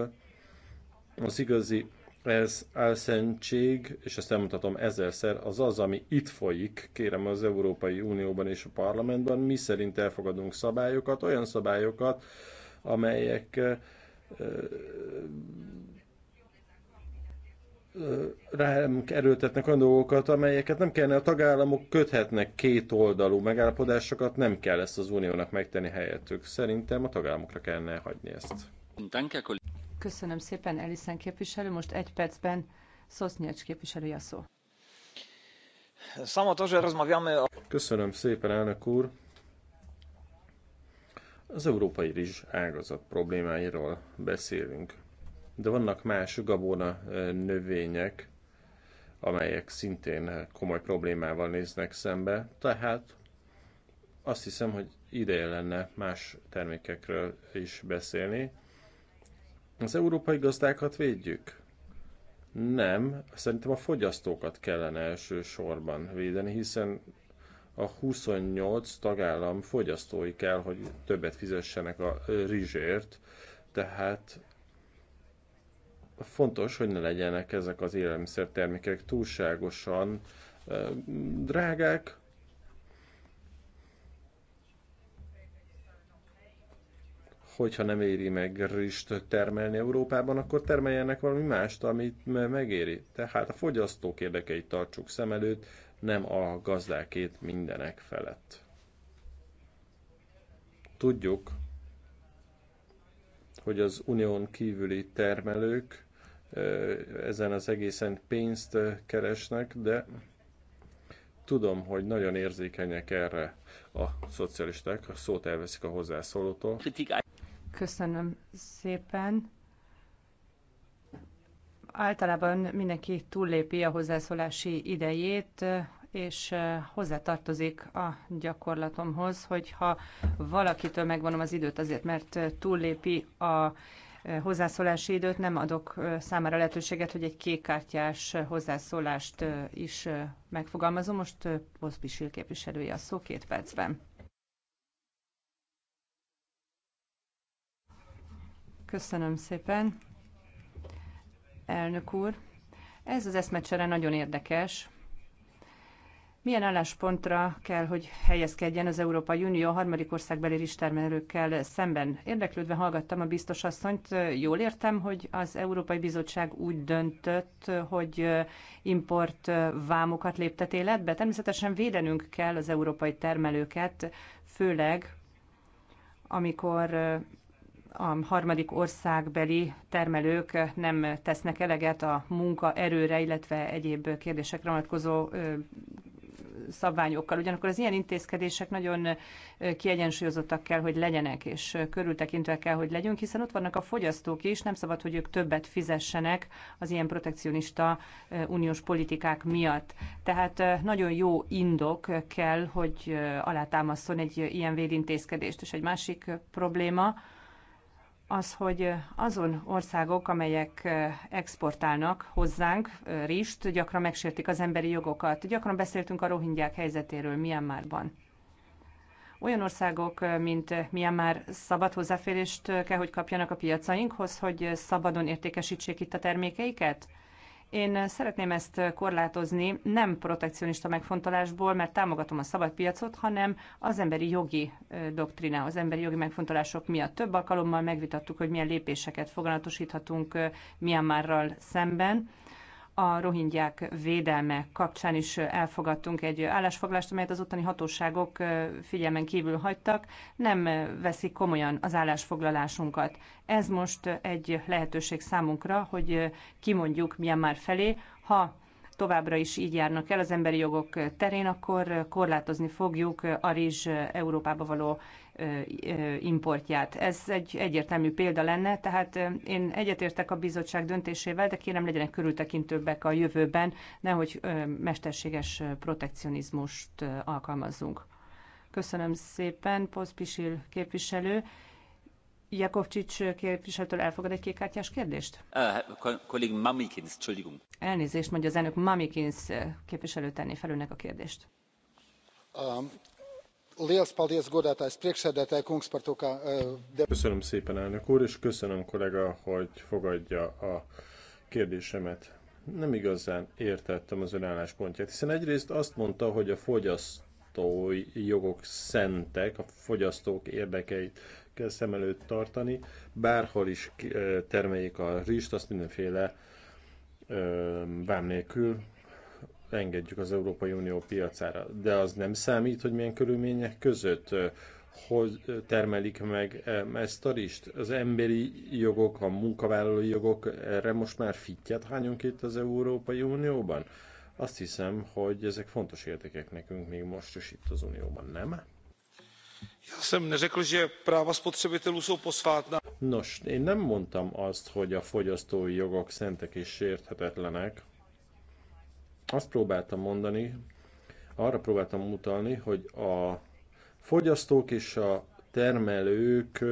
Az igazi ez elszentség, és ezt elmutatom ezerszer, az az, ami itt folyik, kérem az Európai Unióban és a parlamentben, mi szerint elfogadunk szabályokat, olyan szabályokat, amelyek rám erőltetnek olyan dolgokat, amelyeket nem kellene, a tagállamok köthetnek két oldalú megállapodásokat, nem kell ezt az uniónak megtenni helyettük. Szerintem a tagállamokra kellene hagyni ezt. Köszönöm szépen, Eliszen képviselő. Most egy percben Szosznyec képviselője a szó. Köszönöm szépen, elnök úr. Az európai rizs ágazat problémáiról beszélünk de vannak más gabona növények, amelyek szintén komoly problémával néznek szembe, tehát azt hiszem, hogy ideje lenne más termékekről is beszélni. Az európai gazdákat védjük? Nem, szerintem a fogyasztókat kellene elsősorban védeni, hiszen a 28 tagállam fogyasztói kell, hogy többet fizessenek a rizsért, tehát fontos, hogy ne legyenek ezek az élelmiszertermékek túlságosan drágák, hogyha nem éri meg rist termelni Európában, akkor termeljenek valami mást, amit megéri. Tehát a fogyasztók érdekeit tartsuk szem előtt, nem a gazdákét mindenek felett. Tudjuk, hogy az unión kívüli termelők ezen az egészen pénzt keresnek, de tudom, hogy nagyon érzékenyek erre a szocialisták, a szót elveszik a hozzászólótól. Köszönöm szépen. Általában mindenki túllépi a hozzászólási idejét, és hozzátartozik a gyakorlatomhoz, hogyha valakitől megvonom az időt azért, mert túllépi a hozzászólási időt, nem adok számára lehetőséget, hogy egy kékkártyás hozzászólást is megfogalmazom. Most Poszpisil képviselője a szó két percben. Köszönöm szépen, elnök úr. Ez az eszmecsere nagyon érdekes, milyen álláspontra kell, hogy helyezkedjen az Európai Unió harmadik országbeli rizstermelőkkel szemben? Érdeklődve hallgattam a biztos asszonyt. Jól értem, hogy az Európai Bizottság úgy döntött, hogy eh, import eh, vámokat léptet életbe. Természetesen védenünk kell az európai termelőket, főleg amikor eh, a harmadik országbeli termelők nem tesznek eleget a munkaerőre, illetve egyéb kérdésekre vonatkozó szabványokkal. Ugyanakkor az ilyen intézkedések nagyon kiegyensúlyozottak kell, hogy legyenek, és körültekintve kell, hogy legyünk, hiszen ott vannak a fogyasztók is, nem szabad, hogy ők többet fizessenek az ilyen protekcionista uniós politikák miatt. Tehát nagyon jó indok kell, hogy alátámaszon egy ilyen védintézkedést. És egy másik probléma, az, hogy azon országok, amelyek exportálnak hozzánk rist, gyakran megsértik az emberi jogokat. Gyakran beszéltünk a rohingyák helyzetéről Myanmarban. Olyan országok, mint Myanmar szabad hozzáférést kell, hogy kapjanak a piacainkhoz, hogy szabadon értékesítsék itt a termékeiket? Én szeretném ezt korlátozni nem protekcionista megfontolásból, mert támogatom a szabad piacot, hanem az emberi jogi doktrina, az emberi jogi megfontolások miatt. Több alkalommal megvitattuk, hogy milyen lépéseket foganatosíthatunk Myanmarral szemben a rohingyák védelme kapcsán is elfogadtunk egy állásfoglalást, amelyet az ottani hatóságok figyelmen kívül hagytak, nem veszik komolyan az állásfoglalásunkat. Ez most egy lehetőség számunkra, hogy kimondjuk milyen már felé, ha továbbra is így járnak el az emberi jogok terén, akkor korlátozni fogjuk a rizs Európába való importját. Ez egy egyértelmű példa lenne, tehát én egyetértek a bizottság döntésével, de kérem legyenek körültekintőbbek a jövőben, nehogy mesterséges protekcionizmust alkalmazzunk. Köszönöm szépen, Poszpisil képviselő. Jakovcsics képviselőtől elfogad egy kékkártyás kérdést? Uh, kollég Mamikins, Entschuldigung. Elnézést, mondja az elnök Mamikins képviselő tenni felülnek a kérdést. Eh, köszönöm szépen, elnök úr, és köszönöm, kollega, hogy fogadja a kérdésemet. Nem igazán értettem az ön álláspontját, hiszen egyrészt azt mondta, hogy a fogyasztói jogok szentek, a fogyasztók érdekeit kell szem előtt tartani, bárhol is eh, termeljék a rizst azt mindenféle eh, vám nélkül engedjük az Európai Unió piacára. De az nem számít, hogy milyen körülmények között hogy termelik meg ezt a rist. Az emberi jogok, a munkavállalói jogok, erre most már fittyet hányunk itt az Európai Unióban? Azt hiszem, hogy ezek fontos értékek nekünk még most is itt az Unióban, nem? Já jsem neřekl, že práva spotřebitelů jsou posvátná. Nos, én nem mondtam azt, hogy a fogyasztói jogok szentek és sérthetetlenek azt próbáltam mondani, arra próbáltam mutalni, hogy a fogyasztók és a termelők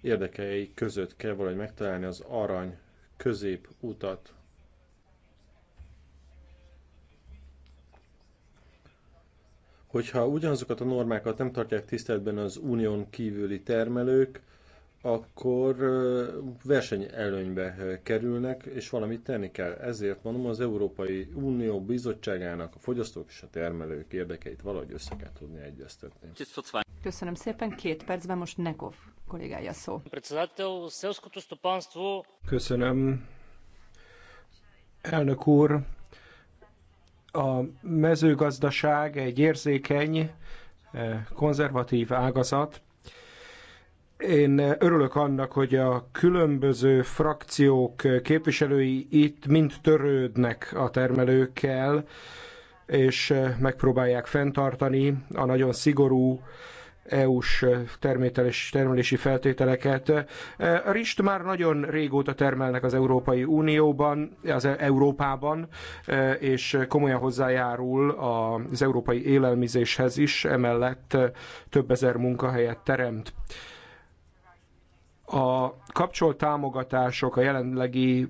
érdekei között kell valahogy megtalálni az arany közép utat. Hogyha ugyanazokat a normákat nem tartják tiszteletben az unión kívüli termelők, akkor versenyelőnybe kerülnek, és valamit tenni kell. Ezért mondom, az Európai Unió Bizottságának a fogyasztók és a termelők érdekeit valahogy össze kell tudni egyeztetni. Köszönöm szépen, két percben most Nekov kollégája szó. Köszönöm. Elnök úr, a mezőgazdaság egy érzékeny, eh, konzervatív ágazat, én örülök annak, hogy a különböző frakciók képviselői itt mind törődnek a termelőkkel, és megpróbálják fenntartani a nagyon szigorú EU-s termelési feltételeket. A rist már nagyon régóta termelnek az Európai Unióban, az e Európában, és komolyan hozzájárul az európai élelmizéshez is, emellett több ezer munkahelyet teremt. A kapcsolt támogatások a jelenlegi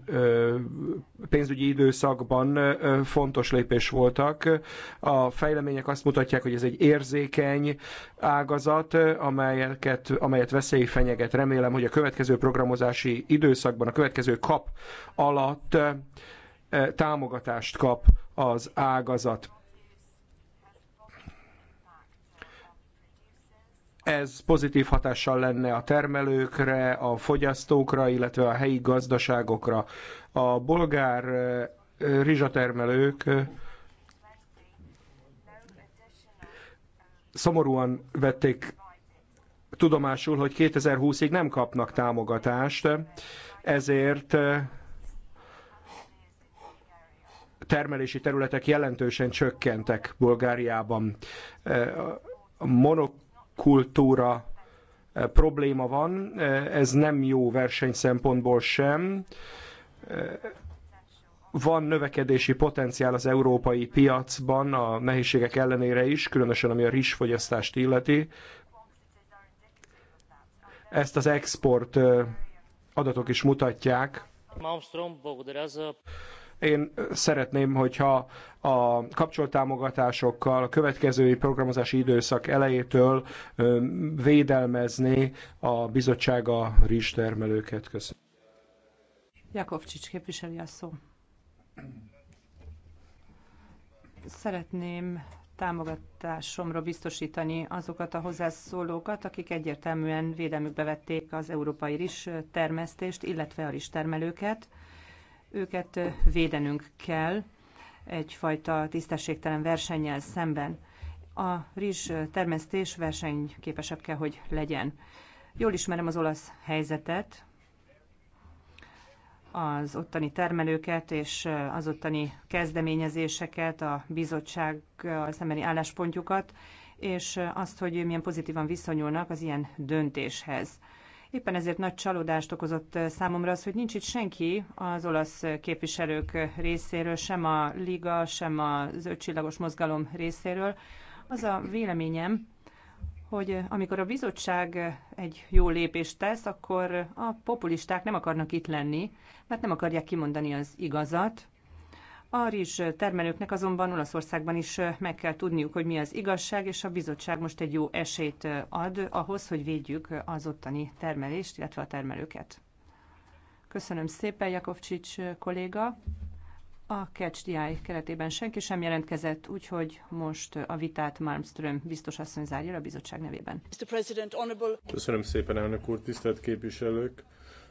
pénzügyi időszakban fontos lépés voltak. A fejlemények azt mutatják, hogy ez egy érzékeny ágazat, amelyeket, amelyet veszély fenyeget. Remélem, hogy a következő programozási időszakban, a következő kap alatt támogatást kap az ágazat. Ez pozitív hatással lenne a termelőkre, a fogyasztókra, illetve a helyi gazdaságokra. A bolgár eh, rizsatermelők eh, szomorúan vették tudomásul, hogy 2020-ig nem kapnak támogatást, ezért eh, termelési területek jelentősen csökkentek Bulgáriában. Monok kultúra eh, probléma van, eh, ez nem jó verseny szempontból sem. Eh, van növekedési potenciál az európai piacban a nehézségek ellenére is, különösen ami a rizsfogyasztást illeti. Ezt az export adatok is mutatják. Malmström, én szeretném, hogyha a kapcsoltámogatásokkal a következő programozási időszak elejétől védelmezni a bizottsága rizs rizstermelőket. Köszönöm. Jakovcsics képviseli a szó. Szeretném támogatásomra biztosítani azokat a hozzászólókat, akik egyértelműen védelmükbe vették az európai rizs termesztést, illetve a rizstermelőket. termelőket őket védenünk kell egyfajta tisztességtelen versennyel szemben. A rizs termesztés versenyképesebb kell, hogy legyen. Jól ismerem az olasz helyzetet, az ottani termelőket és az ottani kezdeményezéseket, a bizottság szembeni álláspontjukat, és azt, hogy milyen pozitívan viszonyulnak az ilyen döntéshez. Éppen ezért nagy csalódást okozott számomra az, hogy nincs itt senki az olasz képviselők részéről, sem a Liga, sem az ötcsillagos mozgalom részéről. Az a véleményem, hogy amikor a bizottság egy jó lépést tesz, akkor a populisták nem akarnak itt lenni, mert nem akarják kimondani az igazat, a rizs termelőknek azonban Olaszországban is meg kell tudniuk, hogy mi az igazság, és a bizottság most egy jó esélyt ad ahhoz, hogy védjük az ottani termelést, illetve a termelőket. Köszönöm szépen, Jakovcsics kolléga. A Catch the Eye keretében senki sem jelentkezett, úgyhogy most a vitát Malmström biztos asszony zárja a bizottság nevében. Köszönöm szépen, elnök úr, tisztelt képviselők!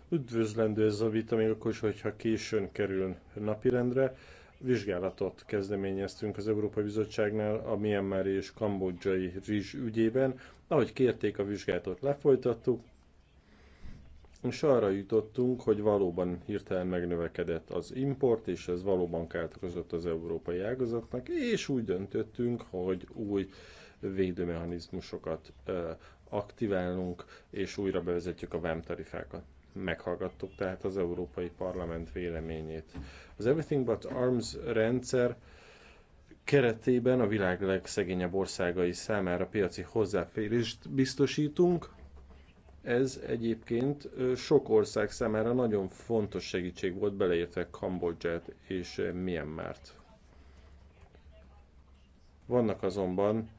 Üdvözlendő ez a vita, még akkor is, hogyha későn kerül napirendre vizsgálatot kezdeményeztünk az Európai Bizottságnál a Myanmar és Kambodzsai rizs ügyében. Ahogy kérték a vizsgálatot, lefolytattuk, és arra jutottunk, hogy valóban hirtelen megnövekedett az import, és ez valóban kárt az európai ágazatnak, és úgy döntöttünk, hogy új védőmechanizmusokat aktiválunk, és újra bevezetjük a vámtarifákat meghallgattuk tehát az Európai Parlament véleményét. Az Everything But Arms rendszer keretében a világ legszegényebb országai számára piaci hozzáférést biztosítunk. Ez egyébként sok ország számára nagyon fontos segítség volt, beleértve Kambodzsát és Myanmart. Vannak azonban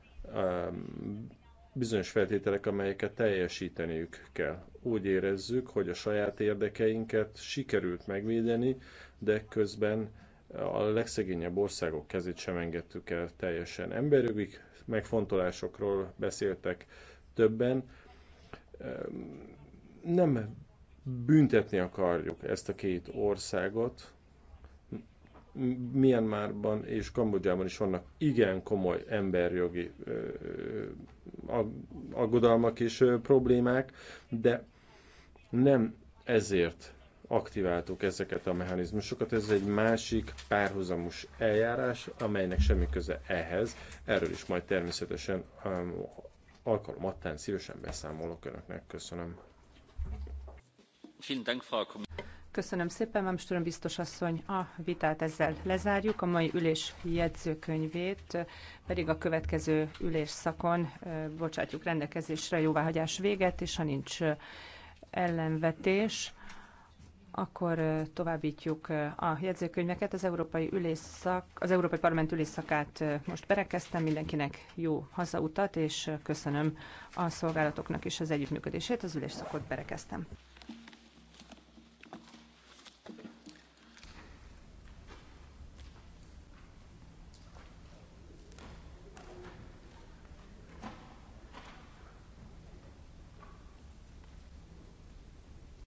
bizonyos feltételek, amelyeket teljesíteniük kell úgy érezzük, hogy a saját érdekeinket sikerült megvédeni, de közben a legszegényebb országok kezét sem engedtük el teljesen. Emberjogi megfontolásokról beszéltek többen. Nem büntetni akarjuk ezt a két országot, Myanmarban és Kambodzsában is vannak igen komoly emberjogi aggodalmak és problémák, de nem ezért aktiváltuk ezeket a mechanizmusokat. Ez egy másik párhuzamos eljárás, amelynek semmi köze ehhez. Erről is majd természetesen um, alkalomattán szívesen beszámolok Önöknek. Köszönöm. Köszönöm szépen, Mamström biztos asszony. A vitát ezzel lezárjuk. A mai ülés jegyzőkönyvét pedig a következő ülés szakon bocsátjuk rendelkezésre jóváhagyás véget, és ha nincs ellenvetés, akkor továbbítjuk a jegyzőkönyveket. Az Európai, ülésszak, az Európai Parlament ülésszakát most berekeztem, mindenkinek jó hazautat, és köszönöm a szolgálatoknak is az együttműködését. Az ülésszakot berekeztem.